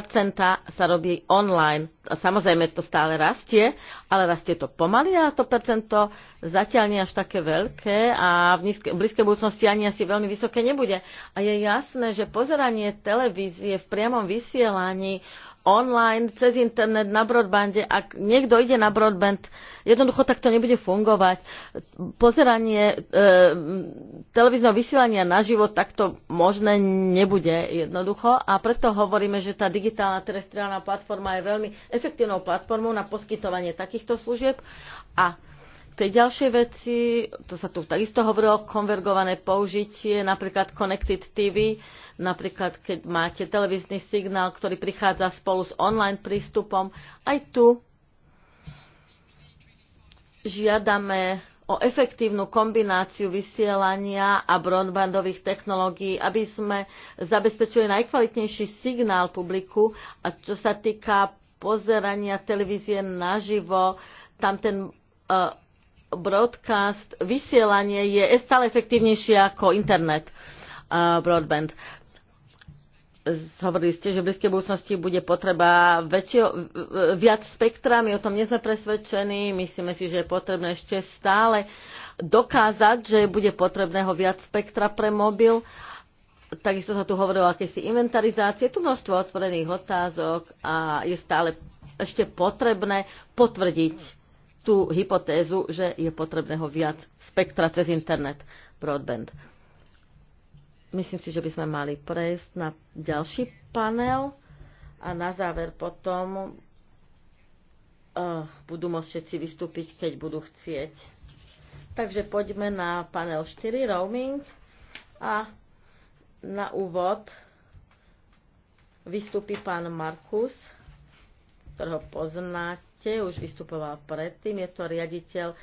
sa robí online. A samozrejme to stále rastie, ale rastie to pomaly a to percento zatiaľ nie až také veľké a v nízke, blízkej budúcnosti ani asi veľmi vysoké nebude. A je jasné, že pozeranie televízie v priamom vysielaní online, cez internet, na broadbande. Ak niekto ide na broadband, jednoducho tak to nebude fungovať. Pozeranie e, televízneho vysielania na život takto možné nebude jednoducho a preto hovoríme, že tá digitálna terestriálna platforma je veľmi efektívnou platformou na poskytovanie takýchto služieb a tej ďalšej veci, to sa tu takisto hovorilo, konvergované použitie, napríklad Connected TV, Napríklad, keď máte televízny signál, ktorý prichádza spolu s online prístupom, aj tu žiadame o efektívnu kombináciu vysielania a broadbandových technológií, aby sme zabezpečili najkvalitnejší signál publiku. A čo sa týka pozerania televízie naživo, tam ten uh, broadcast, vysielanie je stále efektívnejšie ako internet uh, broadband hovorili ste, že v blízkej budúcnosti bude potreba väčšieho, viac spektra, my o tom nie sme presvedčení, myslíme si, že je potrebné ešte stále dokázať, že bude potrebného viac spektra pre mobil. Takisto sa tu hovorilo o akési inventarizácie, tu množstvo otvorených otázok a je stále ešte potrebné potvrdiť tú hypotézu, že je potrebného viac spektra cez internet broadband. Myslím si, že by sme mali prejsť na ďalší panel a na záver potom uh, budú môcť všetci vystúpiť, keď budú chcieť. Takže poďme na panel 4, roaming. A na úvod vystúpi pán Markus, ktorého poznáte, už vystupoval predtým, je to riaditeľ eh,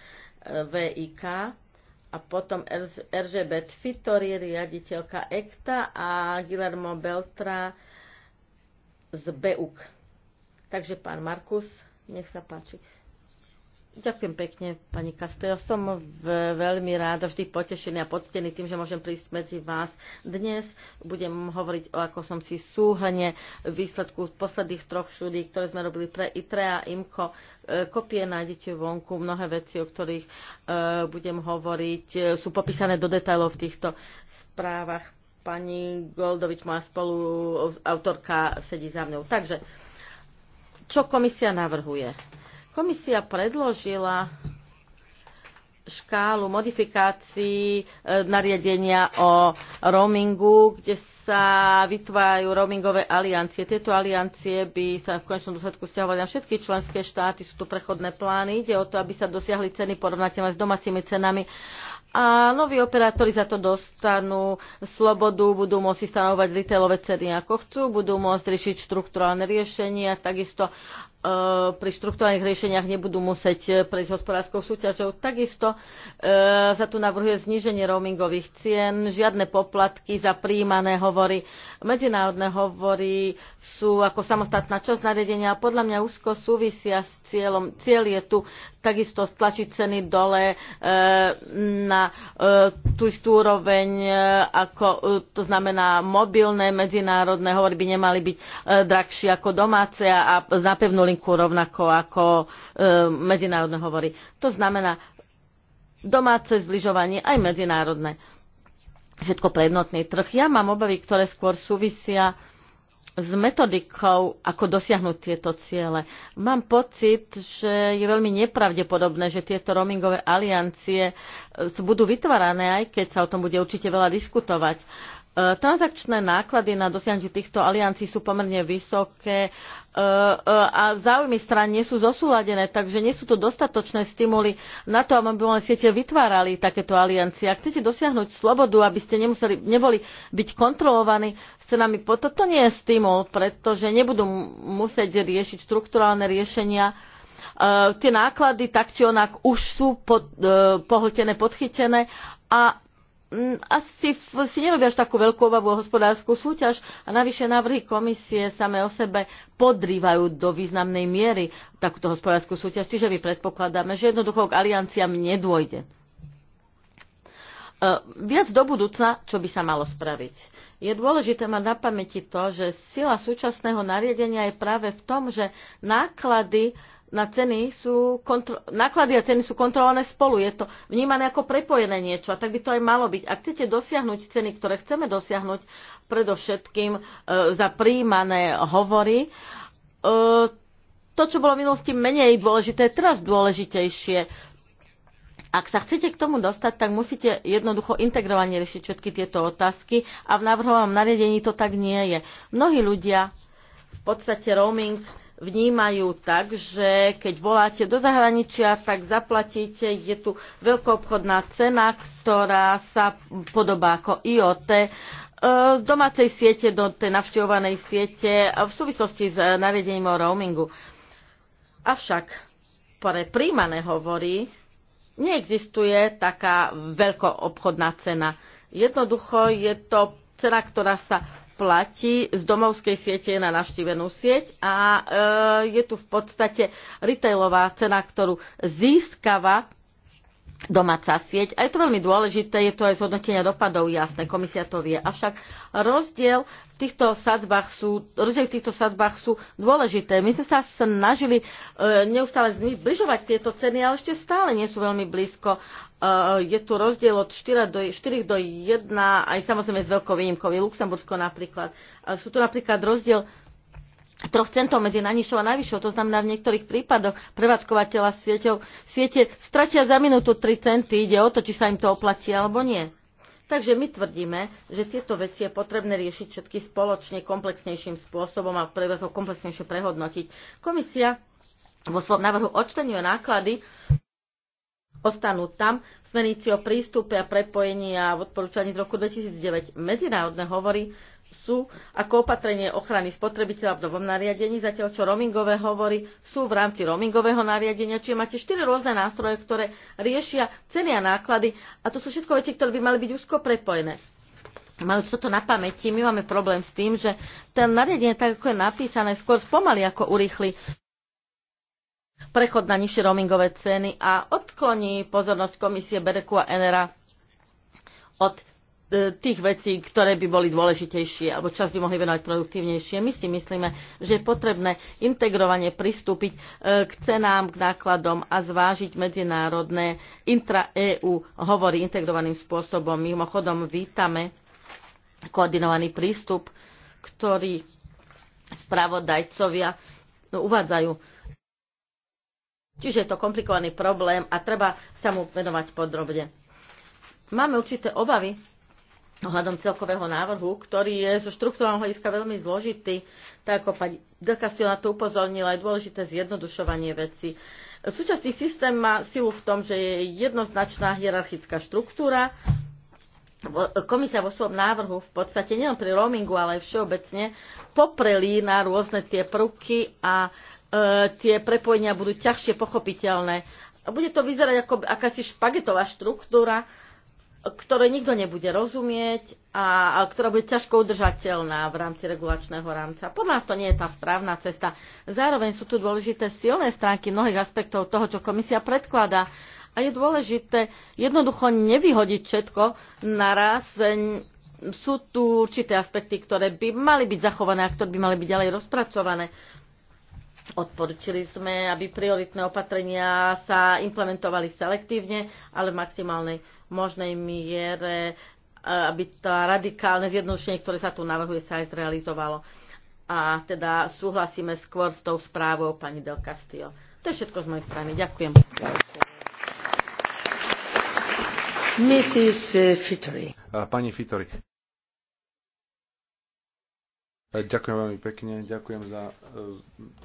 VIK, a potom Erzsébet Fitori, riaditeľka ekta a Guillermo Beltra z BEUK. Takže pán Markus, nech sa páči. Ďakujem pekne, pani Kastel. Som veľmi ráda, vždy potešený a poctený tým, že môžem prísť medzi vás dnes. Budem hovoriť o ako som si súhne výsledku z posledných troch štúdí, ktoré sme robili pre ITRE a IMCO. E, kopie nájdete vonku, mnohé veci, o ktorých e, budem hovoriť, e, sú popísané do detajlov v týchto správach. Pani Goldovič, moja spoluautorka, sedí za mnou. Takže, čo komisia navrhuje? Komisia predložila škálu modifikácií e, nariadenia o roamingu, kde sa vytvárajú roamingové aliancie. Tieto aliancie by sa v konečnom dôsledku stiahovali na všetky členské štáty. Sú tu prechodné plány. Ide o to, aby sa dosiahli ceny porovnateľné s domácimi cenami a noví operátori za to dostanú slobodu, budú môcť stanovať retailové ceny ako chcú, budú môcť riešiť štruktúrálne riešenia, takisto E, pri štruktúrnych riešeniach nebudú musieť e, prejsť hospodárskou súťažou. Takisto e, sa tu navrhuje zníženie roamingových cien, žiadne poplatky za príjmané hovory. Medzinárodné hovory sú ako samostatná časť nariadenia a podľa mňa úzko súvisia s cieľom. Cieľ je tu takisto stlačiť ceny dole na tú istú úroveň, ako to znamená mobilné medzinárodné hovory by nemali byť drahšie ako domáce a na pevnú myšlienku rovnako ako e, medzinárodné hovory. To znamená domáce zbližovanie aj medzinárodné. Všetko pre jednotný trh. Ja mám obavy, ktoré skôr súvisia s metodikou, ako dosiahnuť tieto ciele. Mám pocit, že je veľmi nepravdepodobné, že tieto roamingové aliancie budú vytvárané, aj keď sa o tom bude určite veľa diskutovať. E, transakčné náklady na dosiahnutie týchto aliancií sú pomerne vysoké e, e, a záujmy strany nie sú zosúladené, takže nie sú to dostatočné stimuly na to, aby len siete vytvárali takéto aliancie. Ak chcete dosiahnuť slobodu, aby ste nemuseli, neboli byť kontrolovaní cenami, toto nie je stimul, pretože nebudú musieť riešiť štruktúrálne riešenia, tie náklady tak či onak už sú pod, pohltené, podchytené a Mm, asi si nerobia až takú veľkú obavu o hospodárskú súťaž a navyše návrhy komisie same o sebe podrývajú do významnej miery takúto hospodárskú súťaž, čiže my predpokladáme, že jednoducho k alianciám nedôjde. E, viac do budúcna, čo by sa malo spraviť. Je dôležité mať na pamäti to, že sila súčasného nariadenia je práve v tom, že náklady na ceny sú kontro- náklady a ceny sú kontrolované spolu. Je to vnímané ako prepojené niečo a tak by to aj malo byť. Ak chcete dosiahnuť ceny, ktoré chceme dosiahnuť, predovšetkým e, za príjmané hovory, e, to, čo bolo v minulosti menej dôležité, je teraz dôležitejšie. Ak sa chcete k tomu dostať, tak musíte jednoducho integrovane riešiť všetky tieto otázky a v návrhovom nariadení to tak nie je. Mnohí ľudia v podstate roaming vnímajú tak, že keď voláte do zahraničia, tak zaplatíte, je tu veľkoobchodná cena, ktorá sa podobá ako IOT e, z domácej siete do tej navštevovanej siete v súvislosti s nariadením o roamingu. Avšak pre príjmané hovory neexistuje taká veľkoobchodná cena. Jednoducho je to cena, ktorá sa platí z domovskej siete na navštívenú sieť a e, je tu v podstate retailová cena, ktorú získava domáca sieť. A je to veľmi dôležité, je to aj zhodnotenia dopadov jasné, komisia to vie. Avšak rozdiel v týchto sadzbách sú, rozdiel v týchto sadzbách sú dôležité. My sme sa snažili e, neustále zbližovať tieto ceny, ale ešte stále nie sú veľmi blízko. E, je tu rozdiel od 4 do, 4 do 1, aj samozrejme s veľkou výnimkou je Luxembursko napríklad. E, sú tu napríklad rozdiel troch centov medzi najnižšou a najvyššou. To znamená, v niektorých prípadoch prevádzkovateľa sieťou, siete stratia za minútu 3 centy. Ide o to, či sa im to oplatí alebo nie. Takže my tvrdíme, že tieto veci je potrebné riešiť všetky spoločne komplexnejším spôsobom a treba komplexnejšie prehodnotiť. Komisia vo svojom návrhu odštenuje náklady ostanú tam v smernici o prístupe a prepojení a odporúčaní z roku 2009. Medzinárodné hovorí, sú ako opatrenie ochrany spotrebiteľa v novom nariadení, zatiaľ čo roamingové hovory sú v rámci roamingového nariadenia, čiže máte štyri rôzne nástroje, ktoré riešia ceny a náklady a to sú všetko veci, ktoré by mali byť úzko prepojené. Majú toto na pamäti, my máme problém s tým, že ten nariadenie, tak ako je napísané, skôr spomalí ako urýchli prechod na nižšie roamingové ceny a odkloní pozornosť komisie Bereku a Enera od E, tých vecí, ktoré by boli dôležitejšie alebo čas by mohli venovať produktívnejšie. My si myslíme, že je potrebné integrovanie pristúpiť e, k cenám, k nákladom a zvážiť medzinárodné intra-EU hovory integrovaným spôsobom. Mimochodom vítame koordinovaný prístup, ktorý spravodajcovia no, uvádzajú. Čiže je to komplikovaný problém a treba sa mu venovať podrobne. Máme určité obavy, ohľadom celkového návrhu, ktorý je zo štruktúrneho hľadiska veľmi zložitý, tak ako pani Delkastio na to upozornila, je dôležité zjednodušovanie veci. Súčasný systém má silu v tom, že je jednoznačná hierarchická štruktúra. Komisia vo svojom návrhu v podstate nielen pri roamingu, ale aj všeobecne poprelí na rôzne tie prvky a e, tie prepojenia budú ťažšie pochopiteľné. Bude to vyzerať ako akási špagetová štruktúra, ktoré nikto nebude rozumieť a, a ktorá bude ťažko udržateľná v rámci regulačného rámca. Podľa nás to nie je tá správna cesta. Zároveň sú tu dôležité silné stránky mnohých aspektov toho, čo komisia predkladá. A je dôležité jednoducho nevyhodiť všetko naraz. Sú tu určité aspekty, ktoré by mali byť zachované a ktoré by mali byť ďalej rozpracované. Odporučili sme, aby prioritné opatrenia sa implementovali selektívne, ale v maximálnej možnej miere, e, aby to radikálne zjednodušenie, ktoré sa tu navrhuje, sa aj zrealizovalo. A teda súhlasíme skôr s tou správou pani Del Castillo. To je všetko z mojej strany. Ďakujem. Mrs. Eh, Fittori. Eh, pani Fittori. Ďakujem veľmi pekne, ďakujem za e,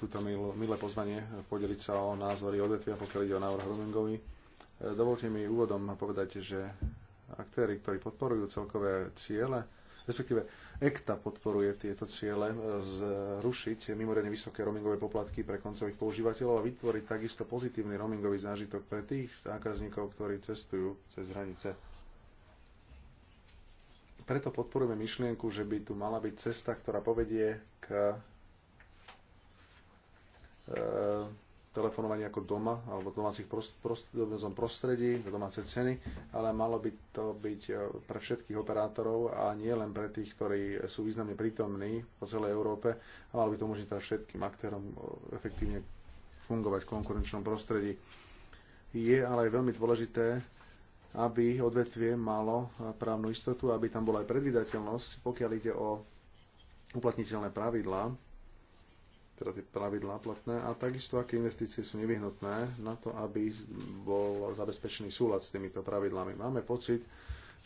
túto milé pozvanie e, podeliť sa o názory odvetvia, pokiaľ ide o návrh roamingový. E, dovolte mi úvodom povedať, že aktéry, ktorí podporujú celkové ciele, respektíve ECTA podporuje tieto ciele zrušiť mimoriadne vysoké roamingové poplatky pre koncových používateľov a vytvoriť takisto pozitívny roamingový zážitok pre tých zákazníkov, ktorí cestujú cez hranice preto podporujeme myšlienku, že by tu mala byť cesta, ktorá povedie k e, telefonovaniu ako doma, alebo v domácich prost, prost, prostredí, do domácej ceny, ale malo by to byť e, pre všetkých operátorov a nie len pre tých, ktorí sú významne prítomní po celej Európe a malo by to umožniť teda všetkým aktérom e, efektívne fungovať v konkurenčnom prostredí. Je ale aj veľmi dôležité aby odvetvie malo právnu istotu, aby tam bola aj predvydateľnosť, pokiaľ ide o uplatniteľné pravidlá, teda tie pravidlá platné, a takisto, aké investície sú nevyhnutné na to, aby bol zabezpečený súlad s týmito pravidlami. Máme pocit,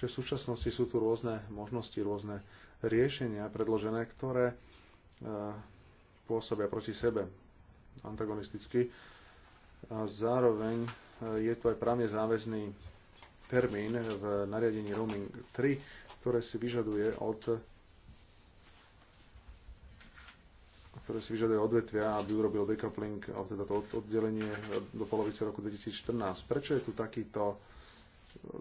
že v súčasnosti sú tu rôzne možnosti, rôzne riešenia predložené, ktoré e, pôsobia proti sebe antagonisticky. A zároveň e, je tu aj právne záväzný termín v nariadení roaming 3, ktoré si vyžaduje od ktoré si vyžaduje odvetvia, aby urobil decoupling, alebo teda to oddelenie do polovice roku 2014. Prečo je tu takýto,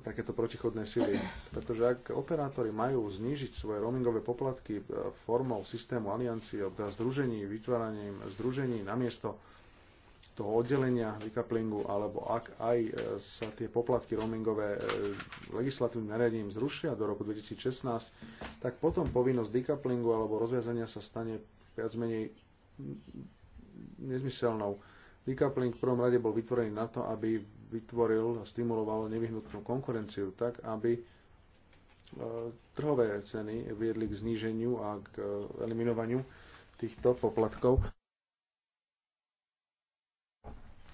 takéto protichodné sily? Pretože ak operátori majú znížiť svoje roamingové poplatky e, formou systému aliancie teda združení, vytváraním združení namiesto toho oddelenia vykaplingu, alebo ak aj e, sa tie poplatky roamingové e, legislatívnym nariadením zrušia do roku 2016, tak potom povinnosť dekaplingu alebo rozviazania sa stane viac menej nezmyselnou. Decoupling v prvom rade bol vytvorený na to, aby vytvoril a stimuloval nevyhnutnú konkurenciu, tak aby e, trhové ceny viedli k zníženiu a k eliminovaniu týchto poplatkov.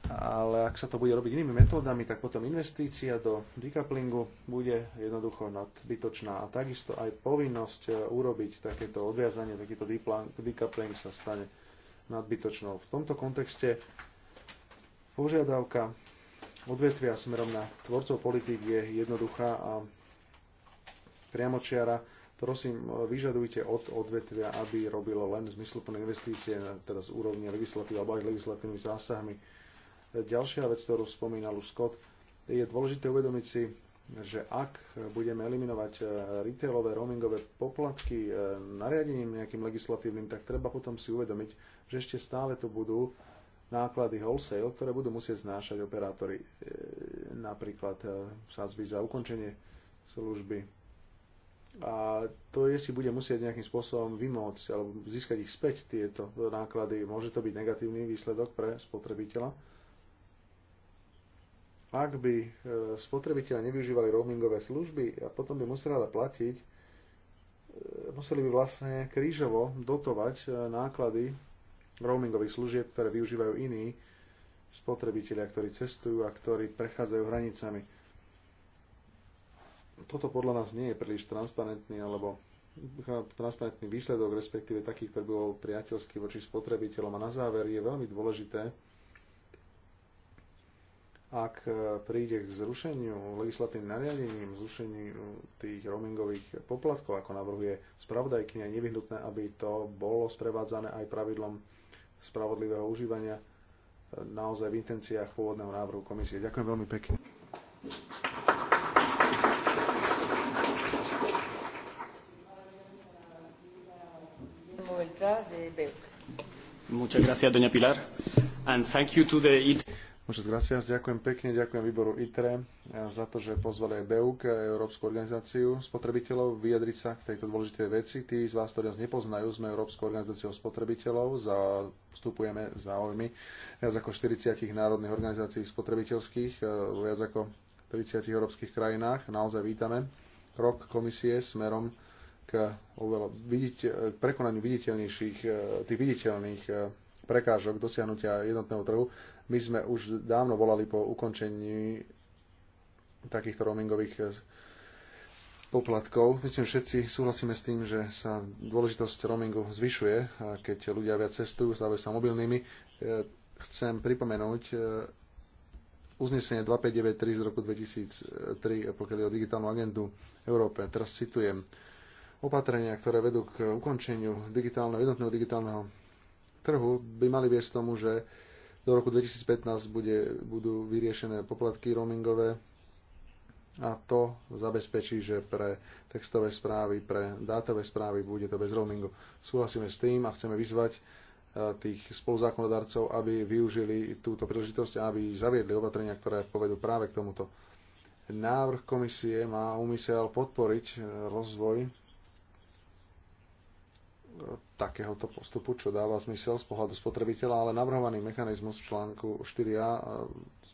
ale ak sa to bude robiť inými metódami, tak potom investícia do decouplingu bude jednoducho nadbytočná. A takisto aj povinnosť e, urobiť takéto odviazanie, takýto decoupling sa stane nadbytočnou. V tomto kontexte požiadavka odvetvia smerom na tvorcov politik je jednoduchá a priamočiara. Prosím, e, vyžadujte od odvetvia, aby robilo len zmysluplné investície, teda z úrovne legislatívy alebo aj legislatívnymi zásahmi Ďalšia vec, ktorú spomínal už Scott, je dôležité uvedomiť si, že ak budeme eliminovať eh, retailové roamingové poplatky eh, nariadením nejakým legislatívnym, tak treba potom si uvedomiť, že ešte stále to budú náklady wholesale, ktoré budú musieť znášať operátori, eh, napríklad zbyť za ukončenie služby. A to je si bude musieť nejakým spôsobom vymôcť alebo získať ich späť tieto náklady. Môže to byť negatívny výsledok pre spotrebiteľa ak by e, spotrebitelia nevyužívali roamingové služby a potom by museli ale platiť, e, museli by vlastne krížovo dotovať e, náklady roamingových služieb, ktoré využívajú iní spotrebitelia, ktorí cestujú a ktorí prechádzajú hranicami. Toto podľa nás nie je príliš transparentný alebo transparentný výsledok, respektíve taký, ktorý bol priateľský voči spotrebiteľom. A na záver je veľmi dôležité, ak e, príde k zrušeniu legislatívnym nariadením, zrušeniu tých roamingových poplatkov, ako navrhuje spravodajkynia, je nevyhnutné, aby to bolo sprevádzané aj pravidlom spravodlivého užívania e, naozaj v intenciách pôvodného návrhu komisie. Ďakujem veľmi pekne. Muchas gracias, doña Pilar. And thank you to the Muchas gracias. Ďakujem pekne, ďakujem výboru ITRE eh, za to, že pozvali aj BEUK, eh, Európsku organizáciu spotrebiteľov, vyjadriť sa k tejto dôležitej veci. Tí z vás, ktorí nás nepoznajú, sme Európskou organizáciou spotrebiteľov, vstupujeme záujmy viac ako 40 národných organizácií spotrebiteľských, eh, viac ako 30 európskych krajinách. Naozaj vítame rok komisie smerom k oveľa prekonaniu viditeľnejších, tých viditeľných prekážok dosiahnutia jednotného trhu my sme už dávno volali po ukončení takýchto roamingových eh, poplatkov. Myslím, všetci súhlasíme s tým, že sa dôležitosť roamingu zvyšuje, a keď ľudia viac cestujú, stávajú sa mobilnými. Eh, chcem pripomenúť eh, uznesenie 2593 z roku 2003, pokiaľ je o digitálnu agendu Európe. Teraz citujem. Opatrenia, ktoré vedú k ukončeniu digitálneho, jednotného digitálneho trhu, by mali viesť tomu, že do roku 2015 bude, budú vyriešené poplatky roamingové a to zabezpečí, že pre textové správy, pre dátové správy bude to bez roamingu. Súhlasíme s tým a chceme vyzvať e, tých spoluzákonodarcov, aby využili túto príležitosť a aby zaviedli opatrenia, ktoré povedú práve k tomuto. Návrh komisie má úmysel podporiť e, rozvoj takéhoto postupu, čo dáva zmysel z pohľadu spotrebiteľa, ale navrhovaný mechanizmus v článku 4a e,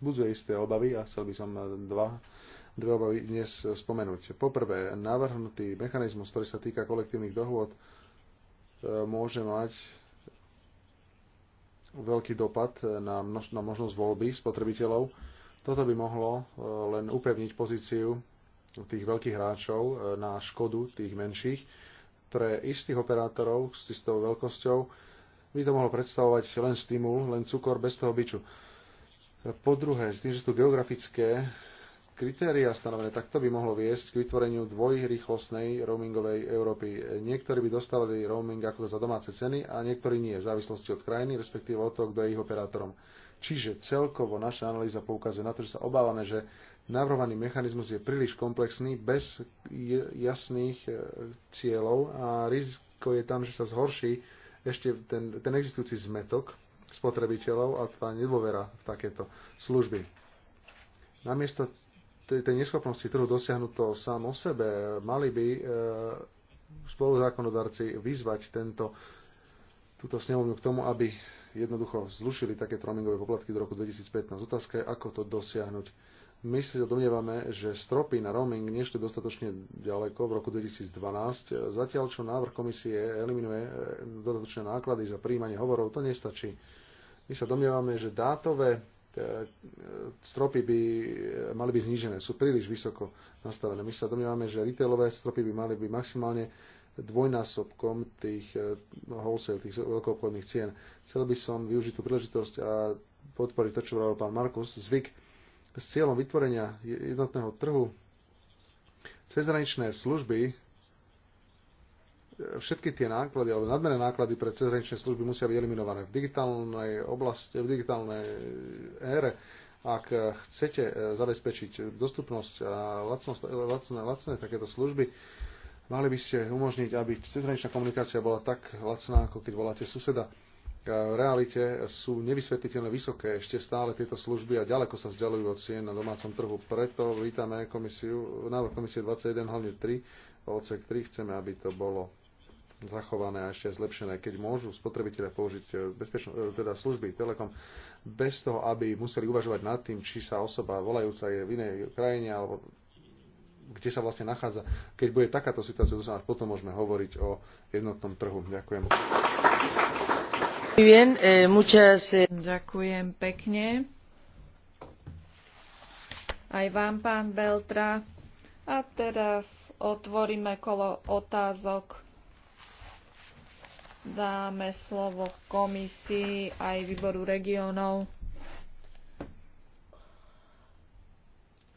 zbudzuje isté obavy a chcel by som e, dva, dve obavy dnes spomenúť. Poprvé, navrhnutý mechanizmus, ktorý sa týka kolektívnych dohôd, e, môže mať veľký dopad na, množ- na možnosť voľby spotrebiteľov. Toto by mohlo len upevniť pozíciu tých veľkých hráčov na škodu tých menších pre istých operátorov s istou veľkosťou by to mohlo predstavovať len stimul, len cukor bez toho biču. Po druhé, tým, že sú geografické kritéria stanovené, tak to by mohlo viesť k vytvoreniu dvojrýchlostnej roamingovej Európy. Niektorí by dostávali roaming ako za domáce ceny a niektorí nie, v závislosti od krajiny, respektíve od toho, kto je ich operátorom. Čiže celkovo naša analýza poukazuje na to, že sa obávame, že Navrhovaný mechanizmus je príliš komplexný, bez jasných e, cieľov a riziko je tam, že sa zhorší ešte ten, ten existujúci zmetok spotrebiteľov a tá nedôvera v takéto služby. Namiesto tej, tej neschopnosti trhu dosiahnuť to sám o sebe, mali by e, spoluzákonodarci vyzvať tento, túto snemovňu k tomu, aby jednoducho zlušili také tromingové poplatky do roku 2015. Otázka je, ako to dosiahnuť my si sa teda domnievame, že stropy na roaming nešli dostatočne ďaleko v roku 2012. Zatiaľ, čo návrh komisie eliminuje e, dodatočné náklady za príjmanie hovorov, to nestačí. My sa domnievame, že dátové e, stropy by e, mali byť znížené, sú príliš vysoko nastavené. My sa domnievame, že retailové stropy by mali byť maximálne dvojnásobkom tých wholesale, tých veľkoobchodných cien. Chcel by som využiť tú príležitosť a podporiť to, čo hovoril pán Markus, zvyk s cieľom vytvorenia jednotného trhu cezhraničné služby, e, všetky tie náklady alebo nadmerné náklady pre cezhraničné služby musia byť eliminované. V digitálnej oblasti, v digitálnej e, ére, ak e, chcete zabezpečiť dostupnosť a lacnosť, lacné, lacné takéto služby, mali by ste umožniť, aby cezhraničná komunikácia bola tak lacná, ako keď voláte suseda v realite sú nevysvetliteľne vysoké. Ešte stále tieto služby a ďaleko sa vzdialujú od cien na domácom trhu. Preto vítame komisiu, návrh komisie 21, hlavne 3, odsek 3. Chceme, aby to bolo zachované a ešte zlepšené, keď môžu spotrebitelia použiť e, bezpečno, e, teda služby Telekom bez toho, aby museli uvažovať nad tým, či sa osoba volajúca je v inej krajine alebo kde sa vlastne nachádza. Keď bude takáto situácia, potom môžeme hovoriť o jednotnom trhu. Ďakujem. Eh, eh, Ďakujem pekne. Aj vám, pán Beltra. A teraz otvoríme kolo otázok. Dáme slovo komisii aj výboru regionov,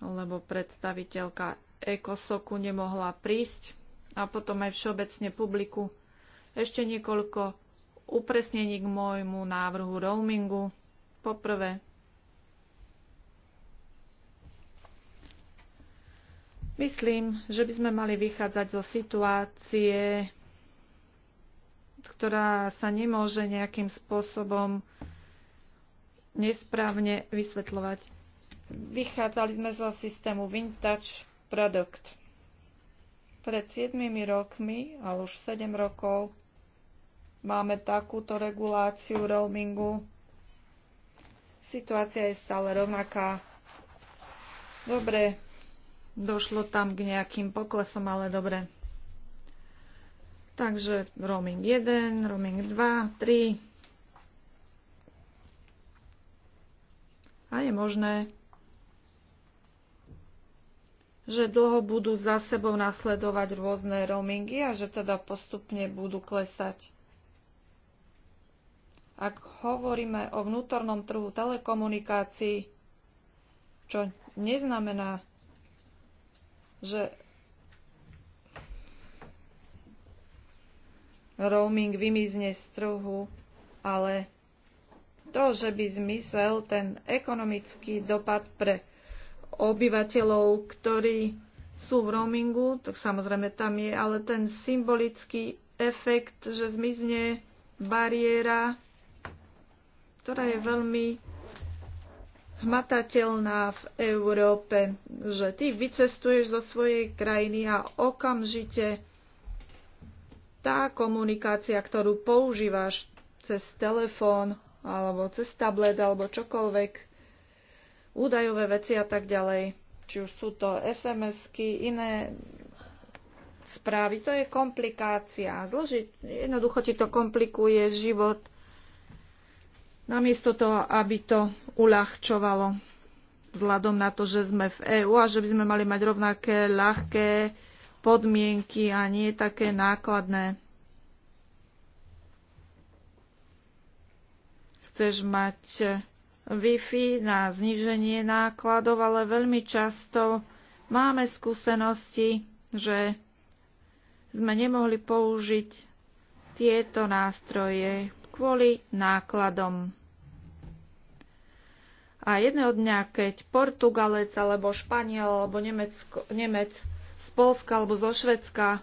lebo predstaviteľka Ekosoku nemohla prísť a potom aj všeobecne publiku. Ešte niekoľko upresnení k môjmu návrhu roamingu. Poprvé, myslím, že by sme mali vychádzať zo situácie, ktorá sa nemôže nejakým spôsobom nesprávne vysvetľovať. Vychádzali sme zo systému Vintage Product. Pred 7 rokmi, ale už 7 rokov, máme takúto reguláciu roamingu. Situácia je stále rovnaká. Dobre, došlo tam k nejakým poklesom, ale dobre. Takže roaming 1, roaming 2, 3. A je možné, že dlho budú za sebou nasledovať rôzne roamingy a že teda postupne budú klesať. Ak hovoríme o vnútornom trhu telekomunikácií, čo neznamená, že roaming vymizne z trhu, ale to, že by zmysel ten ekonomický dopad pre obyvateľov, ktorí sú v roamingu, tak samozrejme tam je, ale ten symbolický efekt, že zmizne bariéra ktorá je veľmi hmatateľná v Európe, že ty vycestuješ zo svojej krajiny a okamžite tá komunikácia, ktorú používaš cez telefón alebo cez tablet alebo čokoľvek, údajové veci a tak ďalej, či už sú to SMS-ky, iné správy, to je komplikácia. Zložiť, jednoducho ti to komplikuje život – namiesto toho, aby to uľahčovalo vzhľadom na to, že sme v EÚ a že by sme mali mať rovnaké ľahké podmienky a nie také nákladné. Chceš mať Wi-Fi na zniženie nákladov, ale veľmi často máme skúsenosti, že sme nemohli použiť tieto nástroje kvôli nákladom. A jedného dňa, keď Portugalec alebo Španiel alebo Nemecko, Nemec z Polska alebo zo Švedska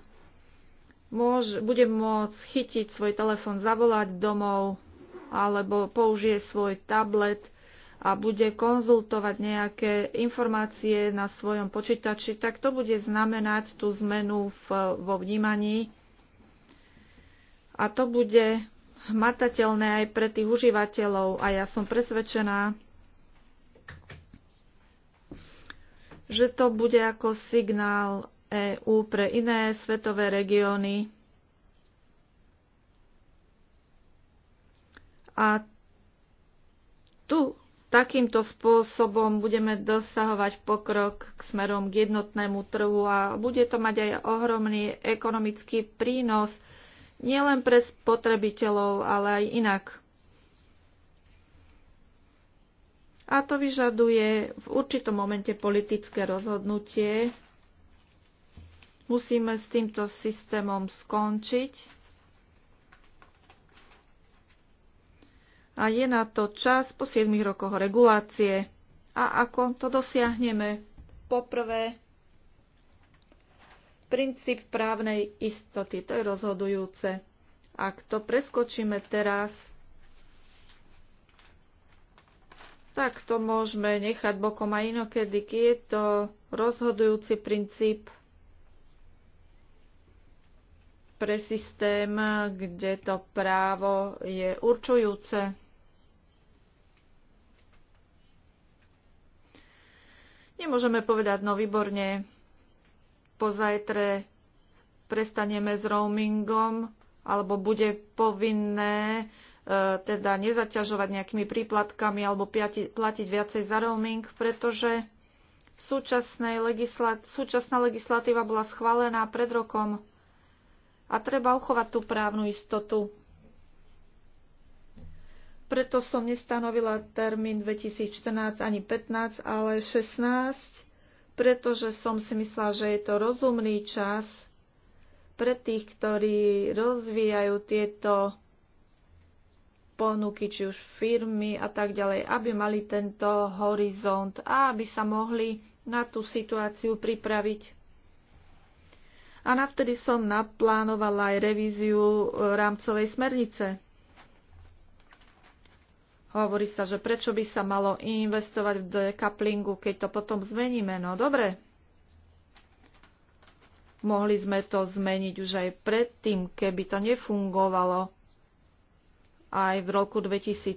môž, bude môcť chytiť svoj telefón, zavolať domov alebo použije svoj tablet a bude konzultovať nejaké informácie na svojom počítači, tak to bude znamenať tú zmenu v, vo vnímaní a to bude hmatateľné aj pre tých užívateľov a ja som presvedčená, že to bude ako signál EÚ pre iné svetové regióny a tu takýmto spôsobom budeme dosahovať pokrok k smerom k jednotnému trhu a bude to mať aj ohromný ekonomický prínos nielen pre spotrebiteľov, ale aj inak. A to vyžaduje v určitom momente politické rozhodnutie. Musíme s týmto systémom skončiť. A je na to čas po 7 rokoch regulácie. A ako to dosiahneme? Poprvé, Princíp právnej istoty, to je rozhodujúce. Ak to preskočíme teraz, tak to môžeme nechať bokom a inokedy, keď je to rozhodujúci princíp pre systém, kde to právo je určujúce. Nemôžeme povedať, no výborne, pozajtre prestaneme s roamingom, alebo bude povinné e, teda nezaťažovať nejakými príplatkami alebo platiť viacej za roaming, pretože legislat súčasná legislatíva bola schválená pred rokom a treba uchovať tú právnu istotu. Preto som nestanovila termín 2014 ani 15, ale 16 pretože som si myslela, že je to rozumný čas pre tých, ktorí rozvíjajú tieto ponuky, či už firmy a tak ďalej, aby mali tento horizont a aby sa mohli na tú situáciu pripraviť. A navtedy som naplánovala aj revíziu rámcovej smernice. Hovorí sa, že prečo by sa malo investovať v dekaplingu, keď to potom zmeníme. No dobre, mohli sme to zmeniť už aj predtým, keby to nefungovalo. Aj v roku 2017,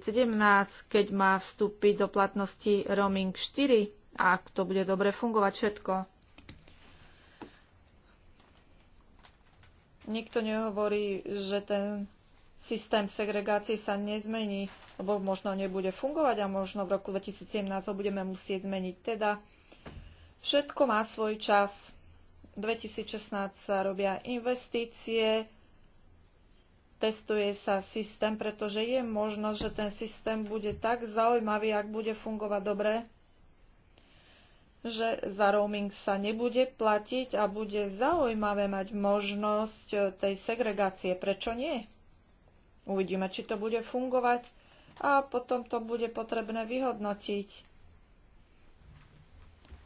keď má vstúpiť do platnosti roaming 4, ak to bude dobre fungovať všetko. Nikto nehovorí, že ten systém segregácie sa nezmení, lebo možno nebude fungovať a možno v roku 2017 ho budeme musieť zmeniť. Teda všetko má svoj čas. 2016 sa robia investície, testuje sa systém, pretože je možnosť, že ten systém bude tak zaujímavý, ak bude fungovať dobre, že za roaming sa nebude platiť a bude zaujímavé mať možnosť tej segregácie. Prečo nie? Uvidíme, či to bude fungovať a potom to bude potrebné vyhodnotiť.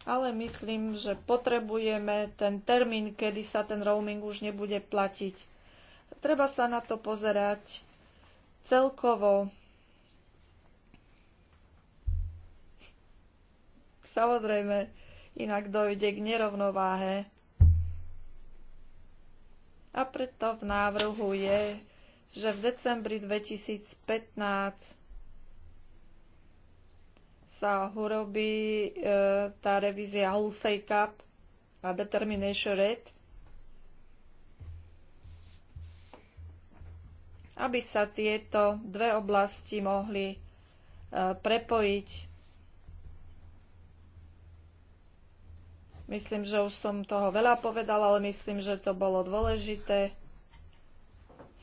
Ale myslím, že potrebujeme ten termín, kedy sa ten roaming už nebude platiť. Treba sa na to pozerať celkovo. Samozrejme, inak dojde k nerovnováhe. A preto v návrhu je že v decembri 2015 sa urobí e, tá revízia Hulsey Cup a Determination Rate, aby sa tieto dve oblasti mohli e, prepojiť. Myslím, že už som toho veľa povedala, ale myslím, že to bolo dôležité.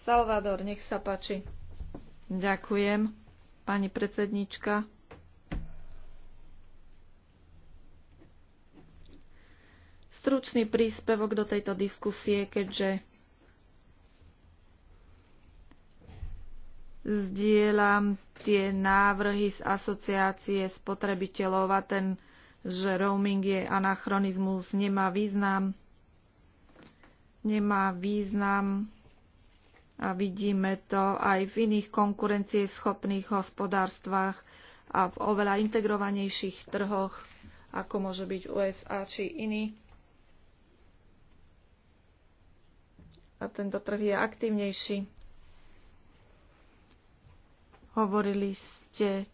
Salvador, nech sa páči. Ďakujem, pani predsednička. Stručný príspevok do tejto diskusie, keďže zdieľam tie návrhy z asociácie spotrebiteľov a ten, že roaming je anachronizmus, nemá význam. Nemá význam a vidíme to aj v iných konkurencieschopných hospodárstvách a v oveľa integrovanejších trhoch, ako môže byť USA či iný. A tento trh je aktívnejší. Hovorili ste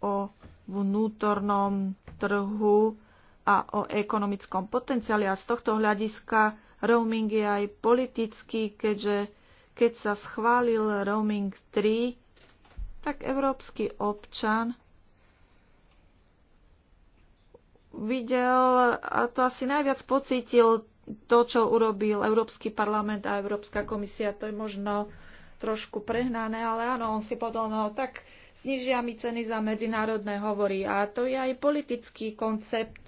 o vnútornom trhu a o ekonomickom potenciáli. A z tohto hľadiska roaming je aj politický, keďže keď sa schválil roaming 3, tak európsky občan videl a to asi najviac pocítil to, čo urobil Európsky parlament a Európska komisia. To je možno trošku prehnané, ale áno, on si povedal, no tak znižia mi ceny za medzinárodné hovory. A to je aj politický koncept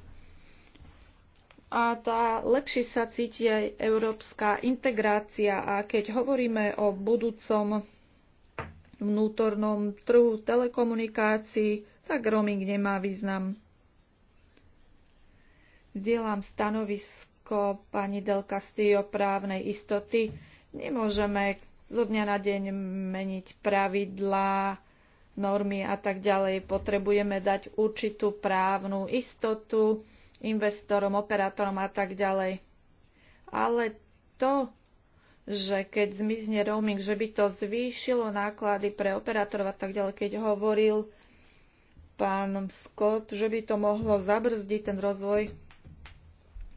a tá lepšie sa cíti aj európska integrácia. A keď hovoríme o budúcom vnútornom trhu telekomunikácií, tak roaming nemá význam. Zdieľam stanovisko pani Del Castillo právnej istoty. Nemôžeme zo dňa na deň meniť pravidlá, normy a tak ďalej. Potrebujeme dať určitú právnu istotu, investorom, operátorom a tak ďalej. Ale to, že keď zmizne roaming, že by to zvýšilo náklady pre operátorov a tak ďalej, keď hovoril pán Scott, že by to mohlo zabrzdiť ten rozvoj.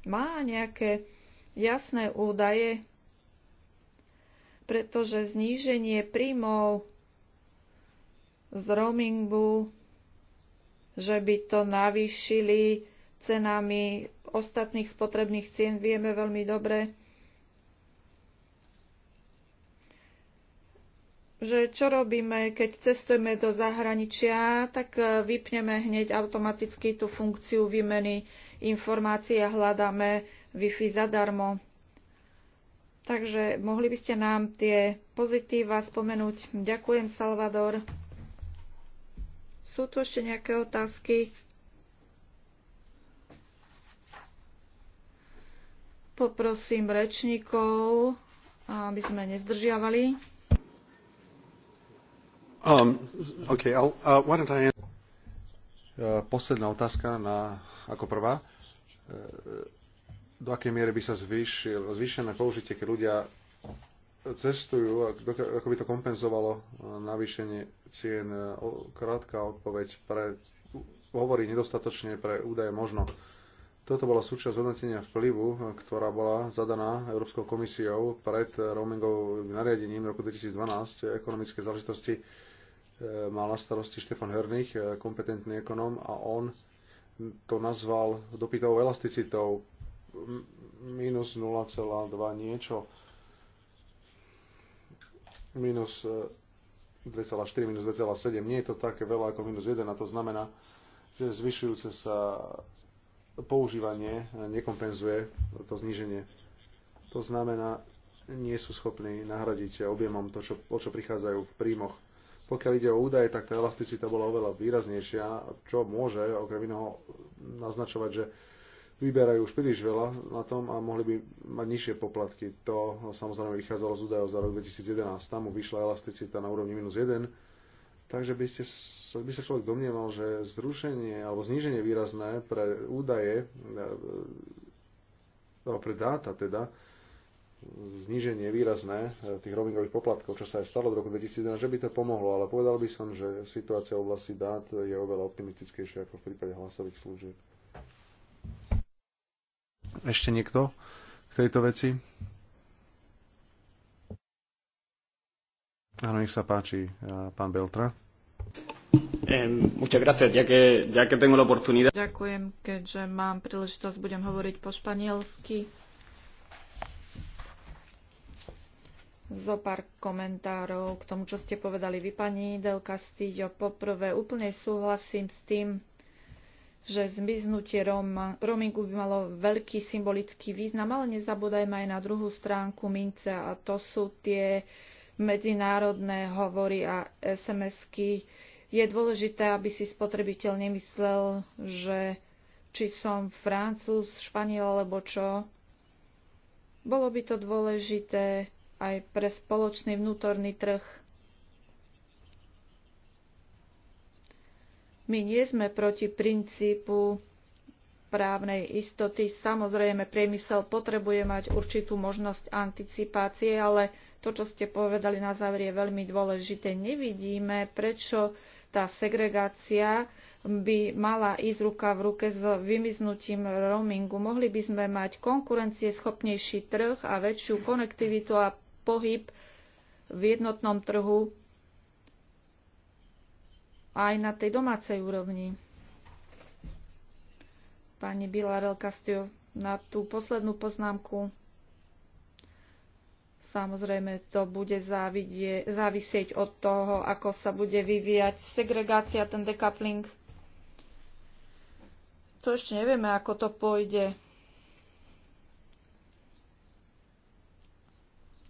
Má nejaké jasné údaje, pretože zníženie príjmov z roamingu, že by to navýšili cenami ostatných spotrebných cien vieme veľmi dobre, že čo robíme, keď cestujeme do zahraničia, tak e, vypneme hneď automaticky tú funkciu výmeny informácií a hľadáme Wi-Fi zadarmo. Takže mohli by ste nám tie pozitíva spomenúť. Ďakujem, Salvador. Sú tu ešte nejaké otázky? Poprosím rečníkov, aby sme nezdržiavali. Um, okay, I'll, uh, why don't I... Posledná otázka na, ako prvá. Uh, do akej miery by sa zvýšil, zvýšené použitie, keď ľudia cestujú, ako by to kompenzovalo uh, navýšenie cien? Uh, krátka odpoveď pre, hovorí nedostatočne pre údaje možno. Toto bola súčasť hodnotenia vplyvu, ktorá bola zadaná Európskou komisiou pred roamingovým nariadením roku 2012. Ekonomické záležitosti e, mal na starosti Štefan Hernich, e, kompetentný ekonom, a on to nazval dopytovou elasticitou minus 0,2 niečo minus 2,4, e, minus 2,7. Nie je to také veľa ako minus 1 a to znamená, že zvyšujúce sa používanie nekompenzuje to zníženie. To znamená, nie sú schopní nahradiť objemom to, čo, o čo prichádzajú v príjmoch. Pokiaľ ide o údaje, tak tá elasticita bola oveľa výraznejšia, čo môže okrem iného naznačovať, že vyberajú už príliš veľa na tom a mohli by mať nižšie poplatky. To samozrejme vychádzalo z údajov za rok 2011. Tam mu vyšla elasticita na úrovni minus 1 Takže by, ste, by sa človek domnieval, že zrušenie alebo zníženie výrazné pre údaje, e, alebo pre dáta teda, zníženie výrazné e, tých roamingových poplatkov, čo sa aj stalo v roku 2011, že by to pomohlo, ale povedal by som, že situácia v oblasti dát je oveľa optimistickejšia ako v prípade hlasových služieb. Ešte niekto k tejto veci? Áno, nech sa páči, e, pán Beltra. E, Ďakujem, keďže mám príležitosť, budem hovoriť po španielsky. Zo pár komentárov k tomu, čo ste povedali vy, pani Del Castillo. Poprvé, úplne súhlasím s tým, že zmiznutie Roma, roamingu by malo veľký symbolický význam, ale nezabúdajme aj na druhú stránku mince a to sú tie uh, medzinárodné hovory a SMS-ky. Je dôležité, aby si spotrebiteľ nemyslel, že či som Francúz, Španiel alebo čo. Bolo by to dôležité aj pre spoločný vnútorný trh. My nie sme proti princípu právnej istoty. Samozrejme, priemysel potrebuje mať určitú možnosť anticipácie, ale to, čo ste povedali na záver, je veľmi dôležité. Nevidíme, prečo tá segregácia by mala ísť ruka v ruke s vymiznutím roamingu. Mohli by sme mať konkurencieschopnejší trh a väčšiu konektivitu a pohyb v jednotnom trhu aj na tej domácej úrovni. Pani Bila Castillo, na tú poslednú poznámku Samozrejme, to bude závidie, závisieť od toho, ako sa bude vyvíjať segregácia, ten decoupling. To ešte nevieme, ako to pôjde.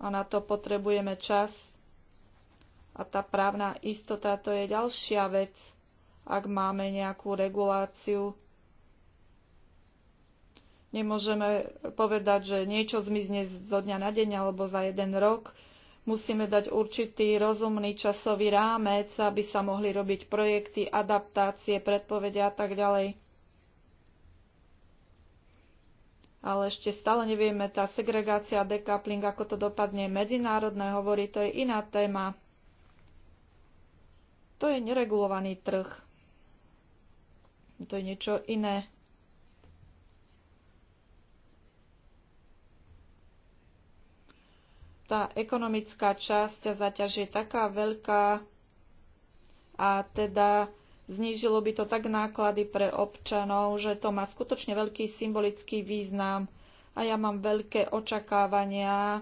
A na to potrebujeme čas. A tá právna istota, to je ďalšia vec. Ak máme nejakú reguláciu, Nemôžeme povedať, že niečo zmizne zo dňa na deň alebo za jeden rok. Musíme dať určitý rozumný časový rámec, aby sa mohli robiť projekty, adaptácie, predpovede a tak ďalej. Ale ešte stále nevieme, tá segregácia, decoupling, ako to dopadne medzinárodné hovory, to je iná téma. To je neregulovaný trh. To je niečo iné. tá ekonomická časť a zaťaž je taká veľká a teda znížilo by to tak náklady pre občanov, že to má skutočne veľký symbolický význam a ja mám veľké očakávania.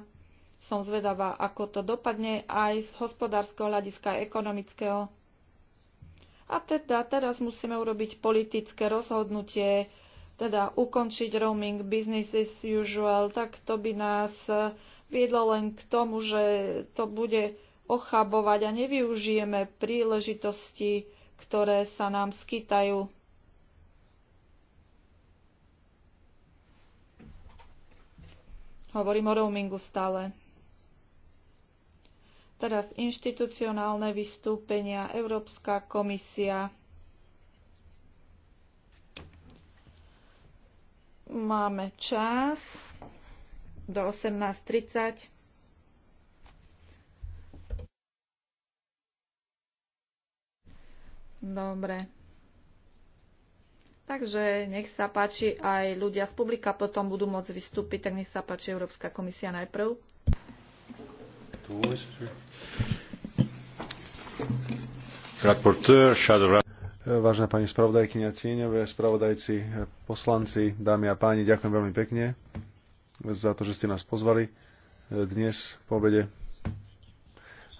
Som zvedavá, ako to dopadne aj z hospodárskeho hľadiska ekonomického. A teda teraz musíme urobiť politické rozhodnutie, teda ukončiť roaming business as usual, tak to by nás viedlo len k tomu, že to bude ochabovať a nevyužijeme príležitosti, ktoré sa nám skytajú. Hovorím o roamingu stále. Teraz inštitucionálne vystúpenia Európska komisia. Máme čas do 18.30. Dobre. Takže nech sa páči aj ľudia z publika, potom budú môcť vystúpiť, tak nech sa páči Európska komisia najprv. Vážená pani spravodajkynia, tieňové spravodajci, poslanci, dámy a páni, ďakujem veľmi pekne za to, že ste nás pozvali e, dnes po obede.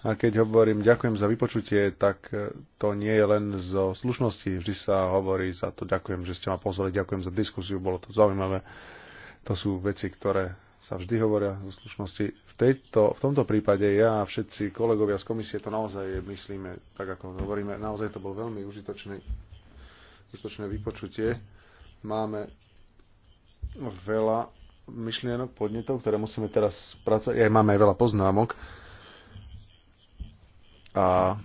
A keď hovorím ďakujem za vypočutie, tak e, to nie je len zo slušnosti. Vždy sa hovorí za to ďakujem, že ste ma pozvali, ďakujem za diskusiu, bolo to zaujímavé. To sú veci, ktoré sa vždy hovoria zo slušnosti. V, tejto, v tomto prípade ja a všetci kolegovia z komisie to naozaj myslíme, tak ako hovoríme, naozaj to bol veľmi užitočný, užitočné vypočutie. Máme veľa myšlienok, podnetov, ktoré musíme teraz pracovať. Aj máme aj veľa poznámok. A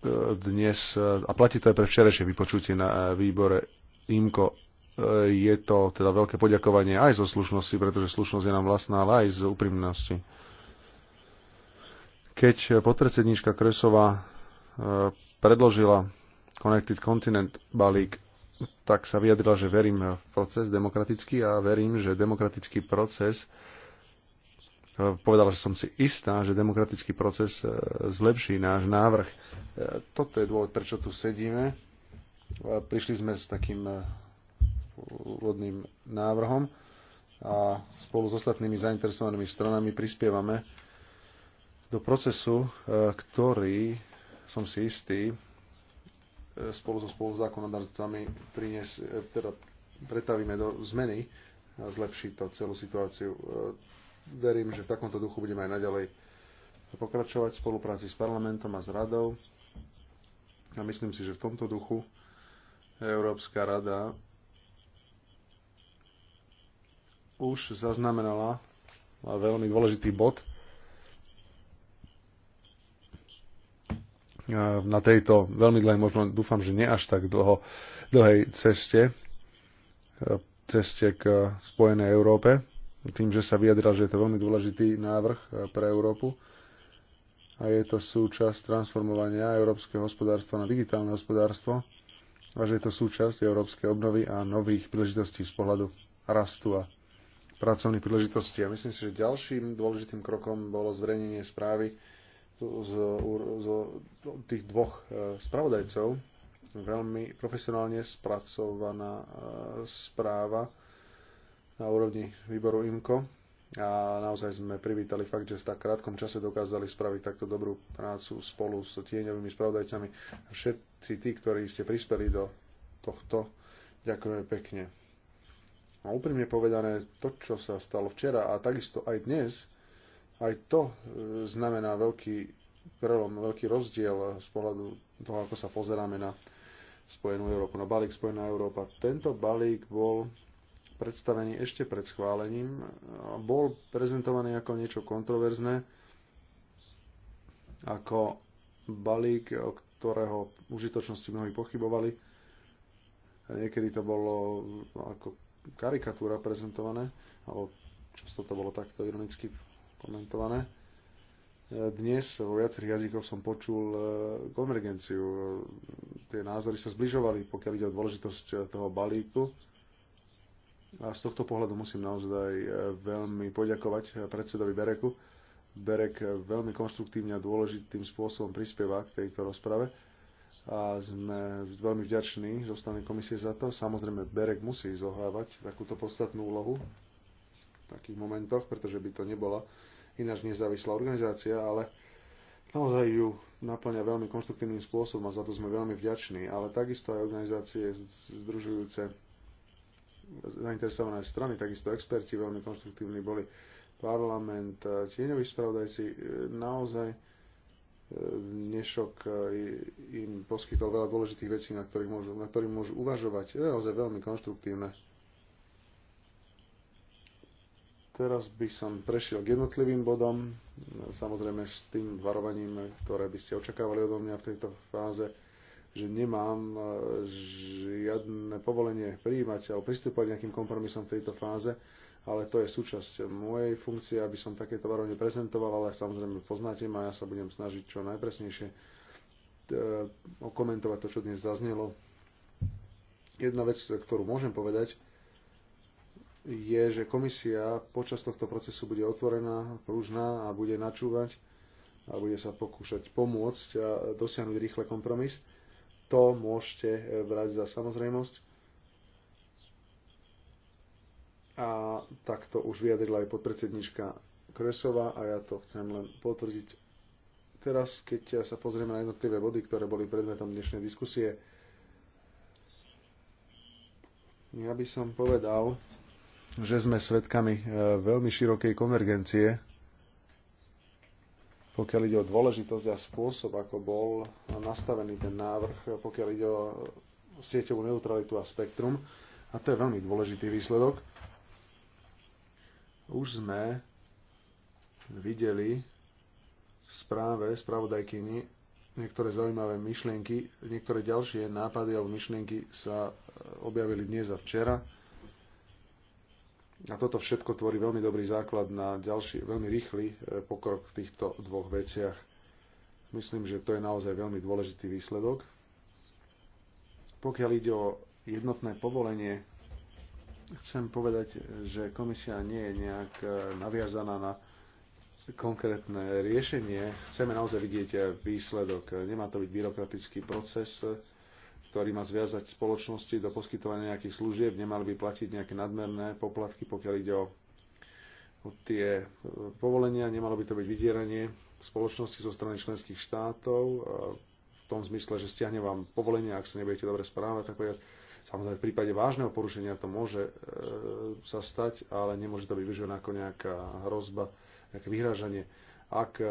e, dnes, e, a platí to aj pre včerajšie vypočutie na e, výbore IMKO, je to teda veľké poďakovanie aj zo slušnosti, pretože slušnosť je nám vlastná, ale aj z úprimnosti. Keď podpredsednička Kresová predložila Connected Continent balík tak sa vyjadrila, že verím v proces demokratický a verím, že demokratický proces e, povedala, že som si istá, že demokratický proces e, zlepší náš návrh. E, toto je dôvod, prečo tu sedíme. Prišli sme s takým úvodným návrhom a spolu s ostatnými zainteresovanými stranami prispievame do procesu, ktorý som si istý, spolu so zákonodarcami prinies, e, teda pretavíme do zmeny a zlepší to celú situáciu. E, verím, že v takomto duchu budeme aj naďalej pokračovať v spolupráci s parlamentom a s radou. A myslím si, že v tomto duchu Európska rada už zaznamenala veľmi dôležitý bod, na tejto veľmi dlhej, možno dúfam, že nie až tak dlho, dlhej ceste, e, ceste k Spojenej Európe, tým, že sa vyjadra, že je to veľmi dôležitý návrh e, pre Európu a je to súčasť transformovania európskeho hospodárstva na digitálne hospodárstvo a že je to súčasť európskej obnovy a nových príležitostí z pohľadu rastu a pracovných príležitostí. A myslím si, že ďalším dôležitým krokom bolo zverejnenie správy z, z no, tých dvoch e, spravodajcov. Veľmi profesionálne spracovaná e, správa na úrovni výboru IMCO a naozaj sme privítali fakt, že v tak krátkom čase dokázali spraviť takto dobrú prácu spolu s tieňovými spravodajcami. Všetci tí, ktorí ste prispeli do tohto, ďakujeme pekne. A úprimne povedané, to, čo sa stalo včera a takisto aj dnes, aj to e, znamená veľký prelom, veľký rozdiel z pohľadu toho, ako sa pozeráme na Spojenú Európu, na balík Spojená Európa. Tento balík bol predstavený ešte pred schválením a bol prezentovaný ako niečo kontroverzné, ako balík, o ktorého užitočnosti mnohí pochybovali. Niekedy to bolo ako karikatúra prezentované, alebo často to bolo takto ironicky komentované. E, dnes vo viacerých jazykoch som počul e, konvergenciu. E, tie názory sa zbližovali, pokiaľ ide o dôležitosť toho balíku. A z tohto pohľadu musím naozaj veľmi poďakovať predsedovi Bereku. Berek veľmi konštruktívne a dôležitým spôsobom prispieva k tejto rozprave a sme veľmi vďační zo strany komisie za to. Samozrejme, Berek musí zohrávať takúto podstatnú úlohu v takých momentoch, pretože by to nebola ináč nezávislá organizácia, ale naozaj ju naplňa veľmi konstruktívnym spôsobom a za to sme veľmi vďační, ale takisto aj organizácie združujúce zainteresované strany, takisto experti veľmi konštruktívni boli, parlament, e, tieňoví spravodajci, e, naozaj e, dnešok im poskytol veľa dôležitých vecí, na ktorých môžu, na ktorých môžu uvažovať, naozaj veľmi konštruktívne. Teraz by som prešiel k jednotlivým bodom, samozrejme s tým varovaním, ktoré by ste očakávali odo mňa v tejto fáze, že nemám e, žiadne povolenie prijímať alebo pristúpať nejakým kompromisom v tejto fáze, ale to je súčasť mojej funkcie, aby som takéto varovanie prezentoval, ale samozrejme poznáte ma, ja sa budem snažiť čo najpresnejšie e, okomentovať to, čo dnes zaznelo. Jedna vec, ktorú môžem povedať, je, že komisia počas tohto procesu bude otvorená, pružná a bude načúvať a bude sa pokúšať pomôcť a dosiahnuť rýchle kompromis. To môžete eh, brať za samozrejmosť. A takto už vyjadrila aj podpredsednička Kresová a ja to chcem len potvrdiť. Teraz, keď sa pozrieme na jednotlivé body, ktoré boli predmetom dnešnej diskusie, ja by som povedal, že sme svedkami e, veľmi širokej konvergencie, pokiaľ ide o dôležitosť a spôsob, ako bol nastavený ten návrh, pokiaľ ide o sieťovú neutralitu a spektrum. A to je veľmi dôležitý výsledok. Už sme videli v správe spravodajkyni niektoré zaujímavé myšlienky, niektoré ďalšie nápady alebo myšlienky sa e, objavili dnes a včera a toto všetko tvorí veľmi dobrý základ na ďalší, veľmi rýchly e, pokrok v týchto dvoch veciach. Myslím, že to je naozaj veľmi dôležitý výsledok. Pokiaľ ide o jednotné povolenie, chcem povedať, že komisia nie je nejak e, naviazaná na konkrétne riešenie. Chceme naozaj vidieť výsledok. Nemá to byť byrokratický proces, ktorý má zviazať spoločnosti do poskytovania nejakých služieb, nemali by platiť nejaké nadmerné poplatky, pokiaľ ide o, tie e, povolenia, nemalo by to byť vydieranie spoločnosti zo strany členských štátov, e, v tom zmysle, že stiahne vám povolenie, ak sa nebudete dobre správať, tak povedať, Samozrejme, v prípade vážneho porušenia to môže e, sa stať, ale nemôže to byť využívané ako nejaká hrozba, nejaké vyhrážanie. Ak e,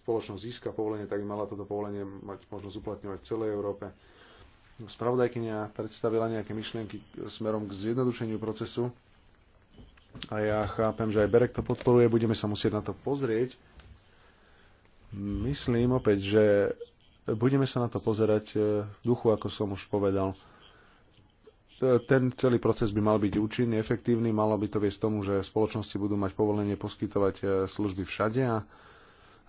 spoločnosť získa povolenie, tak by mala toto povolenie mať možnosť uplatňovať v celej Európe spravodajkynia predstavila nejaké myšlienky smerom k zjednodušeniu procesu a ja chápem, že aj Berek to podporuje, budeme sa musieť na to pozrieť. Myslím opäť, že budeme sa na to pozerať e, v duchu, ako som už povedal. E, ten celý proces by mal byť účinný, efektívny, malo by to viesť tomu, že spoločnosti budú mať povolenie poskytovať e, služby všade a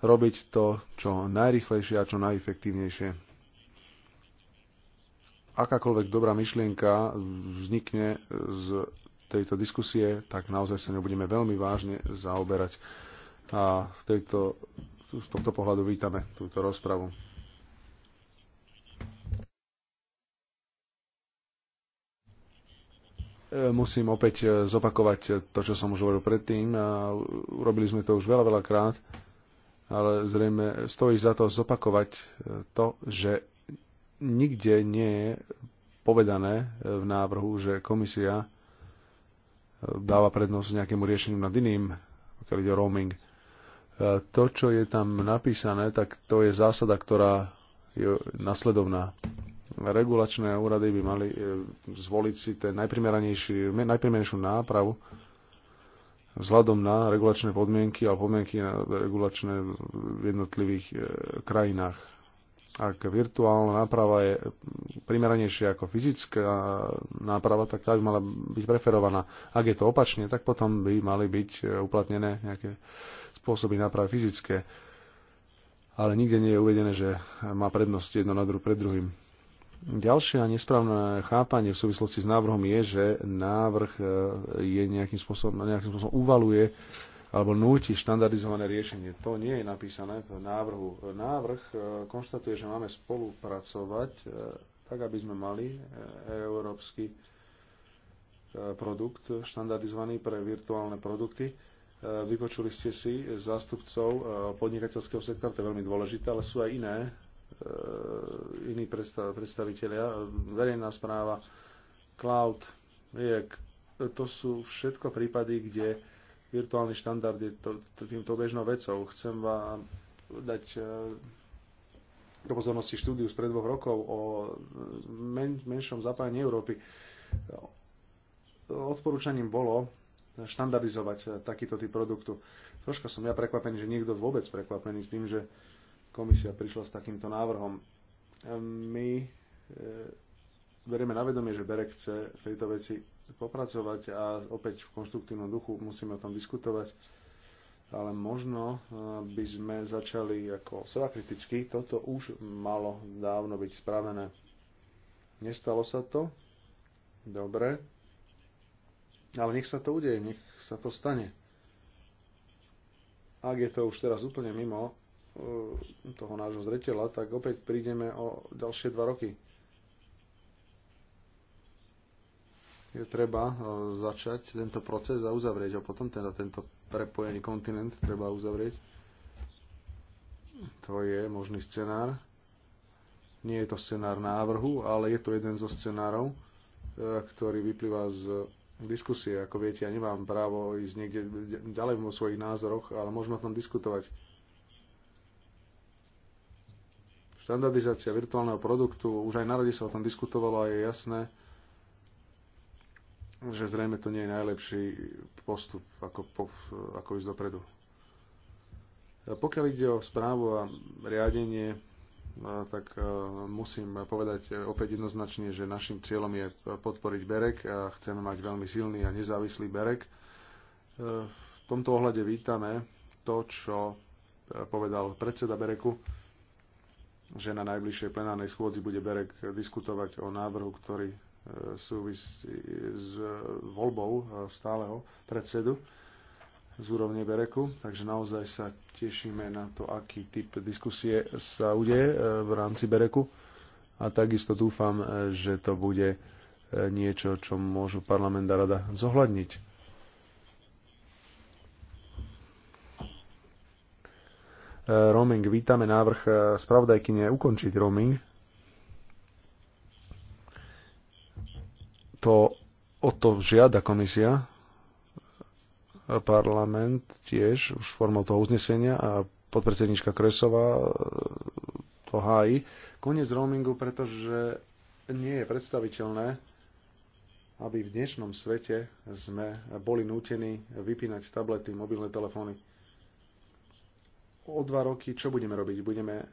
robiť to čo najrychlejšie a čo najefektívnejšie akákoľvek dobrá myšlienka vznikne z tejto diskusie, tak naozaj sa nebudeme veľmi vážne zaoberať. A v tejto, z tohto pohľadu vítame túto rozpravu. Musím opäť zopakovať to, čo som už hovoril predtým. Urobili sme to už veľa, veľa krát, ale zrejme stojí za to zopakovať to, že nikde nie je povedané v návrhu, že komisia e, dáva prednosť nejakému riešeniu nad iným, pokiaľ ide o roaming. E, to, čo je tam napísané, tak to je zásada, ktorá je nasledovná. Regulačné úrady by mali e, zvoliť si ten najprimeranejšiu nápravu vzhľadom na regulačné podmienky alebo podmienky na regulačné v jednotlivých krajinách ak virtuálna náprava je primeranejšia ako fyzická náprava, tak tá by mala byť preferovaná. Ak je to opačne, tak potom by mali byť uplatnené nejaké spôsoby nápravy fyzické. Ale nikde nie je uvedené, že má prednosť jedno na druh pred druhým. Ďalšia nesprávne chápanie v súvislosti s návrhom je, že návrh e, je nejakým spôsobom, nejakým spôsobom uvaluje alebo núti štandardizované riešenie. To nie je napísané v návrhu. Návrh e, konštatuje, že máme spolupracovať e, tak, aby sme mali e, európsky produkt štandardizovaný pre virtuálne produkty. Vypočuli ste si zástupcov podnikateľského sektora, to je veľmi dôležité, ale sú aj iné, iní predstaviteľia, verejná správa, cloud, riek. To sú všetko prípady, kde virtuálny štandard je to, týmto bežnou vecou. Chcem vám dať e, do pozornosti štúdiu z pred dvoch rokov o e, men, menšom zapájení Európy. Odporúčaním bolo štandardizovať e, takýto typ produktu. Troška som ja prekvapený, že niekto vôbec prekvapený s tým, že komisia prišla s takýmto návrhom. My berieme na vedomie, že Berek chce v tejto veci popracovať a opäť v konštruktívnom duchu musíme o tom diskutovať. Ale možno eh, by sme začali ako seba kriticky. Toto už malo dávno byť spravené. Nestalo sa to? Dobre. Ale nech sa to udeje, nech sa to stane. Ak je to už teraz úplne mimo eh, toho nášho zretela, tak opäť prídeme o ďalšie dva roky je treba e, začať tento proces a uzavrieť ho potom, teda tento prepojený kontinent treba uzavrieť. To je možný scenár. Nie je to scenár návrhu, ale je to jeden zo scenárov, e, ktorý vyplýva z diskusie. Ako viete, ja nemám právo ísť niekde ďalej vo svojich názoroch, ale môžeme o tom diskutovať. Štandardizácia virtuálneho produktu, už aj na rade sa o tom diskutovalo a je jasné, že zrejme to nie je najlepší postup, ako, po, ako ísť dopredu. Pokiaľ ide o správu a riadenie, tak musím povedať opäť jednoznačne, že našim cieľom je podporiť Berek a chceme mať veľmi silný a nezávislý Berek. E, v tomto ohľade vítame to, čo povedal predseda Bereku, že na najbližšej plenárnej schôdzi bude Berek diskutovať o návrhu, ktorý súvisí s voľbou e, stáleho predsedu z úrovne Bereku, takže naozaj sa tešíme na to, aký typ diskusie sa udeje e, v rámci Bereku a takisto dúfam, e, že to bude niečo, čo môžu parlament a rada zohľadniť. Roaming, vítame návrh spravodajkyne ukončiť roaming to o to žiada komisia, parlament tiež už formou toho uznesenia a podpredsednička Kresová e, to hájí. Koniec roamingu, pretože nie je predstaviteľné, aby v dnešnom svete sme boli nútení vypínať tablety, mobilné telefóny. O dva roky čo budeme robiť? Budeme e,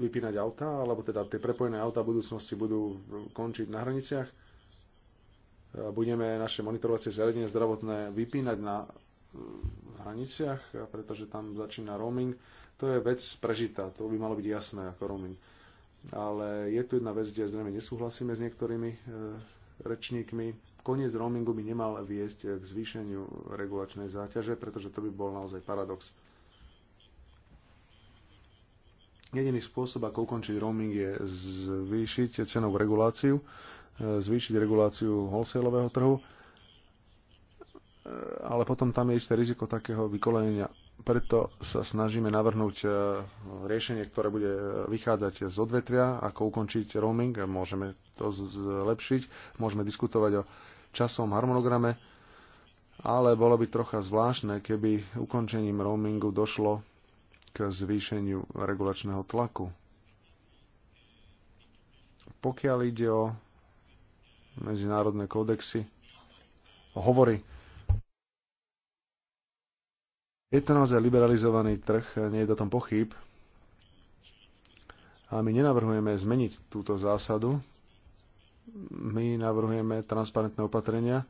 vypínať auta, alebo teda tie prepojené auta v budúcnosti budú končiť na hraniciach? E, budeme naše monitorovacie zariadenie zdravotné vypínať na mm, hraniciach, e, pretože tam začína roaming. To je vec prežitá, to by malo byť jasné ako roaming. Ale je tu jedna vec, kde zrejme nesúhlasíme s niektorými e, rečníkmi. Koniec roamingu by nemal viesť k zvýšeniu regulačnej záťaže, pretože to by bol naozaj paradox. Jediný spôsob, ako ukončiť roaming, je zvýšiť cenovú reguláciu zvýšiť reguláciu wholesaleového trhu, ale potom tam je isté riziko takého vykolenia. Preto sa snažíme navrhnúť e, riešenie, ktoré bude vychádzať z odvetvia, ako ukončiť roaming, môžeme to zlepšiť, môžeme diskutovať o časom, harmonograme, ale bolo by trocha zvláštne, keby ukončením roamingu došlo k zvýšeniu regulačného tlaku. Pokiaľ ide o medzinárodné kódexy, hovorí. Je to naozaj liberalizovaný trh, nie je o tom pochyb. A my nenavrhujeme zmeniť túto zásadu. My navrhujeme transparentné opatrenia,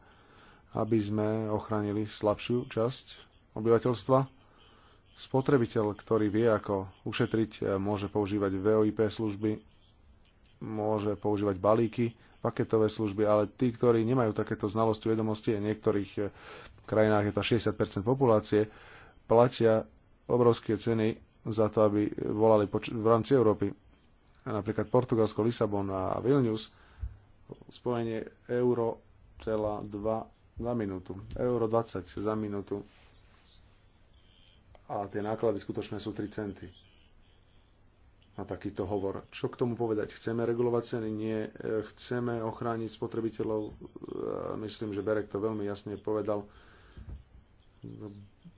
aby sme ochránili slabšiu časť obyvateľstva. Spotrebiteľ, ktorý vie, ako ušetriť, môže používať VOIP služby, môže používať balíky paketové služby, ale tí, ktorí nemajú takéto znalosti, vedomosti, a v niektorých eh, krajinách je to 60% populácie, platia obrovské ceny za to, aby volali v rámci Európy. Napríklad Portugalsko, Lisabon a Vilnius, spojenie euro celá 2 za minútu, euro 20 za minútu a tie náklady skutočné sú 3 centy na takýto hovor. Čo k tomu povedať? Chceme regulovať ceny? Nie. E, chceme ochrániť spotrebiteľov? E, myslím, že Berek to veľmi jasne povedal. No,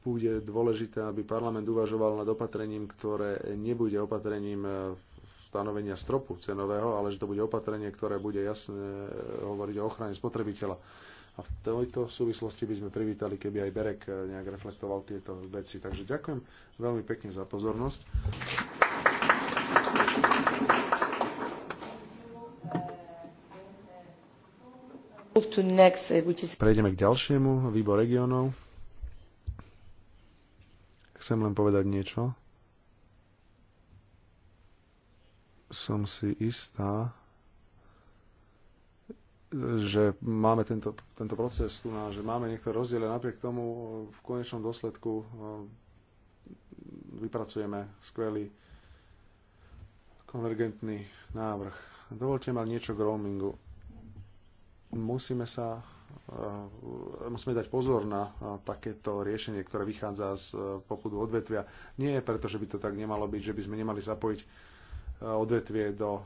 bude dôležité, aby parlament uvažoval nad opatrením, ktoré nebude opatrením e, stanovenia stropu cenového, ale že to bude opatrenie, ktoré bude jasne hovoriť o ochrane spotrebiteľa. A v tejto súvislosti by sme privítali, keby aj Berek nejak reflektoval tieto veci. Takže ďakujem veľmi pekne za pozornosť. next, eh, is... Prejdeme k ďalšiemu, výbor regionov. Chcem len povedať niečo. Som si istá, že máme tento, tento proces tu, na, že máme niektoré rozdiely, napriek tomu eh, v konečnom dôsledku eh, vypracujeme skvelý konvergentný návrh. Dovolte ma niečo k roamingu Musíme sa eh, musíme dať pozor na eh, takéto riešenie, ktoré vychádza z eh, popudu odvetvia. Nie je preto, že by to tak nemalo byť, že by sme nemali zapojiť odvetvie do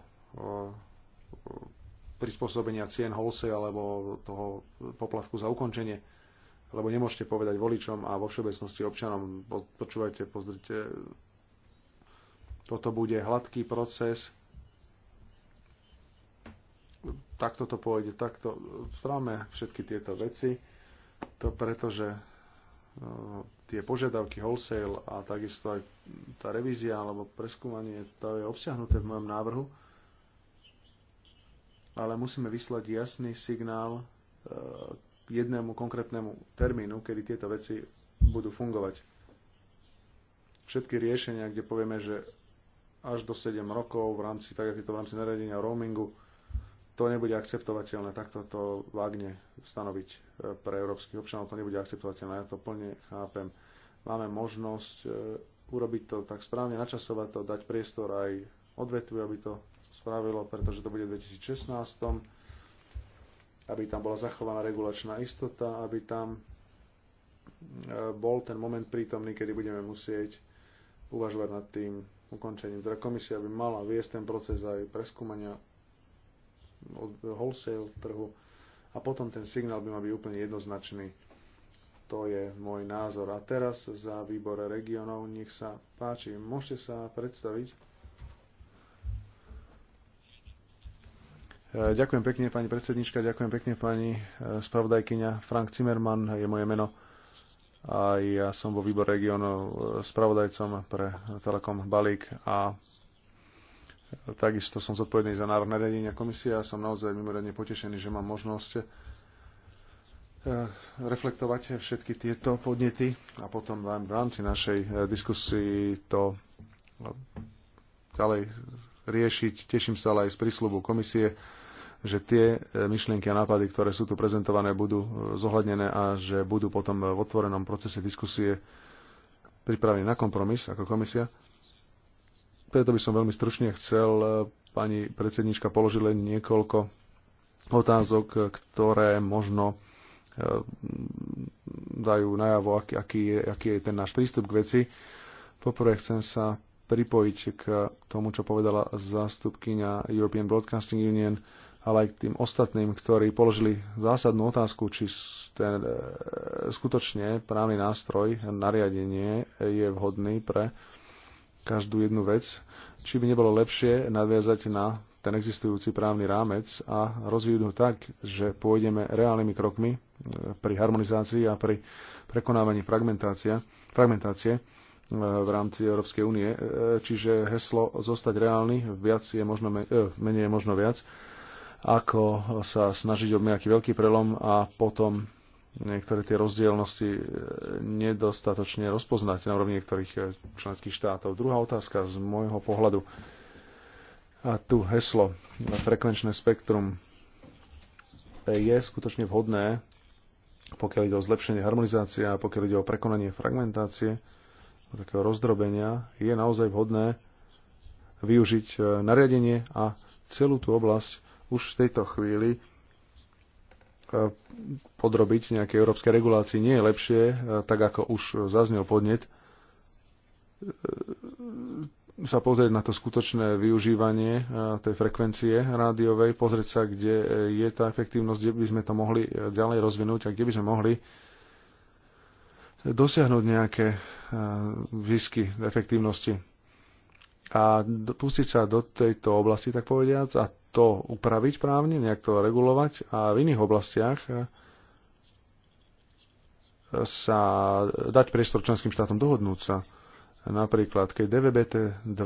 prispôsobenia cien wholesale alebo toho poplatku za ukončenie. Lebo nemôžete povedať voličom a vo všeobecnosti občanom, počúvajte, pozrite, toto bude hladký proces, takto to pôjde, takto správame všetky tieto veci, to pretože e, tie požiadavky wholesale a takisto aj tá revízia alebo preskúmanie, to je obsiahnuté v mojom návrhu, ale musíme vyslať jasný signál k e, jednému konkrétnemu termínu, kedy tieto veci budú fungovať. Všetky riešenia, kde povieme, že až do 7 rokov v rámci, tak ako to v rámci nariadenia roamingu, to nebude akceptovateľné, takto to vágne stanoviť e, pre európskych občanov, to nebude akceptovateľné, ja to plne chápem. Máme možnosť e, urobiť to tak správne, načasovať to, dať priestor aj odvetvi, aby to spravilo, pretože to bude v 2016, aby tam bola zachovaná regulačná istota, aby tam e, bol ten moment prítomný, kedy budeme musieť uvažovať nad tým ukončením. Teda komisia by mala viesť ten proces aj preskúmania wholesale trhu a potom ten signál by mal byť úplne jednoznačný. To je môj názor. A teraz za výbor regionov, nech sa páči, môžete sa predstaviť. E, ďakujem pekne, pani predsednička, ďakujem pekne, pani e, spravodajkyňa. Frank Zimmerman je moje meno a ja som vo výbor regionov e, spravodajcom pre Telekom Balík a Takisto som zodpovedný za národné nariadenia komisie a som naozaj mimoriadne potešený, že mám možnosť eh, reflektovať všetky tieto podnety a potom vám v rámci našej eh, diskusii to no, ďalej riešiť. Teším sa ale aj z prísľubu komisie, že tie eh, myšlienky a nápady, ktoré sú tu prezentované, budú zohľadnené a že budú potom v otvorenom procese diskusie pripravení na kompromis ako komisia preto by som veľmi stručne chcel, e, pani predsednička, položiť len niekoľko otázok, ktoré možno e, dajú najavo, aký, aký, je, aký je ten náš prístup k veci. Poprvé chcem sa pripojiť k tomu, čo povedala zástupkyňa European Broadcasting Union, ale aj k tým ostatným, ktorí položili zásadnú otázku, či ten e, skutočne právny nástroj, nariadenie je vhodný pre každú jednu vec, či by nebolo lepšie nadviazať na ten existujúci právny rámec a rozvíjať ho tak, že pôjdeme reálnymi krokmi e, pri harmonizácii a pri prekonávaní fragmentácie, fragmentácie v rámci Európskej únie. E, čiže heslo zostať reálny, viac je možno, e, menej je možno viac, ako sa snažiť o nejaký veľký prelom a potom niektoré tie rozdielnosti e, nedostatočne rozpoznať na úrovni niektorých e, členských štátov. Druhá otázka z môjho pohľadu a tu heslo na frekvenčné spektrum e, je skutočne vhodné, pokiaľ ide o zlepšenie harmonizácie a pokiaľ ide o prekonanie fragmentácie, o takého rozdrobenia, je naozaj vhodné využiť nariadenie a celú tú oblasť už v tejto chvíli E, podrobiť nejakej európskej regulácii. Nie je lepšie, e, tak ako už zaznel podnet, e, sa pozrieť na to skutočné využívanie tej frekvencie rádiovej, pozrieť sa, kde je tá efektívnosť, kde by sme to mohli ďalej rozvinúť a kde by sme mohli dosiahnuť nejaké výsky efektívnosti a pustiť sa do tejto oblasti, tak povediac, a to upraviť právne, nejak to regulovať a v iných oblastiach eh, sa dať priestor členským štátom dohodnúť sa. Napríklad, keď DVBT2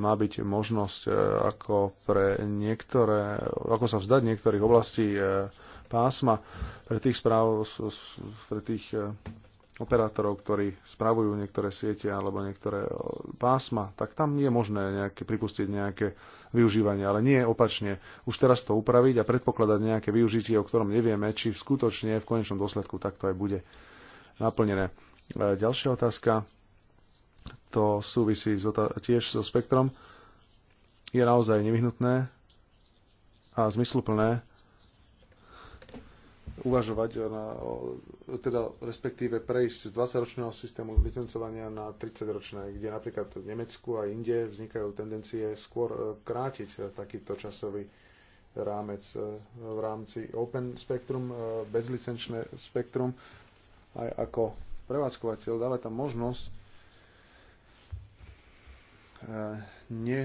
má byť možnosť eh, ako pre niektoré, ako sa vzdať niektorých oblastí eh, pásma pre tých správ, pre tých operátorov, ktorí spravujú niektoré siete alebo niektoré pásma, tak tam je možné nejaké, pripustiť nejaké využívanie, ale nie opačne. Už teraz to upraviť a predpokladať nejaké využitie, o ktorom nevieme, či skutočne v konečnom dôsledku takto aj bude naplnené. E, ďalšia otázka, to súvisí tiež so spektrom, je naozaj nevyhnutné a zmysluplné uvažovať, na, teda respektíve prejsť z 20-ročného systému licencovania na 30-ročné, kde napríklad v Nemecku a inde vznikajú tendencie skôr e, krátiť e, takýto časový rámec e, v rámci Open Spectrum, bezlicenčné spektrum, aj ako prevádzkovateľ dáva tam možnosť ne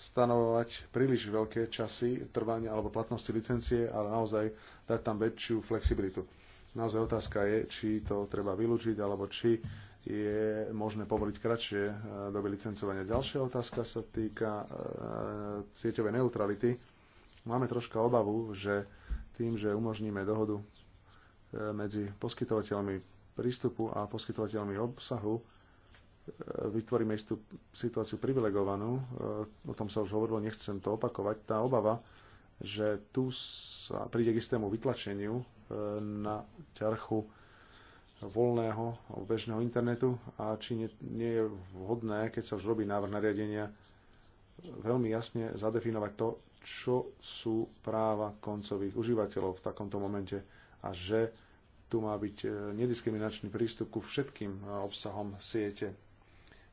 stanovovať príliš veľké časy trvania alebo platnosti licencie, ale naozaj dať tam väčšiu flexibilitu. Naozaj otázka je, či to treba vylúčiť, alebo či je možné povoliť kratšie eh, doby licencovania. Ďalšia otázka sa týka eh, sieťovej neutrality. Máme troška obavu, že tým, že umožníme dohodu eh, medzi poskytovateľmi prístupu a poskytovateľmi obsahu, vytvoríme istú situáciu privilegovanú, e, o tom sa už hovorilo, nechcem to opakovať, tá obava, že tu sa príde k istému vytlačeniu e, na ťarchu voľného bežného internetu a či nie, nie je vhodné, keď sa už robí návrh nariadenia, veľmi jasne zadefinovať to, čo sú práva koncových užívateľov v takomto momente a že tu má byť e, nediskriminačný prístup ku všetkým obsahom siete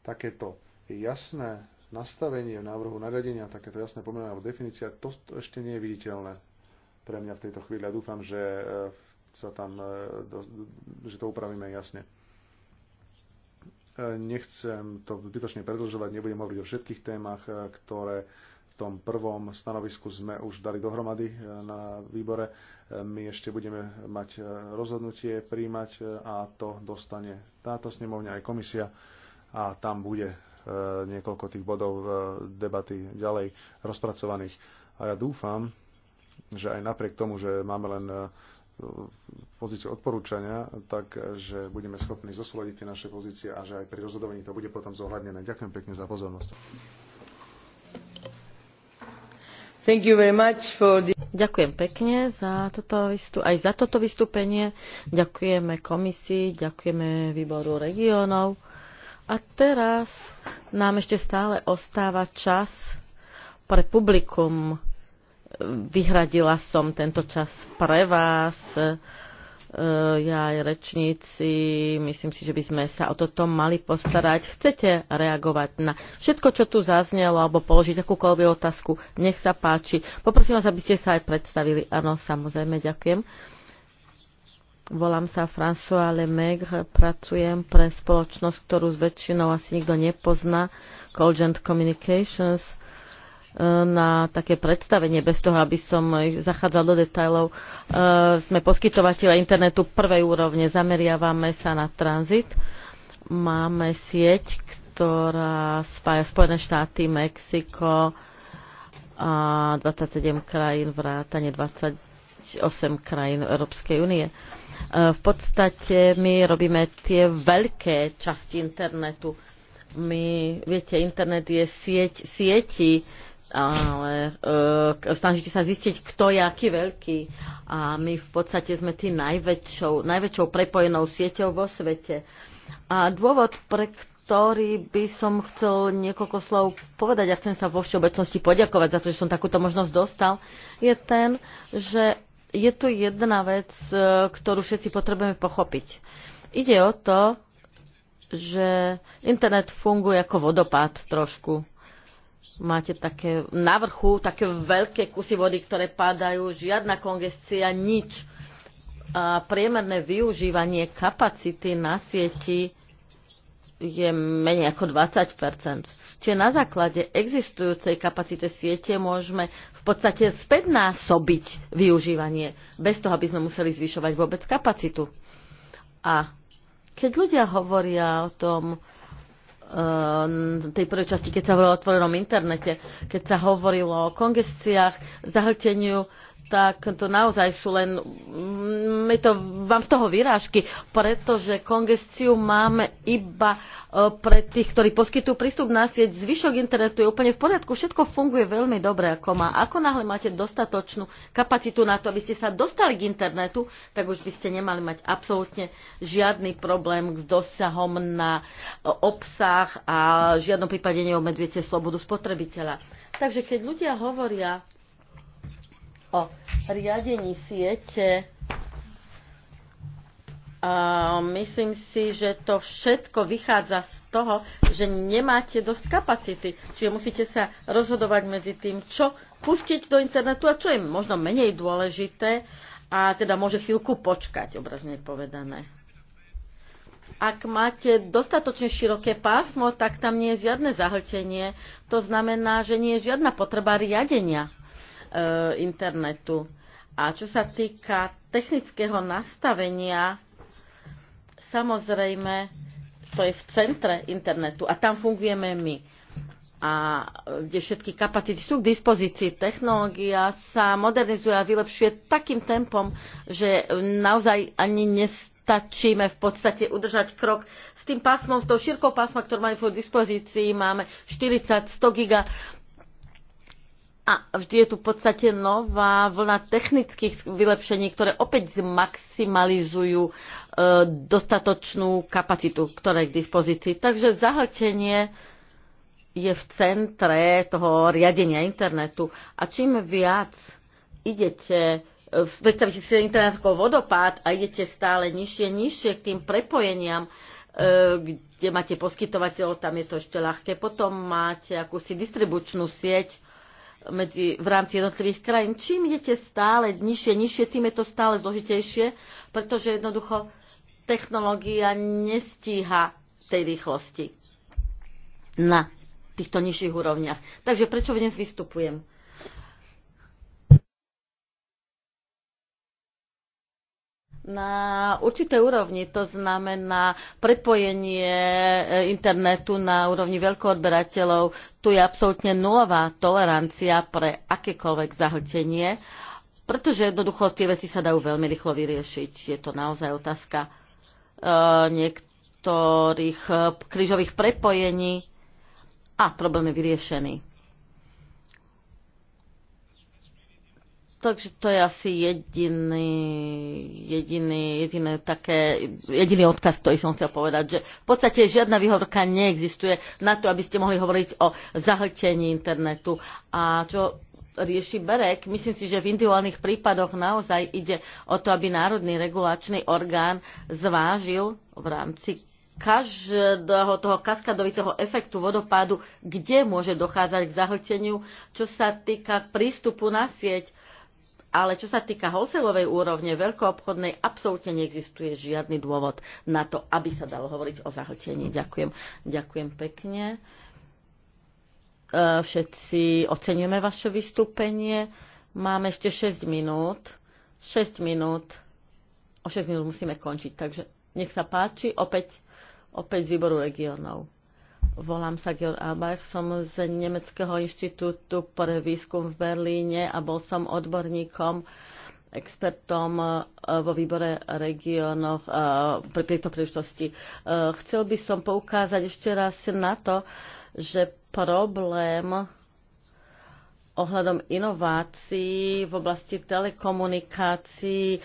takéto jasné nastavenie v návrhu nariadenia, takéto jasné pomenovanie alebo definícia, to ešte nie je viditeľné pre mňa v tejto chvíli a dúfam, že e, sa tam, e, že to upravíme jasne. E, nechcem to zbytočne predlžovať, nebudem hovoriť o všetkých témach, ktoré v tom prvom stanovisku sme už dali dohromady na výbore. My ešte budeme mať rozhodnutie príjmať a to dostane táto snemovňa aj komisia a tam bude e, niekoľko tých bodov e, debaty ďalej rozpracovaných. A ja dúfam, že aj napriek tomu, že máme len e, pozíciu odporúčania, takže budeme schopní zosúľadiť tie naše pozície a že aj pri rozhodovaní to bude potom zohľadnené. Ďakujem pekne za pozornosť. Thank you very much for the... Ďakujem pekne za toto aj za toto vystúpenie. Ďakujeme komisii, ďakujeme výboru regionov. A teraz nám ešte stále ostáva čas pre publikum. Vyhradila som tento čas pre vás e, ja aj rečníci, myslím si, že by sme sa o toto mali postarať. Chcete reagovať na všetko, čo tu zaznelo, alebo položiť akúkoľvek otázku, nech sa páči. Poprosím vás, aby ste sa aj predstavili. Áno, samozrejme, ďakujem. Uh, Volám sa François Lemaigre, pracujem pre spoločnosť, ktorú s väčšinou asi nikto nepozná, Colgent Communications, e, na také predstavenie, bez toho, aby som zachádzal do detajlov. E, sme poskytovateľe internetu prvej úrovne, zameriavame sa na tranzit. Máme sieť, ktorá spája Spojené štáty, Mexiko a 27 krajín, vrátane 28 krajín Európskej únie. Uh, E, v podstate my robíme tie veľké časti internetu. My, viete, internet je sieť sieti, ale e, snažíte sa zistiť, kto je aký veľký. A my v podstate sme tým najväčšou, najväčšou prepojenou sieťou vo svete. A dôvod, pre ktorý by som chcel niekoľko slov povedať a chcem sa vo všeobecnosti poďakovať za to, že som takúto možnosť dostal, je ten, že je tu jedna vec, e, ktorú všetci potrebujeme pochopiť. Ide o to, že internet funguje ako vodopád trošku. Máte také na vrchu také veľké kusy vody, ktoré padajú, žiadna kongestia, nič. A priemerné využívanie kapacity na sieti je menej ako 20 Čiže na základe existujúcej kapacite siete môžeme v podstate spätnásobiť využívanie, bez toho, aby sme museli zvyšovať vôbec kapacitu. A keď ľudia hovoria o tom, e, tej prvej časti, keď sa hovorilo o otvorenom internete, keď sa hovorilo o kongestiách, zahlteniu, tak to naozaj sú len máme to, mám z toho vyrážky, pretože kongestiu máme iba e, pre tých, ktorí poskytujú prístup na sieť. Zvyšok internetu je úplne v poriadku, všetko funguje veľmi dobre, ako má. Ako náhle máte dostatočnú kapacitu na to, aby ste sa dostali k internetu, tak už by ste nemali mať absolútne žiadny problém s dosahom na e, obsah a v žiadnom prípade neobmedzujete slobodu spotrebiteľa. Takže keď ľudia hovoria o riadení siete Ehm, myslím si, že to všetko vychádza z toho, že nemáte dosť kapacity. Čiže musíte sa rozhodovať medzi tým, čo pustiť do internetu a čo je možno menej dôležité a teda môže chvíľku počkať, obrazne povedané. Ak máte dostatočne široké pásmo, tak tam nie je žiadne zahltenie. To znamená, že nie je žiadna potreba riadenia e, internetu. A čo sa týka technického nastavenia Samozrejme, to je v centre internetu a tam fungujeme my. A e, kde všetky kapacity sú k dispozícii, technológia sa modernizuje a vylepšuje takým tempom, že naozaj ani nestačíme v podstate udržať krok s tým pásmom, s tou šírkou pásma, ktorú máme v dispozícii, máme 40-100 giga a vždy je tu v podstate nová vlna technických vylepšení, ktoré opäť zmaximalizujú e, dostatočnú kapacitu, ktorá je k dispozícii. Takže zahltenie je v centre toho riadenia internetu. A čím viac idete e, predstavíte si internet ako vodopád a idete stále nižšie, nižšie k tým prepojeniam, e, kde máte poskytovateľov, tam je to ešte ľahké. Potom máte akúsi distribučnú sieť, medzi, v rámci jednotlivých krajín. Čím idete stále nižšie, nižšie, tým je to stále zložitejšie, pretože jednoducho technológia nestíha tej rýchlosti na týchto nižších úrovniach. Takže prečo dnes vystupujem? na určitej úrovni, to znamená prepojenie e, internetu na úrovni veľkoodberateľov. Tu je absolútne nulová tolerancia pre akékoľvek zahltenie, pretože jednoducho tie veci sa dajú veľmi rýchlo vyriešiť. Je to naozaj otázka e, niektorých e, krížových prepojení a problém je vyriešený. Takže to je asi jediný, jediný, jediný, také, jediný odkaz, ktorý som chcel povedať, že v podstate žiadna výhovorka neexistuje na to, aby ste mohli hovoriť o zahltení internetu. A čo rieši Berek, myslím si, že v individuálnych prípadoch naozaj ide o to, aby Národný regulačný orgán zvážil v rámci každého toho kaskadovitého efektu vodopádu, kde môže dochádzať k zahlteniu, čo sa týka prístupu na sieť ale čo sa týka wholesaleovej úrovne, veľkoobchodnej, absolútne neexistuje žiadny dôvod na to, aby sa dalo hovoriť o zahltení. Ďakujem. Ďakujem pekne. E, všetci oceňujeme vaše vystúpenie. Máme ešte 6 minút. 6 minút. O 6 minút musíme končiť, takže nech sa páči. Opäť, opäť z výboru regionov. Volám sa Georg Albach, som z Nemeckého inštitútu pre výskum v Berlíne a bol som odborníkom expertom e, vo výbore regiónov e, pri tejto príležitosti. E, chcel by som poukázať ešte raz na to, že problém ohľadom inovácií v oblasti telekomunikácií e,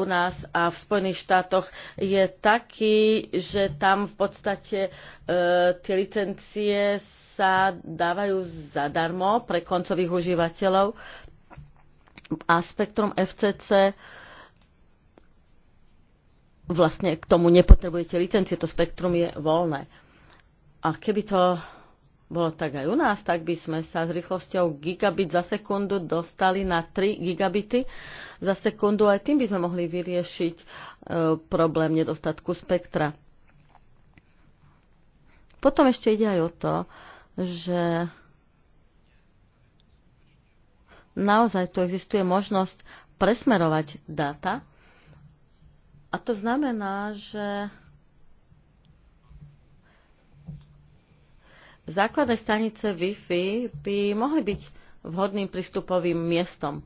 u nás a v Spojených štátoch je taký, že tam v podstate e, tie licencie sa dávajú zadarmo pre koncových užívateľov a spektrum FCC vlastne k tomu nepotrebujete licencie, to spektrum je voľné. A keby to bolo tak aj u nás, tak by sme sa s rýchlosťou gigabit za sekundu dostali na 3 gigabity za sekundu. Aj tým by sme mohli vyriešiť e, problém nedostatku spektra. Potom ešte ide aj o to, že naozaj tu existuje možnosť presmerovať dáta. A to znamená, že Základné stanice Wi-Fi by mohli byť vhodným prístupovým miestom.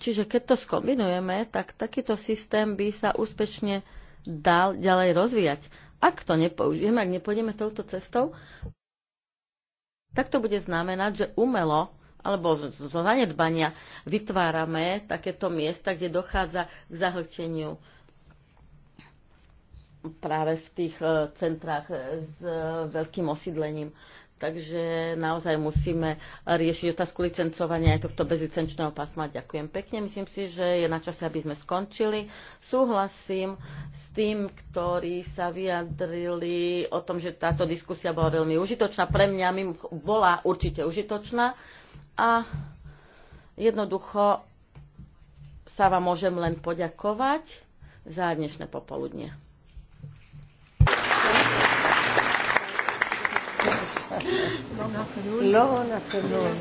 Čiže keď to skombinujeme, tak takýto systém by sa úspešne dal ďalej rozvíjať. Ak to nepoužijeme, ak nepôjdeme touto cestou, tak to bude znamenať, že umelo alebo zo zanedbania vytvárame takéto miesta, kde dochádza k zahlteniu práve v tých e, centrách e, s e, veľkým osídlením. Takže naozaj musíme riešiť otázku licencovania aj tohto bezlicenčného pásma. Ďakujem pekne. Myslím si, že je na čase, aby sme skončili. Súhlasím s tým, ktorí sa vyjadrili o tom, že táto diskusia bola veľmi užitočná. Pre mňa mimo, bola určite užitočná. A jednoducho sa vám môžem len poďakovať za dnešné popoludne. Long afternoon. Long afternoon.